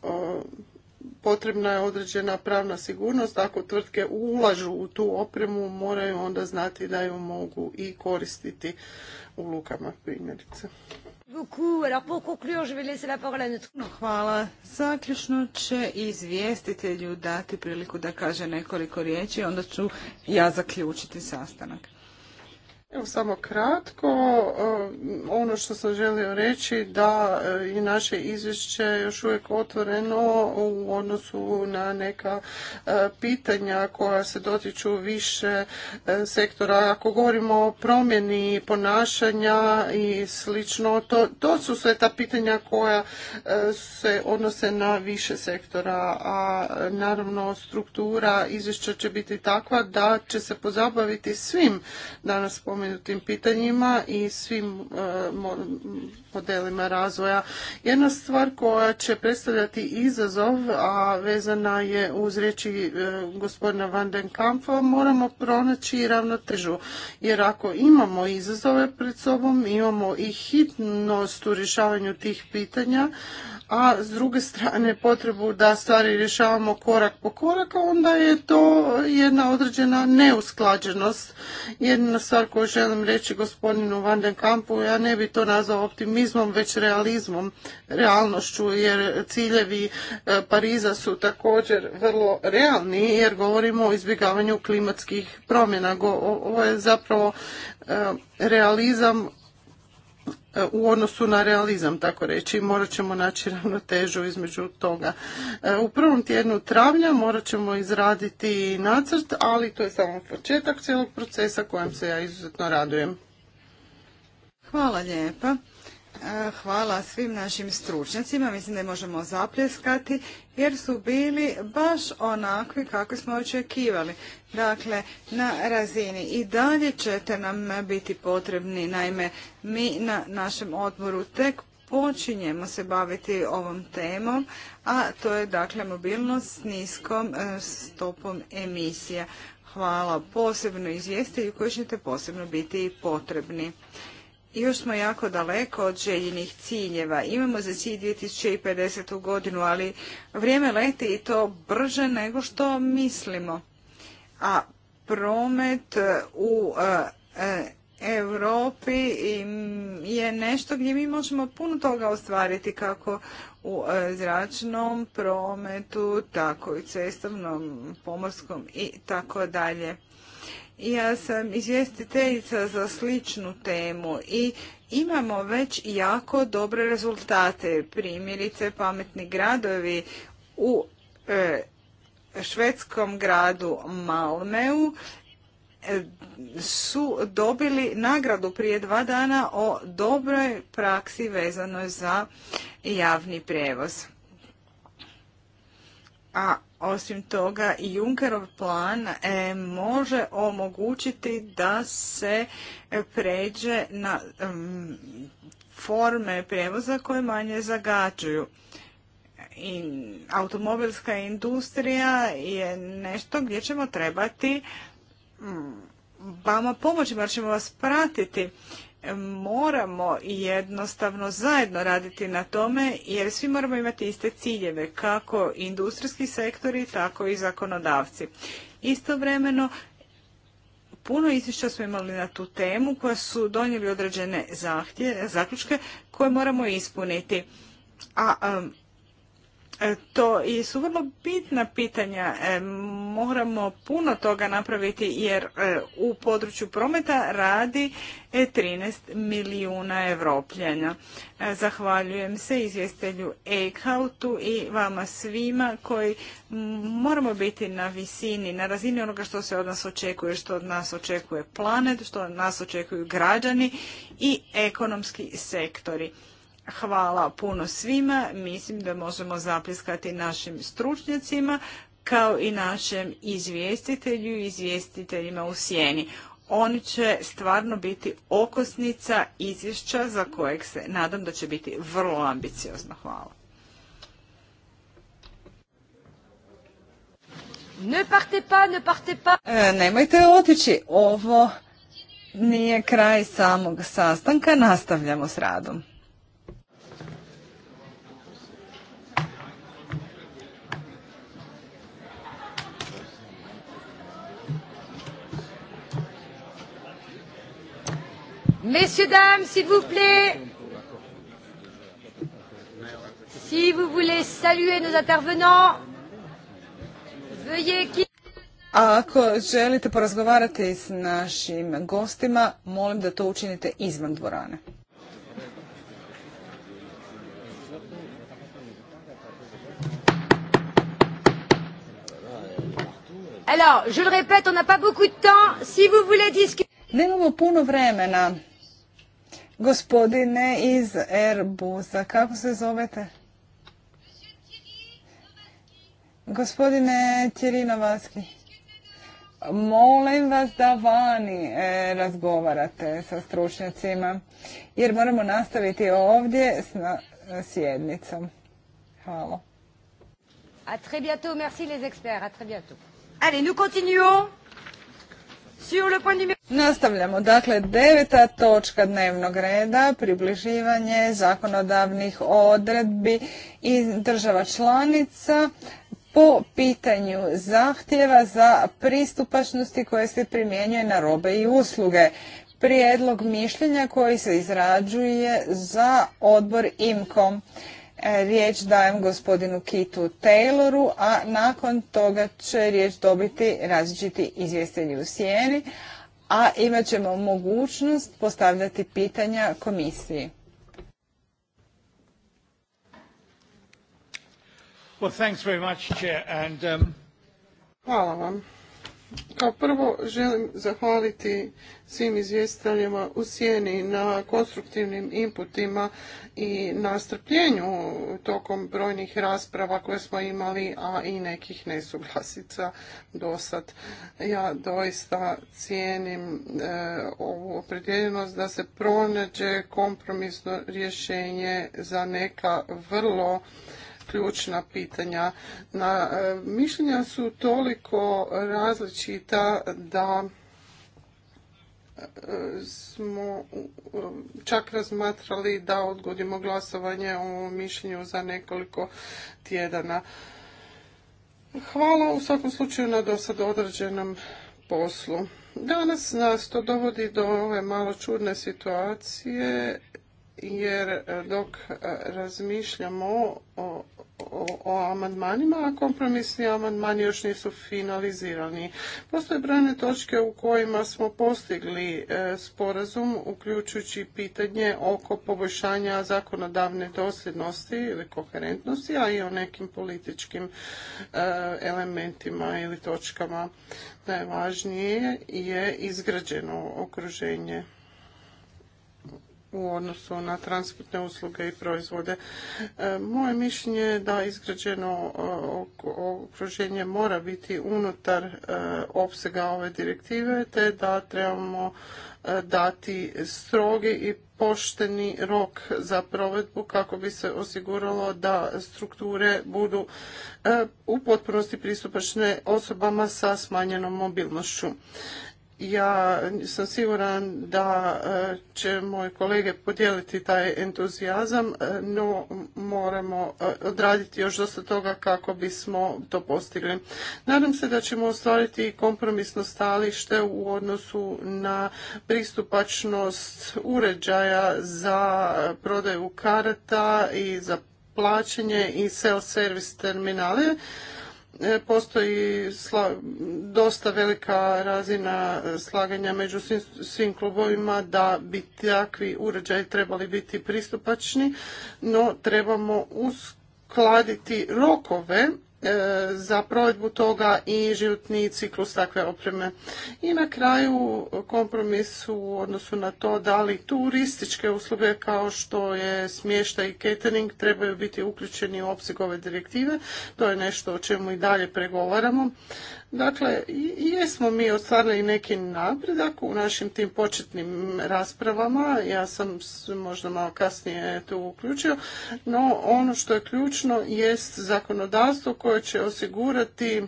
potrebna je određena pravna sigurnost. Ako tvrtke ulažu u tu opremu, moraju onda znati da ju mogu i koristiti u lukama primjerice. Hvala. Zaključno će izvjestitelju dati priliku da kaže nekoliko riječi, onda ću ja zaključiti sastanak. Evo samo kratko, e, ono što sam želio reći da e, je naše izvješće još uvijek otvoreno u odnosu na neka e, pitanja koja se dotiču više sektora. Ako govorimo o promjeni ponašanja i slično, to, to su sve ta pitanja koja se odnose na više sektora, a naravno struktura izvješća će biti takva da će se pozabaviti svim danas spomenutim spomenutim pitanjima i svim e, modelima razvoja. Jedna stvar koja će predstavljati izazov, a vezana je uz riječi e, gospodina Van den Kampfa moramo pronaći ravnotežu. Jer ako imamo izazove pred sobom, imamo i hitnost u rješavanju tih pitanja, a s druge strane potrebu da stvari rješavamo korak po korak, onda je to jedna određena neusklađenost. Jedna stvar koju želim reći gospodinu Van den Kampu, ja ne bi to nazvao optimizmom, već realizmom, realnošću, jer ciljevi e, Pariza su također vrlo realni, jer govorimo o izbjegavanju klimatskih promjena. Ovo je zapravo e, realizam u odnosu na realizam, tako reći. Morat ćemo naći ravnotežu između toga. E, u prvom tjednu travnja morat ćemo izraditi nacrt, ali to je samo početak cijelog procesa kojem se ja izuzetno radujem. Hvala lijepa hvala svim našim stručnjacima. Mislim da možemo zapljeskati jer su bili baš onakvi kako smo očekivali. Dakle, na razini i dalje ćete nam biti potrebni. Naime, mi na našem odboru tek počinjemo se baviti ovom temom, a to je dakle mobilnost s niskom e, stopom emisija. Hvala posebno izvjestitelju koji ćete posebno biti potrebni još smo jako daleko od željenih ciljeva. Imamo za cilj 2050. godinu, ali vrijeme leti i to brže nego što mislimo. A promet u e, e, Europi je nešto gdje mi možemo puno toga ostvariti kako u e, zračnom prometu, tako i cestovnom, pomorskom i tako dalje. Ja sam izvjestiteljica za sličnu temu i imamo već jako dobre rezultate. Primjerice pametni gradovi u e, švedskom gradu Malmeu e, su dobili nagradu prije dva dana o dobroj praksi vezanoj za javni prijevoz a osim toga i Junkerov plan e, može omogućiti da se e, pređe na forme prijevoza koje manje zagađuju. I automobilska industrija je nešto gdje ćemo trebati vama pomoći, jer ćemo vas pratiti moramo jednostavno zajedno raditi na tome jer svi moramo imati iste ciljeve kako industrijski sektori tako i zakonodavci. Istovremeno puno izvješća smo imali na tu temu koja su donijeli određene zahtje, zaključke koje moramo ispuniti. A E, to i su vrlo bitna pitanja. E, moramo puno toga napraviti jer e, u području prometa radi 13 milijuna evropljenja. Zahvaljujem se izvjestelju Eichhautu i vama svima koji moramo biti na visini, na razini onoga što se od nas očekuje, što od nas očekuje planet, što od nas očekuju građani i ekonomski sektori. Hvala puno svima. Mislim da možemo zapliskati našim stručnjacima kao i našem izvjestitelju i izvjestiteljima u sjeni. Oni će stvarno biti okosnica izvješća za kojeg se nadam da će biti vrlo ambiciozno. Hvala. Ne partez ne partez e, nemojte otići, ovo nije kraj samog sastanka, nastavljamo s radom. Messieurs, dames, s'il vous plaît, si vous voulez saluer nos intervenants, veuillez quitter. A ako želite porazgovarati s našim gostima, molim da to učinite izvan dvorane. Alors, je le répète, on n'a pas beaucoup de temps. Si vous voulez discuter... Nemamo puno vremena. Gospodine iz Airbusa, kako se zovete? Gospodine Novaski, molim vas da vani e, razgovarate sa stručnjacima, jer moramo nastaviti ovdje s sjednicom. Hvala. A très bientôt, merci les experts, a très bientôt. Allez, nous continuons. Nastavljamo, dakle, deveta točka dnevnog reda, približivanje zakonodavnih odredbi i država članica po pitanju zahtjeva za pristupačnosti koje se primjenjuje na robe i usluge. Prijedlog mišljenja koji se izrađuje za odbor IMKOM. E, riječ dajem gospodinu Kitu Tayloru, a nakon toga će riječ dobiti različiti izvjestelji u sjeni, a imat ćemo mogućnost postavljati pitanja komisiji. Um, Hvala vam. Kao prvo želim zahvaliti svim izvjestiteljima u sjeni na konstruktivnim inputima i na strpljenju tokom brojnih rasprava koje smo imali, a i nekih nesuglasica do sad. Ja doista cijenim e, ovu opredjeljenost da se pronađe kompromisno rješenje za neka vrlo ključna pitanja. Na, e, mišljenja su toliko različita da e, smo čak razmatrali da odgodimo glasovanje o mišljenju za nekoliko tjedana. Hvala u svakom slučaju na dosad određenom poslu. Danas nas to dovodi do ove malo čudne situacije jer dok razmišljamo o o, amandmanima, a kompromisni amandmani još nisu finalizirani. Postoje brojne točke u kojima smo postigli e, sporazum, uključujući pitanje oko poboljšanja zakonodavne dosljednosti ili koherentnosti, a i o nekim političkim e, elementima ili točkama. Najvažnije je izgrađeno okruženje u odnosu na transportne usluge i proizvode. E, moje mišljenje je da izgrađeno e, okruženje mora biti unutar e, opsega ove direktive, te da trebamo dati strogi i pošteni rok za provedbu kako bi se osiguralo da strukture budu u potpunosti pristupačne osobama sa smanjenom mobilnošću ja sam siguran da e, će moje kolege podijeliti taj entuzijazam, e, no moramo e, odraditi još dosta toga kako bismo to postigli. Nadam se da ćemo ostvariti kompromisno stalište u odnosu na pristupačnost uređaja za prodaju karata i za plaćanje i self-service terminale E, postoji dosta velika razina slaganja među svim klubovima da bi takvi uređaji trebali biti pristupačni, no trebamo uskladiti rokove E, za provedbu toga i životni ciklus takve opreme. I na kraju kompromis u odnosu na to da li turističke usluge kao što je smještaj i catering trebaju biti uključeni u opseg ove direktive. To je nešto o čemu i dalje pregovaramo. Dakle, jesmo mi ostvarili neki napredak u našim tim početnim raspravama, ja sam možda malo kasnije to uključio, no ono što je ključno jest zakonodavstvo koje će osigurati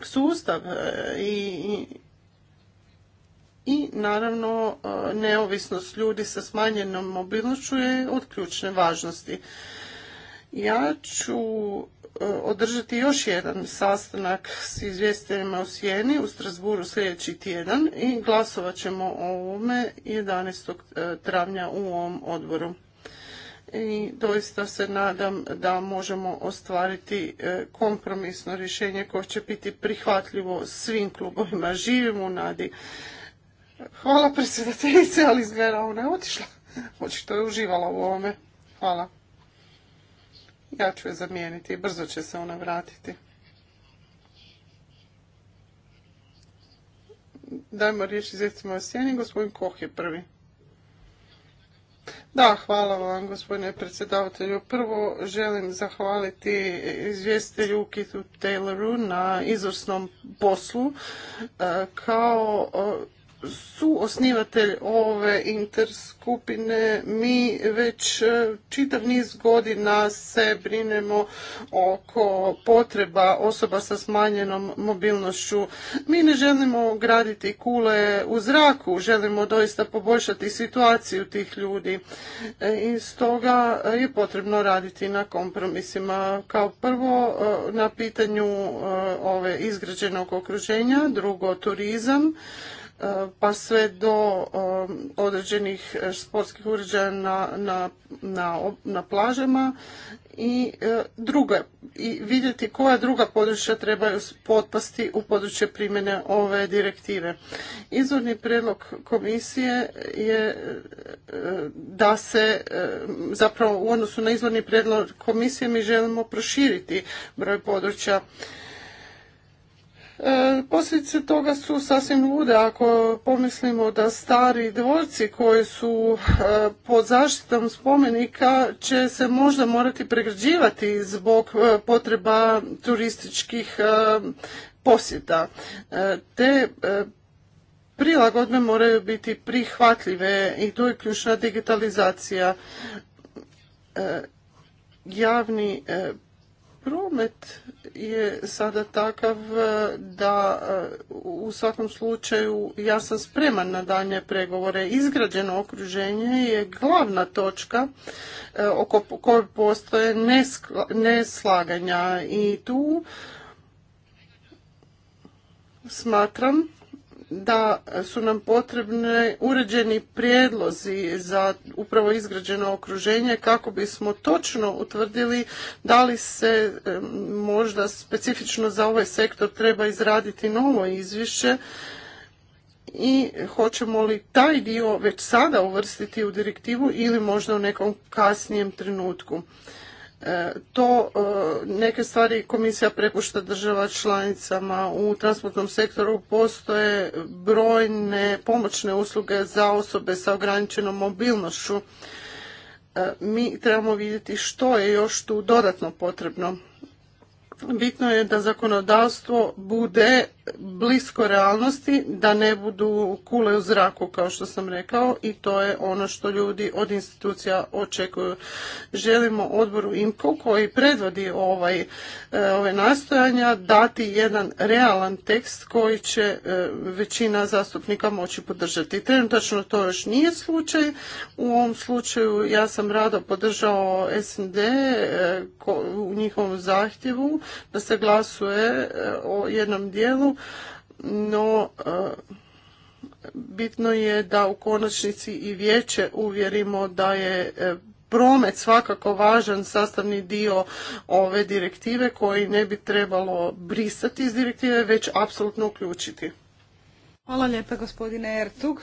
sustav e, i i naravno e, neovisnost ljudi sa smanjenom mobilnošću je od ključne važnosti. Ja ću E, održati još jedan sastanak s izvjestiteljima u Sijeni u Strasburu sljedeći tjedan i glasovat ćemo o ovome 11. E, travnja u ovom odboru. I doista se nadam da možemo ostvariti e, kompromisno rješenje koje će biti prihvatljivo svim klubovima. Živimo u nadi. Hvala predsjedateljice, ali izgleda ona je otišla. Očito je uživala u ovome. Hvala. Ja ću je zamijeniti, brzo će se ona vratiti. Dajmo riječ izvjestimo o sjeni, gospodin Koh je prvi. Da, hvala vam gospodine predsjedavatelju. Prvo želim zahvaliti izvjestitelju Kitu Tayloru na izvrsnom poslu e, kao e, su osnivatelj ove interskupine. Mi već e, čitav niz godina se brinemo oko potreba osoba sa smanjenom mobilnošću. Mi ne želimo graditi kule u zraku, želimo doista poboljšati situaciju tih ljudi. E, I stoga je potrebno raditi na kompromisima. Kao prvo e, na pitanju ove izgrađenog okruženja, drugo turizam E, pa sve do e, određenih e, sportskih uređaja na, plažama i druga i vidjeti koja druga područja trebaju potpasti u područje primjene ove direktive. Izvorni prijedlog komisije je da se zapravo u odnosu na izvorni predlog komisije mi želimo proširiti broj područja E, posljedice toga su sasvim lude ako pomislimo da stari dvorci koji su e, pod zaštitom spomenika će se možda morati pregrađivati zbog e, potreba turističkih posjeta. Te prilagodbe moraju biti prihvatljive i tu je ključna digitalizacija. Javni promet je sada takav e, da e, u svakom slučaju ja sam spreman na dalje pregovore. Izgrađeno okruženje je glavna točka e, oko koje postoje neslaganja i tu smatram da su nam potrebne uređeni prijedlozi za upravo izgrađeno okruženje kako bismo točno utvrdili da li se možda specifično za ovaj sektor treba izraditi novo izvješće i hoćemo li taj dio već sada uvrstiti u direktivu ili možda u nekom kasnijem trenutku. E, to e, neke stvari komisija prepušta država članicama. U transportnom sektoru postoje brojne pomoćne usluge za osobe sa ograničenom mobilnošću. E, mi trebamo vidjeti što je još tu dodatno potrebno. Bitno je da zakonodavstvo bude blisko realnosti, da ne budu kule u zraku, kao što sam rekao, i to je ono što ljudi od institucija očekuju. Želimo odboru IMCO, koji predvodi ovaj, e, ove nastojanja, dati jedan realan tekst koji će e, većina zastupnika moći podržati. Trenutačno to još nije slučaj. U ovom slučaju ja sam rado podržao SND e, u njihovom zahtjevu da se glasuje o jednom dijelu no e, bitno je da u konačnici i vijeće uvjerimo da je e, promet svakako važan sastavni dio ove direktive koji ne bi trebalo brisati iz direktive, već apsolutno uključiti. Hvala lijepa gospodine Ertug.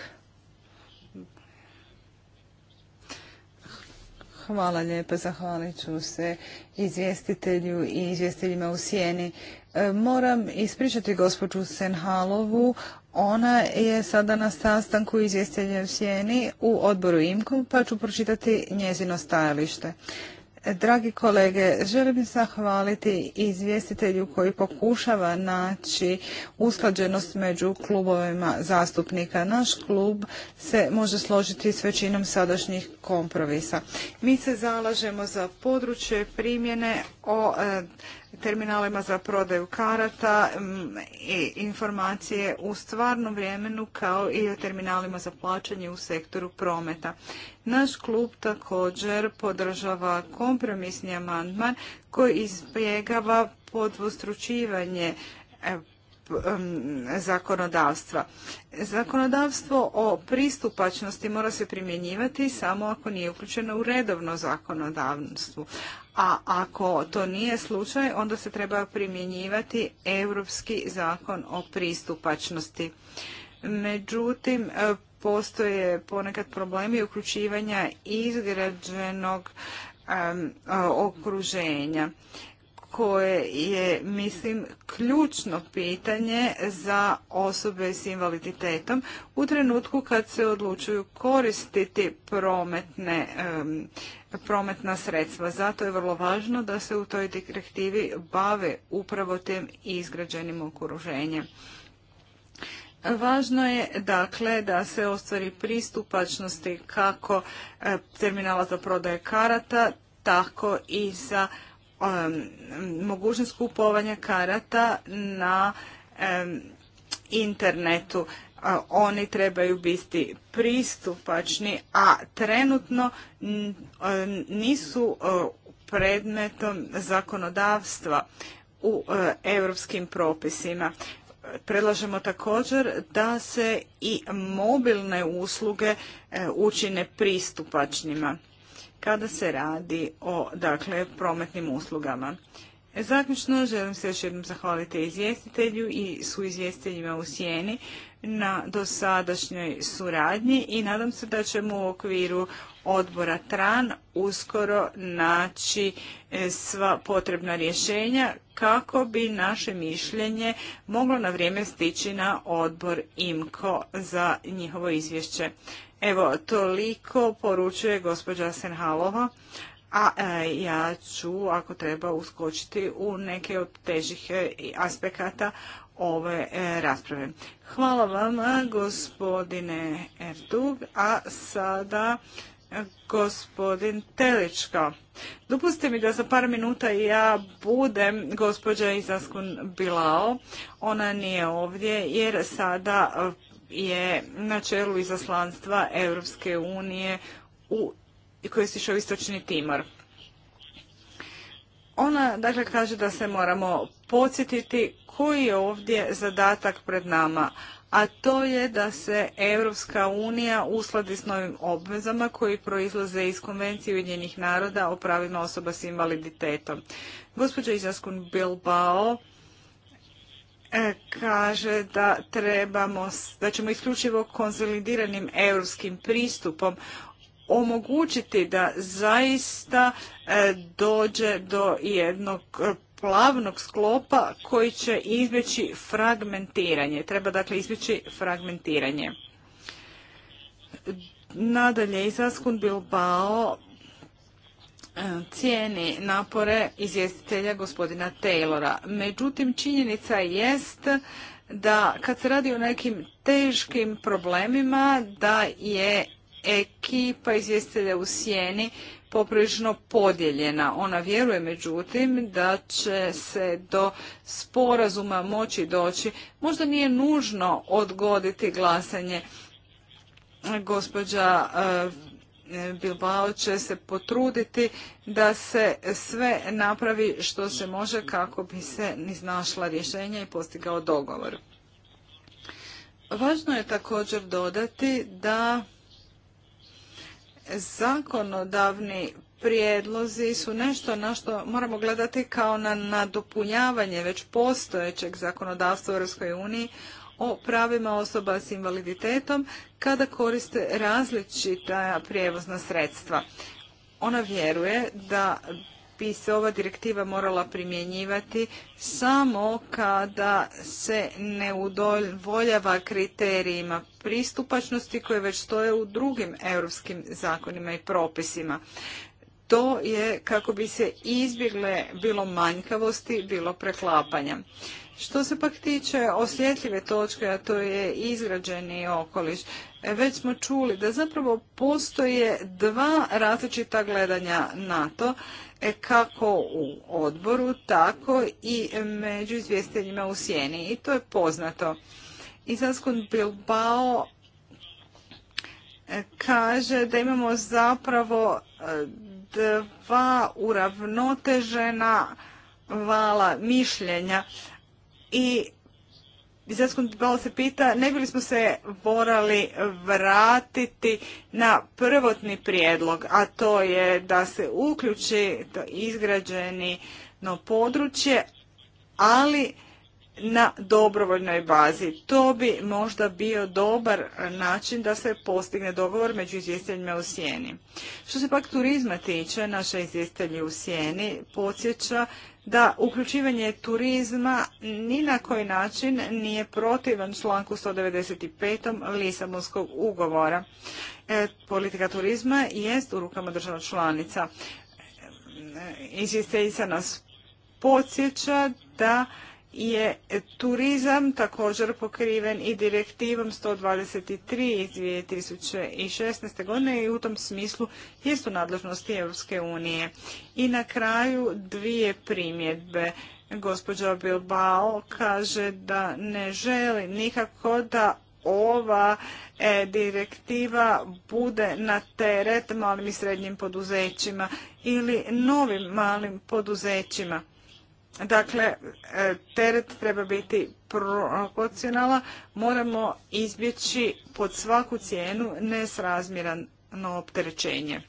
Hvala lijepa, zahvalit ću se izvjestitelju i izvjestiteljima u sjeni. E, moram ispričati gospođu Senhalovu. Ona je sada na sastanku izvjestitelja u sjeni u odboru IMKOM, pa ću pročitati njezino stajalište. Dragi kolege, želim zahvaliti izvjestitelju koji pokušava naći usklađenost među klubovima zastupnika. Naš klub se može složiti s većinom sadašnjih kompromisa. Mi se zalažemo za područje primjene o e, terminalima za prodaju karata mm, i informacije u stvarnom vremenu kao i o terminalima za plaćanje u sektoru prometa. Naš klub također podržava kompromisni amandman koji izbjegava podvostručivanje e, zakonodavstva. Zakonodavstvo o pristupačnosti mora se primjenjivati samo ako nije uključeno u redovno zakonodavstvo. A ako to nije slučaj, onda se treba primjenjivati Europski zakon o pristupačnosti. Međutim, postoje ponekad problemi uključivanja izgrađenog okruženja koje je, mislim, ključno pitanje za osobe s invaliditetom u trenutku kad se odlučuju koristiti prometne, prometna sredstva. Zato je vrlo važno da se u toj direktivi bave upravo tem izgrađenim okruženjem. Važno je dakle da se ostvari pristupačnosti kako terminala za prodaje karata, tako i za mogućnost kupovanja karata na internetu. Oni trebaju biti pristupačni, a trenutno nisu e, predmetom zakonodavstva u e, europskim propisima. Predlažemo također da se i mobilne usluge e, učine pristupačnima kada se radi o dakle, prometnim uslugama. E, zaključno želim se još jednom zahvaliti izvjestitelju i su izvjestiteljima u sjeni na dosadašnjoj suradnji i nadam se da ćemo u okviru odbora TRAN uskoro naći e, sva potrebna rješenja kako bi naše mišljenje moglo na vrijeme stići na odbor IMKO za njihovo izvješće. Evo, toliko poručuje gospođa Senhalova, a e, ja ću, ako treba, uskočiti u neke od težih e, aspekata ove e, rasprave. Hvala vam, gospodine Erdug, a sada gospodin Telička. Dopustite mi da za par minuta ja budem gospođa Izaskun Bilao. Ona nije ovdje jer sada je na čelu izaslanstva Europske unije u, koji je išao istočni Timor. Ona dakle kaže da se moramo podsjetiti koji je ovdje zadatak pred nama, a to je da se Europska unija usladi s novim obvezama koji proizlaze iz Konvencije Ujedinjenih naroda o pravima osoba s invaliditetom. Gospođa Izaskun Bilbao E, kaže da trebamo, da ćemo isključivo konsolidiranim europskim pristupom omogućiti da zaista e, dođe do jednog e, plavnog sklopa koji će izbjeći fragmentiranje. Treba dakle izbjeći fragmentiranje. Nadalje, Izaskun Bilbao cijeni napore izvjestitelja gospodina Taylora. Međutim, činjenica jest da kad se radi o nekim teškim problemima, da je ekipa izvjestitelja u sjeni poprilično podijeljena. Ona vjeruje međutim da će se do sporazuma moći doći. Možda nije nužno odgoditi glasanje. Gospođa E, Bilbao će se potruditi da se sve napravi što se može kako bi se iznašla rješenja i postigao dogovor. Važno je također dodati da zakonodavni prijedlozi su nešto na što moramo gledati kao na nadopunjavanje već postojećeg zakonodavstva u eu o pravima osoba s invaliditetom kada koriste različita prijevozna sredstva. Ona vjeruje da bi se ova direktiva morala primjenjivati samo kada se ne udovoljava kriterijima pristupačnosti koje već stoje u drugim europskim zakonima i propisima. To je kako bi se izbjegle bilo manjkavosti, bilo preklapanja. Što se pak tiče osjetljive točke, a to je izgrađeni okoliš, e, već smo čuli da zapravo postoje dva različita gledanja na to, e, kako u odboru, tako i među izvjestiteljima u sjeni. I to je poznato. Izaskun Bilbao e, kaže da imamo zapravo dva uravnotežena vala mišljenja i Bala se pita ne bili smo se morali vratiti na prvotni prijedlog, a to je da se uključi to izgrađeni no područje, ali na dobrovoljnoj bazi. To bi možda bio dobar način da se postigne dogovor među izvjestiteljima u sjeni. Što se pak turizma tiče, naša izvjestitelji u sjeni podsjeća da uključivanje turizma ni na koji način nije protivan članku 195. Lisabonskog ugovora. E, politika turizma jest u rukama država članica. E, nas podsjeća da je turizam također pokriven i direktivom 123 iz 2016. godine i u tom smislu jesu nadležnosti Europske unije. I na kraju dvije primjedbe. Gospođa Bilbao kaže da ne želi nikako da ova e, direktiva bude na teret malim i srednjim poduzećima ili novim malim poduzećima Dakle, e, teret treba biti proporcionalan, Moramo izbjeći pod svaku cijenu nesrazmjerano opterećenje.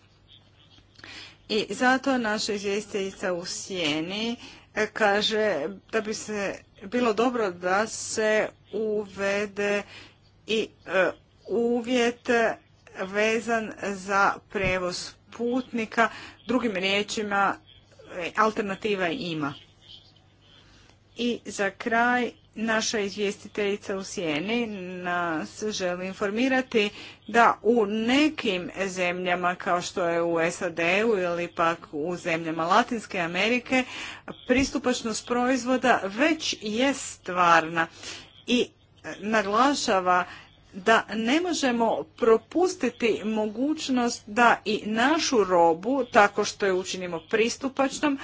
I zato naša izvjestiteljica u Sjeni e, kaže da bi se bilo dobro da se uvede i e, uvjet vezan za prevoz putnika. Drugim riječima, alternativa ima. I za kraj naša izvjestiteljica u Sjeni nas želi informirati da u nekim zemljama kao što je u SAD-u ili pak u zemljama Latinske Amerike pristupačnost proizvoda već je stvarna i e, naglašava da ne možemo propustiti mogućnost da i našu robu, tako što je učinimo pristupačnom,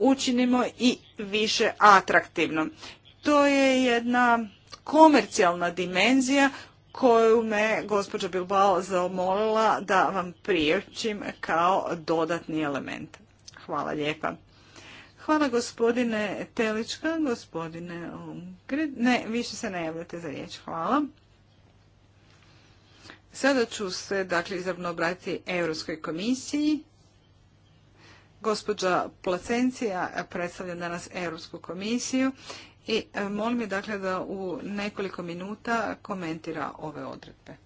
učinimo i više atraktivno. To je jedna komercijalna dimenzija koju me gospođa Bilbao zamolila da vam priječim kao dodatni element. Hvala lijepa. Hvala gospodine Telička, gospodine Ne, više se ne javljate za riječ. Hvala. Sada ću se, dakle, izravno obratiti Europskoj komisiji. Gospođa Placencija predstavlja danas Europsku komisiju i e, molim je dakle da u nekoliko minuta komentira ove odredbe.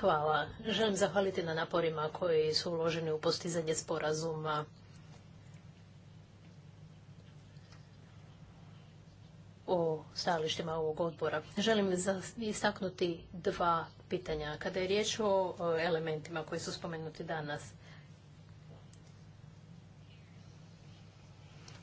Hvala. Želim zahvaliti na naporima koji su uloženi u postizanje sporazuma o stajalištima ovog odbora. Želim istaknuti dva pitanja. Kada je riječ o elementima koji su spomenuti danas,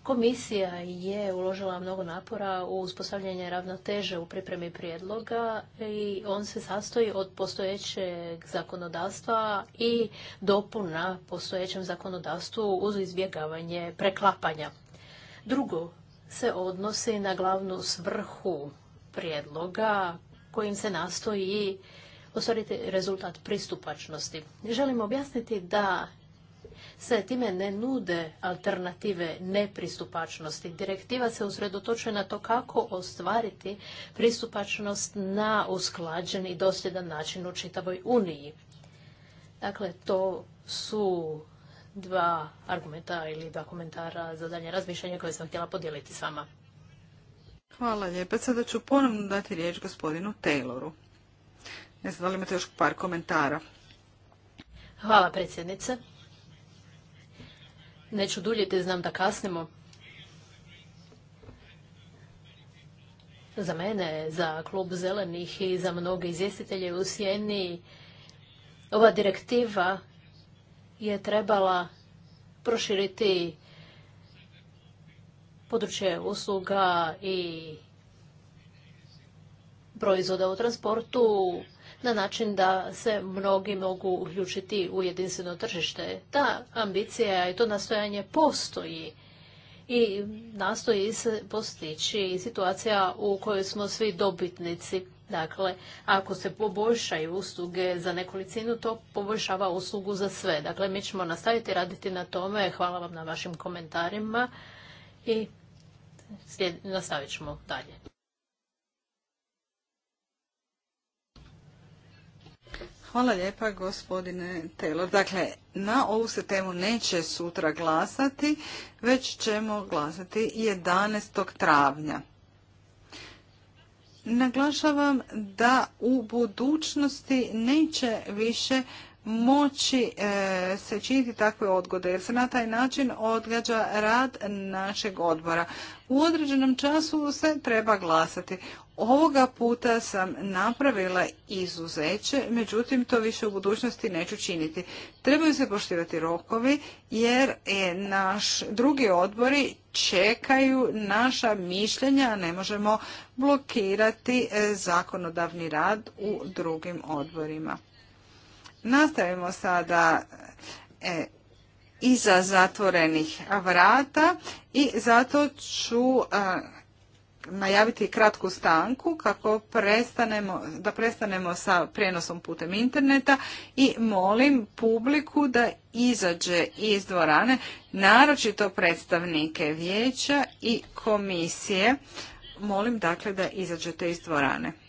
Komisija je uložila mnogo napora u uspostavljanje ravnoteže u pripremi prijedloga i on se sastoji od postojećeg zakonodavstva i dopuna postojećem zakonodavstvu uz izbjegavanje preklapanja. Drugo se odnosi na glavnu svrhu prijedloga kojim se nastoji ostvariti rezultat pristupačnosti. Želim objasniti da se time ne nude alternative nepristupačnosti. Direktiva se usredotočuje na to kako ostvariti pristupačnost na usklađen i dosljedan način u čitavoj Uniji. Dakle, to su dva argumenta ili dva komentara za dalje razmišljanje koje sam htjela podijeliti s vama. Hvala lijepa. Sada ću ponovno dati riječ gospodinu Tayloru. Ne znam da li imate još par komentara. Hvala predsjednice. Neću duljiti, znam da kasnimo. Za mene, za klub zelenih i za mnoge izvjestitelje u Sjeni, ova direktiva je trebala proširiti područje usluga i proizvoda u transportu na način da se mnogi mogu uključiti u jedinstveno tržište. Ta ambicija i to nastojanje postoji i nastoji se postići situacija u kojoj smo svi dobitnici. Dakle, ako se poboljšaju usluge za nekolicinu, to poboljšava uslugu za sve. Dakle, mi ćemo nastaviti raditi na tome. Hvala vam na vašim komentarima i nastavit ćemo dalje. Hvala lijepa gospodine Taylor. Dakle, na ovu se temu neće sutra glasati, već ćemo glasati 11. travnja. Naglašavam da u budućnosti neće više moći e, se činiti takve odgode jer se na taj način odgađa rad našeg odbora. U određenom času se treba glasati. Ovoga puta sam napravila izuzeće, međutim to više u budućnosti neću činiti. Trebaju se poštivati rokovi jer e, naš drugi odbori čekaju naša mišljenja, a ne možemo blokirati e, zakonodavni rad u drugim odborima. Nastavimo sada e, iza zatvorenih vrata i zato ću e, najaviti kratku stanku kako prestanemo, da prestanemo sa prijenosom putem interneta i molim publiku da izađe iz dvorane, naročito predstavnike vijeća i komisije. Molim dakle da izađete iz dvorane.